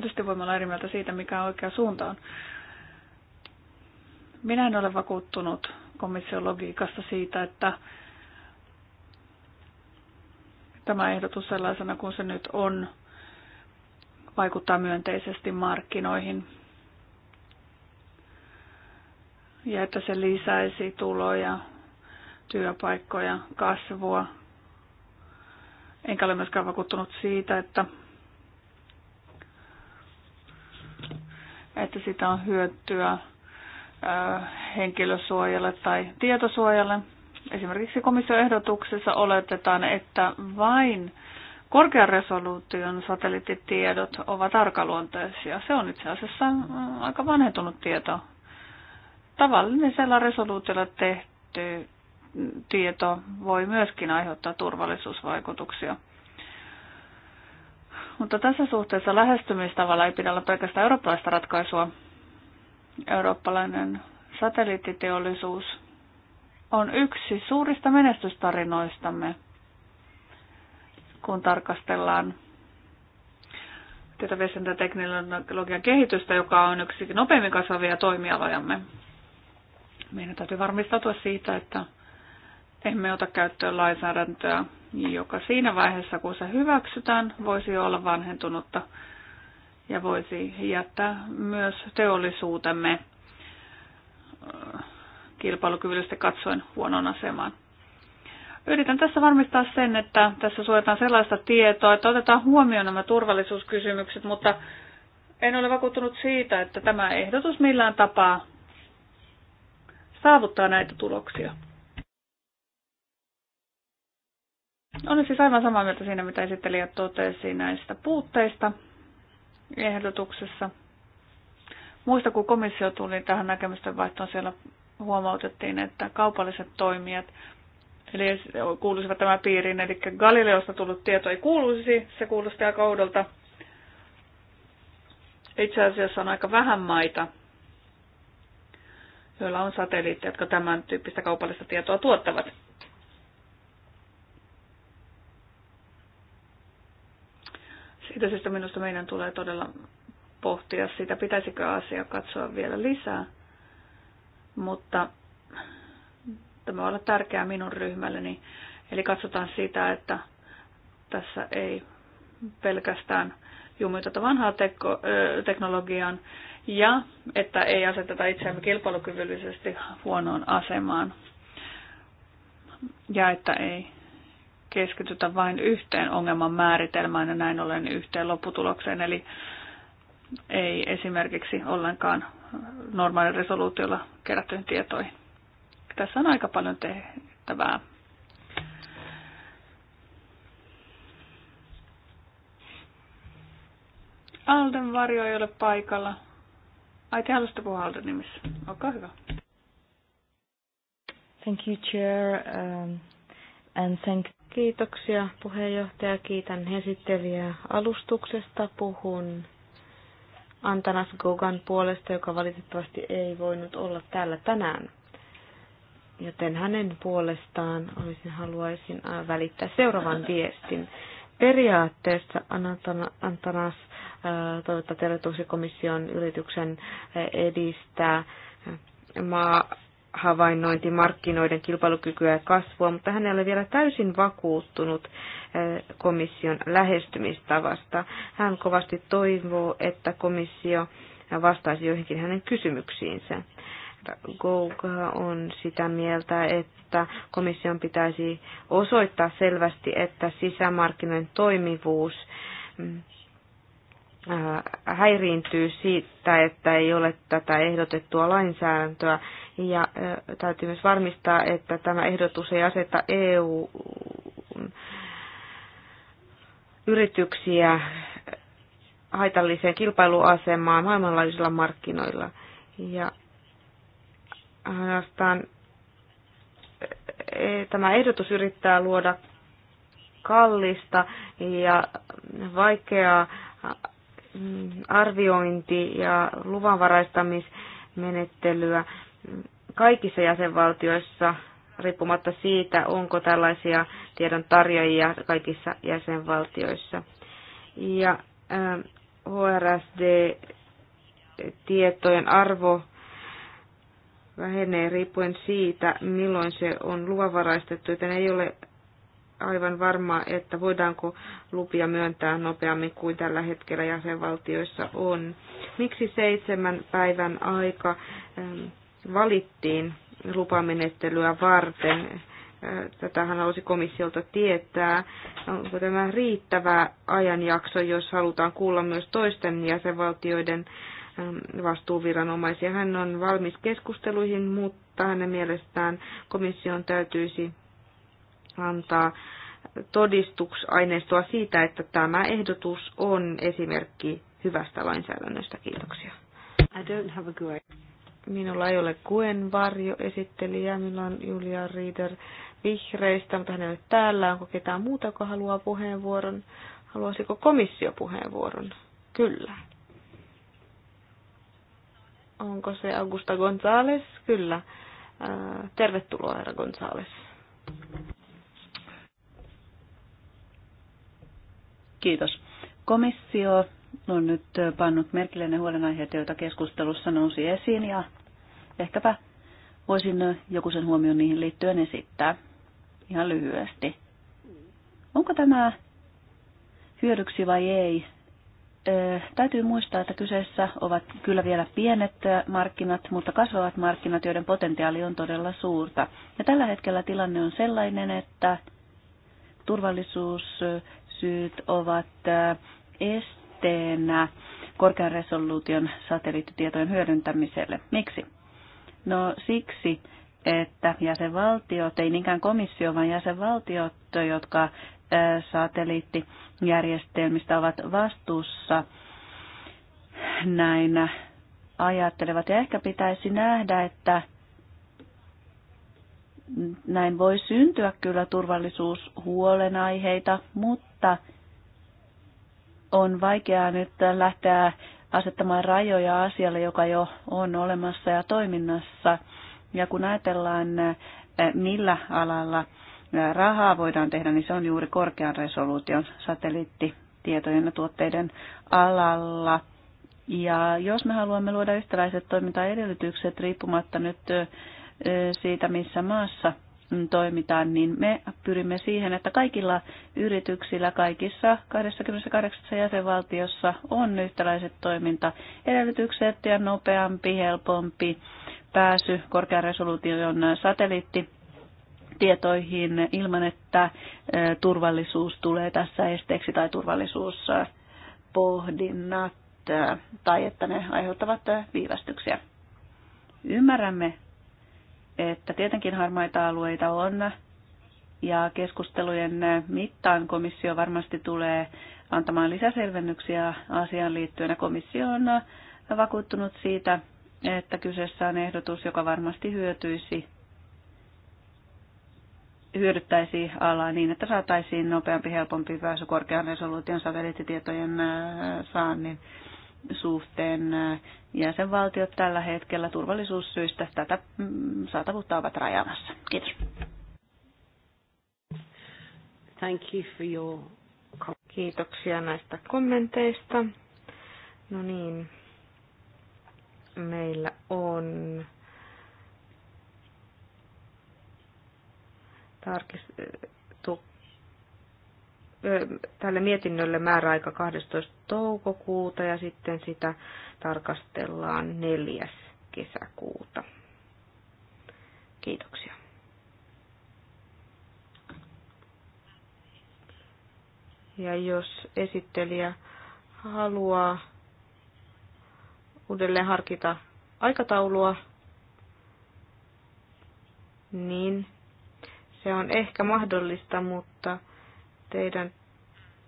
Tietysti voimme olla eri mieltä siitä, mikä oikea suunta on. Minä en ole vakuuttunut komission logiikasta siitä, että tämä ehdotus sellaisena kuin se nyt on, vaikuttaa myönteisesti markkinoihin. Ja että se lisäisi tuloja, työpaikkoja, kasvua. Enkä ole myöskään vakuuttunut siitä, että että sitä on hyötyä henkilösuojalle tai tietosuojalle. Esimerkiksi komission ehdotuksessa oletetaan, että vain korkean resoluution satelliittitiedot ovat arkaluonteisia. Se on itse asiassa aika vanhentunut tieto. Tavallisella resoluutiolla tehty tieto voi myöskin aiheuttaa turvallisuusvaikutuksia. Mutta tässä suhteessa lähestymistavalla ei pidä olla pelkästään eurooppalaista ratkaisua. Eurooppalainen satelliittiteollisuus on yksi suurista menestystarinoistamme, kun tarkastellaan tietoviestintäteknologian kehitystä, joka on yksi nopeimmin kasvavia toimialojamme. Meidän täytyy varmistautua siitä, että emme ota käyttöön lainsäädäntöä, joka siinä vaiheessa, kun se hyväksytään, voisi olla vanhentunutta ja voisi jättää myös teollisuutemme kilpailukyvyllisesti katsoen huonon asemaan. Yritän tässä varmistaa sen, että tässä suojataan sellaista tietoa, että otetaan huomioon nämä turvallisuuskysymykset, mutta en ole vakuuttunut siitä, että tämä ehdotus millään tapaa saavuttaa näitä tuloksia. Olen siis aivan samaa mieltä siinä, mitä esittelijä totesi näistä puutteista ehdotuksessa. Muista, kun komissio tuli tähän näkemysten vaihtoon, siellä huomautettiin, että kaupalliset toimijat, eli kuuluisivat tämä piiriin, eli Galileosta tullut tieto ei kuuluisi, se kuulosti aika oudolta. Itse asiassa on aika vähän maita, joilla on satelliitteja, jotka tämän tyyppistä kaupallista tietoa tuottavat. Siitä syystä minusta meidän tulee todella pohtia sitä, pitäisikö asia katsoa vielä lisää. Mutta tämä on olla tärkeää minun ryhmälleni. Eli katsotaan sitä, että tässä ei pelkästään jumiteta vanhaa teko, ö, teknologiaan ja että ei aseteta itseämme kilpailukyvyllisesti huonoon asemaan ja että ei keskitytä vain yhteen ongelman määritelmään ja näin ollen yhteen lopputulokseen. Eli ei esimerkiksi ollenkaan normaalin resoluutiolla kerättyihin tietoihin. Tässä on aika paljon tehtävää. Alden varjo ei ole paikalla. Ai te haluaisitte puhua Alden nimissä. Olkaa hyvä. Thank you, Chair. Um, and thank Kiitoksia puheenjohtaja. Kiitän esittelijää alustuksesta. Puhun Antanas Gogan puolesta, joka valitettavasti ei voinut olla täällä tänään. Joten hänen puolestaan olisin, haluaisin äh, välittää seuraavan viestin. Periaatteessa Antanas äh, toivottaa tervetuloksi komission yrityksen äh, edistää maa havainnointi markkinoiden kilpailukykyä ja kasvua, mutta hän ei ole vielä täysin vakuuttunut eh, komission lähestymistavasta. Hän kovasti toivoo, että komissio vastaisi joihinkin hänen kysymyksiinsä. Gouka on sitä mieltä, että komission pitäisi osoittaa selvästi, että sisämarkkinoiden toimivuus mm, Äh, häiriintyy siitä, että ei ole tätä ehdotettua lainsäädäntöä. Ja äh, täytyy myös varmistaa, että tämä ehdotus ei aseta EU yrityksiä haitalliseen kilpailuasemaan maailmanlaajuisilla markkinoilla. Ja ainoastaan eh, tämä ehdotus yrittää luoda kallista ja vaikeaa arviointi- ja luvanvaraistamismenettelyä kaikissa jäsenvaltioissa riippumatta siitä, onko tällaisia tiedon tarjoajia kaikissa jäsenvaltioissa. Ja HRSD-tietojen ähm, arvo vähenee riippuen siitä, milloin se on luvanvaraistettu, joten ei ole aivan varma, että voidaanko lupia myöntää nopeammin kuin tällä hetkellä jäsenvaltioissa on. Miksi seitsemän päivän aika ähm, valittiin lupamenettelyä varten? Äh, tätähän olisi komissiolta tietää. Onko tämä riittävä ajanjakso, jos halutaan kuulla myös toisten jäsenvaltioiden ähm, vastuuviranomaisia? Hän on valmis keskusteluihin, mutta hänen mielestään komission täytyisi antaa todistuksaineistoa siitä, että tämä ehdotus on esimerkki hyvästä lainsäädännöstä. Kiitoksia. I don't have a good. Minulla ei ole Kuen esittelijä, minulla on Julia Rieder vihreistä, mutta hän ei ole täällä. Onko ketään muuta, joka haluaa puheenvuoron? Haluaisiko komissio puheenvuoron? Kyllä. Onko se Augusta Gonzales? Kyllä. Äh, tervetuloa, herra Gonzales. Kiitos. Komissio on nyt pannut merkille ne huolenaiheet, joita keskustelussa nousi esiin ja ehkäpä voisin joku sen huomioon niihin liittyen esittää ihan lyhyesti. Onko tämä hyödyksi vai ei? täytyy muistaa, että kyseessä ovat kyllä vielä pienet markkinat, mutta kasvavat markkinat, joiden potentiaali on todella suurta. Ja tällä hetkellä tilanne on sellainen, että turvallisuus syyt ovat äh, esteenä korkean resoluution satelliittitietojen hyödyntämiselle. Miksi? No siksi, että jäsenvaltiot, ei niinkään komissio, vaan jäsenvaltiot, jotka äh, satelliittijärjestelmistä ovat vastuussa, näin ajattelevat. Ja ehkä pitäisi nähdä, että näin voi syntyä kyllä turvallisuushuolenaiheita, mutta mutta on vaikeaa nyt lähteä asettamaan rajoja asialle, joka jo on olemassa ja toiminnassa. Ja kun ajatellaan, millä alalla rahaa voidaan tehdä, niin se on juuri korkean resoluution satelliittitietojen ja tuotteiden alalla. Ja jos me haluamme luoda yhtäläiset toimintaedellytykset riippumatta nyt siitä, missä maassa toimitaan, niin me pyrimme siihen, että kaikilla yrityksillä kaikissa 28 jäsenvaltiossa on yhtäläiset toimintaedellytykset ja nopeampi, helpompi pääsy korkean resoluution satelliitti tietoihin ilman, että turvallisuus tulee tässä esteeksi tai turvallisuuspohdinnat tai että ne aiheuttavat viivästyksiä. Ymmärrämme että tietenkin harmaita alueita on ja keskustelujen mittaan komissio varmasti tulee antamaan lisäselvennyksiä asiaan liittyen. Komissio on vakuuttunut siitä, että kyseessä on ehdotus, joka varmasti hyötyisi, hyödyttäisi alaa niin, että saataisiin nopeampi, helpompi pääsy korkean resoluution satelliittitietojen äh, saannin suhteen äh, jäsenvaltiot tällä hetkellä turvallisuussyistä tätä mm, saatavuutta ovat rajamassa. Kiitos. Thank you for your... Kiitoksia näistä kommenteista. No niin, meillä on tarkist- tälle mietinnölle määräaika 12. toukokuuta ja sitten sitä tarkastellaan 4. kesäkuuta. Kiitoksia. Ja jos esittelijä haluaa uudelleen harkita aikataulua, niin se on ehkä mahdollista, mutta Teidän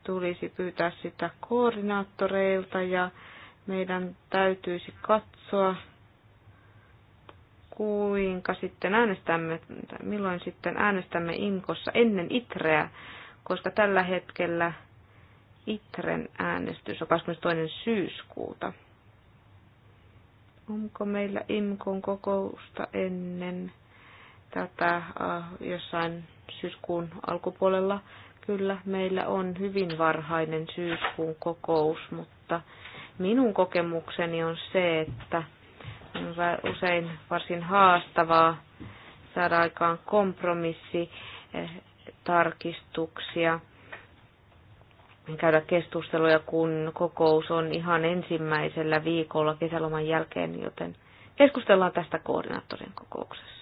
tulisi pyytää sitä koordinaattoreilta ja meidän täytyisi katsoa, kuinka sitten äänestämme, milloin sitten äänestämme Inkossa ennen Itreä, koska tällä hetkellä Itren äänestys on 22. syyskuuta. Onko meillä IMKon kokousta ennen tätä äh, jossain syyskuun alkupuolella? Kyllä, meillä on hyvin varhainen syyskuun kokous, mutta minun kokemukseni on se, että on usein varsin haastavaa saada aikaan kompromissi eh, tarkistuksia, käydä keskusteluja, kun kokous on ihan ensimmäisellä viikolla kesäloman jälkeen, joten keskustellaan tästä koordinaattorin kokouksessa.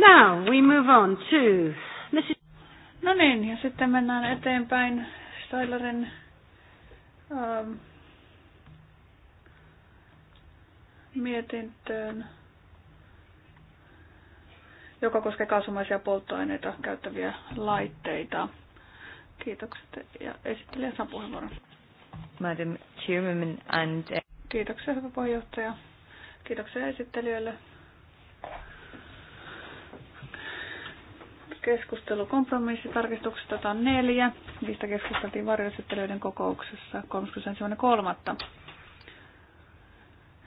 Now we move on to Mrs. No niin, ja sitten mennään eteenpäin Steilerin um, ähm, mietintöön, joka koskee kaasumaisia polttoaineita käyttäviä laitteita. Kiitokset ja esittelijä saa puheenvuoron. Madam Chairman and... Kiitoksia, hyvä puheenjohtaja. Kiitoksia esittelijöille keskustelu kompromissitarkistuksesta. Tämä on neljä. Niistä keskusteltiin varjoesittelyiden kokouksessa 31.3.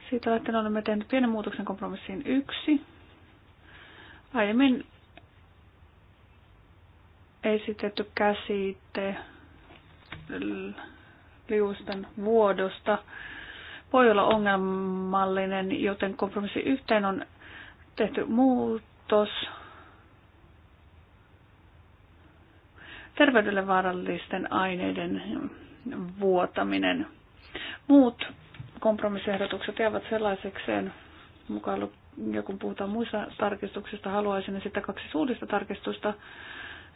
Siitä lähtien olemme tehneet pienen muutoksen kompromissiin yksi. Aiemmin esitetty käsite liusten vuodosta voi olla ongelmallinen, joten kompromissi yhteen on tehty muutos terveydelle vaarallisten aineiden vuotaminen. Muut kompromissehdotukset jäävät sellaisekseen mukaan, ja kun puhutaan muista tarkistuksista, haluaisin sitten kaksi suullista tarkistusta.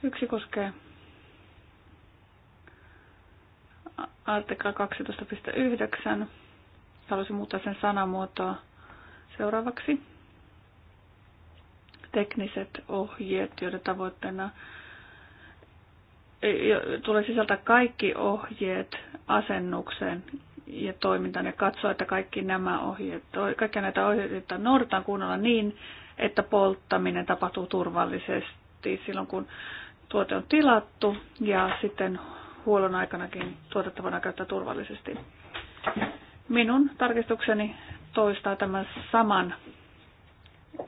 Yksi koskee artikla 12.9. Haluaisin muuttaa sen sanamuotoa seuraavaksi. Tekniset ohjeet, joiden tavoitteena tulee sisältä kaikki ohjeet asennukseen ja toimintaan ja katsoa, että kaikki nämä ohjeet, kaikkia näitä ohjeita noudataan kunnolla niin, että polttaminen tapahtuu turvallisesti silloin, kun tuote on tilattu ja sitten huollon aikanakin tuotetta voidaan käyttää turvallisesti. Minun tarkistukseni toistaa tämän saman.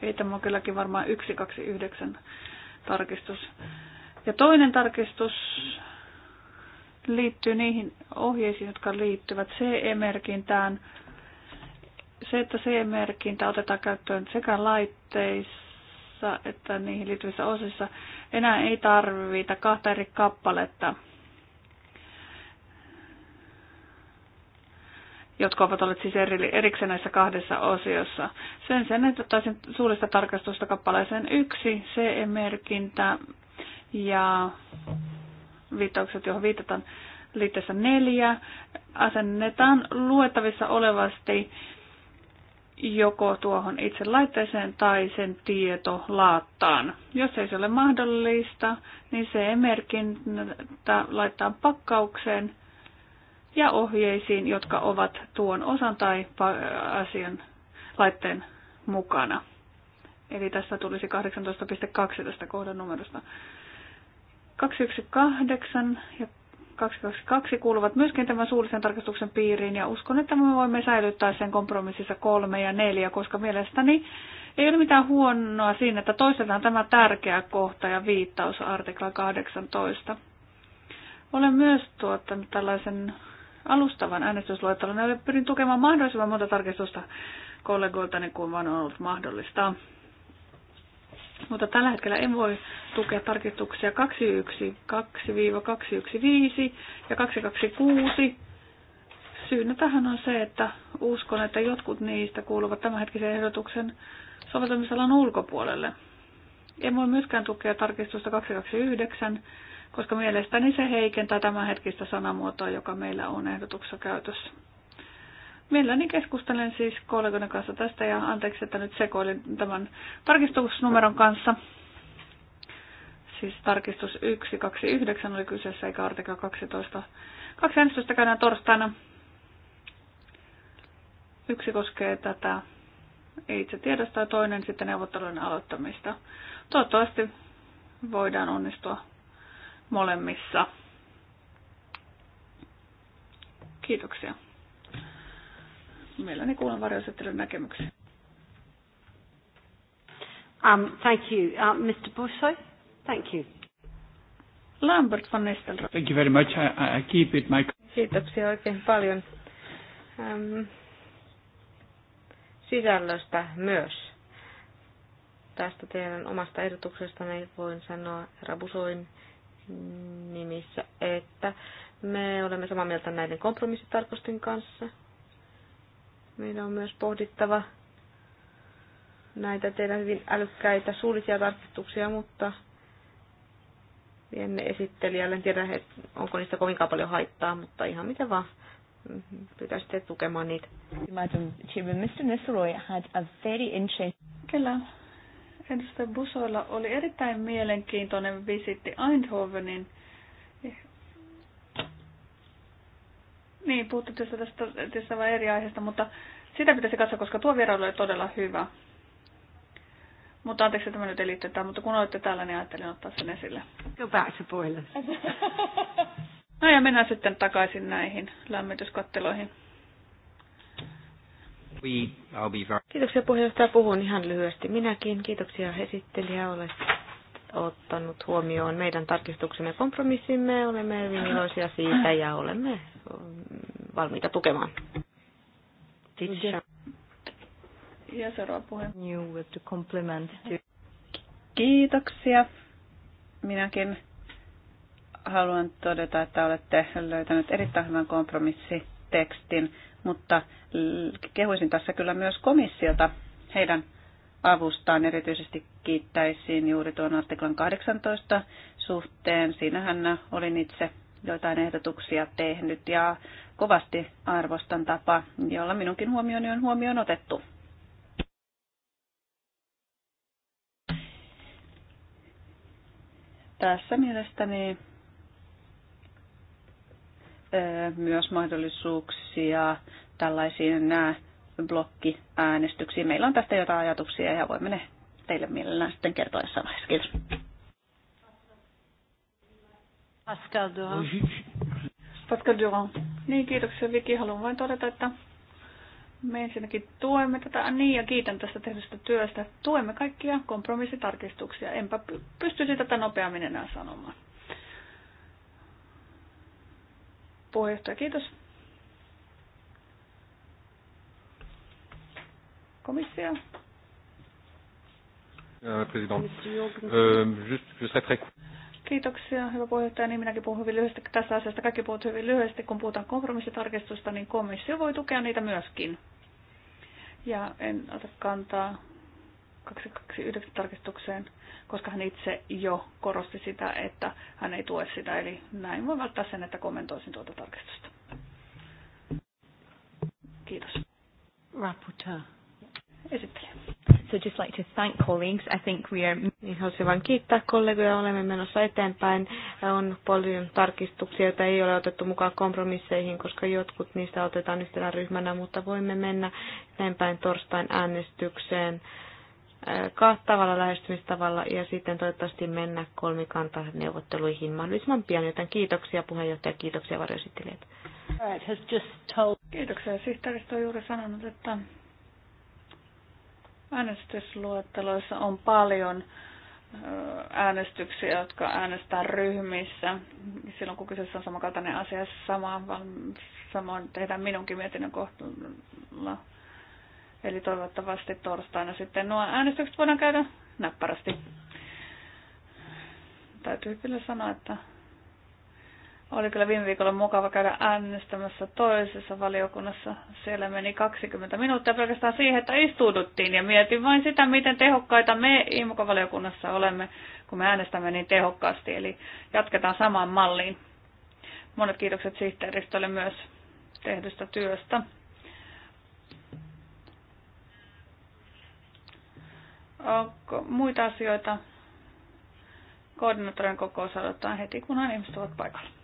Ei tämä on kylläkin varmaan 129 tarkistus. Ja toinen tarkistus liittyy niihin ohjeisiin, jotka liittyvät CE-merkintään. Se, että CE-merkintä otetaan käyttöön sekä laitteissa että niihin liittyvissä osissa, enää ei tarvita kahta eri kappaletta, jotka ovat olleet siis erikseen näissä kahdessa osiossa. Sen sen ehdottaisin suullista tarkastusta kappaleeseen yksi CE-merkintä ja viittaukset, johon viitataan liitteessä neljä, asennetaan luettavissa olevasti joko tuohon itse laitteeseen tai sen tietolaattaan. Jos ei se ole mahdollista, niin se merkintä laittaa pakkaukseen ja ohjeisiin, jotka ovat tuon osan tai asian laitteen mukana. Eli tässä tulisi 18.12 kohdan numerosta 218 ja 222 kuuluvat myöskin tämän suullisen tarkastuksen piiriin ja uskon, että me voimme säilyttää sen kompromississa kolme ja neljä, koska mielestäni ei ole mitään huonoa siinä, että toistetaan tämä tärkeä kohta ja viittaus artikla 18. Olen myös tuottanut tällaisen alustavan äänestysluettelon ja pyrin tukemaan mahdollisimman monta tarkistusta kollegoiltani kuin vaan on ollut mahdollista. Mutta tällä hetkellä en voi tukea tarkistuksia 212-215 ja 226. Syynä tähän on se, että uskon, että jotkut niistä kuuluvat tämänhetkisen ehdotuksen soveltamisalan ulkopuolelle. En voi myöskään tukea tarkistusta 229, koska mielestäni se heikentää tämänhetkistä sanamuotoa, joka meillä on ehdotuksessa käytössä. Mielelläni keskustelen siis kollegan kanssa tästä ja anteeksi, että nyt sekoilin tämän tarkistusnumeron kanssa. Siis tarkistus 129 oli kyseessä eikä artikla 12. Kaksi äänestystä käydään torstaina. Yksi koskee tätä itse tiedosta ja toinen sitten neuvottelujen aloittamista. Toivottavasti voidaan onnistua molemmissa. Kiitoksia ne kuulen varjoisettelyn näkemyksiä. Um, thank you. Uh, Mr. Busso, thank you. Lambert van Nistelrooy. Thank you very much. I, I keep it my... Kiitoksia oikein paljon. Um, sisällöstä myös. Tästä teidän omasta ehdotuksestanne voin sanoa Rabusoin nimissä, että me olemme samaa mieltä näiden kompromissitarkosten kanssa. Meidän on myös pohdittava näitä teidän hyvin älykkäitä suullisia tarkistuksia, mutta vien esittelijälle. En tiedä, onko niistä kovinkaan paljon haittaa, mutta ihan mitä vaan pyytäisitte tukemaan niitä. Madam Chairman, Mr. had a very interesting... Kyllä. Edustaja Busoilla oli erittäin mielenkiintoinen visitti Eindhovenin Niin, puhuttu tässä tästä tietysti vain eri aiheesta, mutta sitä pitäisi katsoa, koska tuo vierailu oli todella hyvä. Mutta anteeksi, että mä nyt elitetään, mutta kun olette täällä, niin ajattelin ottaa sen esille. Hyvä, se to no ja mennään sitten takaisin näihin lämmityskatteloihin. We, I'll be very... Kiitoksia puheenjohtaja. Puhun ihan lyhyesti minäkin. Kiitoksia esittelijä. Olet ottanut huomioon meidän tarkistuksemme kompromissimme. Olemme hyvin iloisia siitä ja olemme valmiita tukemaan. Ja seuraava puhe. Kiitoksia. Minäkin haluan todeta, että olette löytäneet erittäin hyvän kompromissitekstin, mutta kehuisin tässä kyllä myös komissiota heidän avustaan. Erityisesti kiittäisin juuri tuon artiklan 18 suhteen. Siinähän olin itse joitain ehdotuksia tehnyt ja kovasti arvostan tapa, jolla minunkin huomioni on huomioon otettu. Tässä mielestäni myös mahdollisuuksia tällaisiin blokkiäänestyksiin. Meillä on tästä jotain ajatuksia ja voimme ne teille mielellään sitten kertoa jossain vaiheessa. Kiitos. Pascal Durand. Pascal Durand. Niin, kiitoksia Viki. Haluan vain todeta, että me ensinnäkin tuemme tätä niin ja kiitän tästä tehdystä työstä. Tuemme kaikkia kompromissitarkistuksia. Enpä pystyisi tätä nopeammin enää sanomaan. Puheenjohtaja, kiitos. Komissio. Président, euh, juste, je serai très Kiitoksia, hyvä puheenjohtaja. Niin minäkin puhun hyvin lyhyesti tässä asiasta. Kaikki puhut hyvin lyhyesti. Kun puhutaan kompromissitarkistusta, niin komissio voi tukea niitä myöskin. Ja en ota kantaa 229 tarkistukseen, koska hän itse jo korosti sitä, että hän ei tue sitä. Eli näin voi välttää sen, että kommentoisin tuota tarkistusta. Kiitos. Rapporteur. Esittelen. So just like to thank colleagues. I think we are... Niin haluaisin vain kiittää kollegoja. Olemme menossa eteenpäin. On paljon tarkistuksia, joita ei ole otettu mukaan kompromisseihin, koska jotkut niistä otetaan yhtenä ryhmänä, mutta voimme mennä eteenpäin torstain äänestykseen eh, kahtavalla lähestymistavalla ja sitten toivottavasti mennä kolmikantaneuvotteluihin neuvotteluihin mahdollisimman pian, joten kiitoksia puheenjohtaja, kiitoksia varjoesittelijät. Kiitoksia. Sihteeristö on juuri sanonut, että Äänestysluetteloissa on paljon äänestyksiä, jotka äänestää ryhmissä. Silloin kun kyseessä on samankaltainen asia, sama, samoin tehdään minunkin mietinnön kohtuulla. Eli toivottavasti torstaina sitten nuo äänestykset voidaan käydä näppärästi. Täytyy kyllä sanoa, että oli kyllä viime viikolla mukava käydä äänestämässä toisessa valiokunnassa. Siellä meni 20 minuuttia pelkästään siihen, että istuuduttiin ja mietin vain sitä, miten tehokkaita me IMCO-valiokunnassa olemme, kun me äänestämme niin tehokkaasti. Eli jatketaan samaan malliin. Monet kiitokset sihteeristölle myös tehdystä työstä. Onko muita asioita? Koordinaattorin kokous aloitetaan heti, kunhan ihmiset ovat paikalla.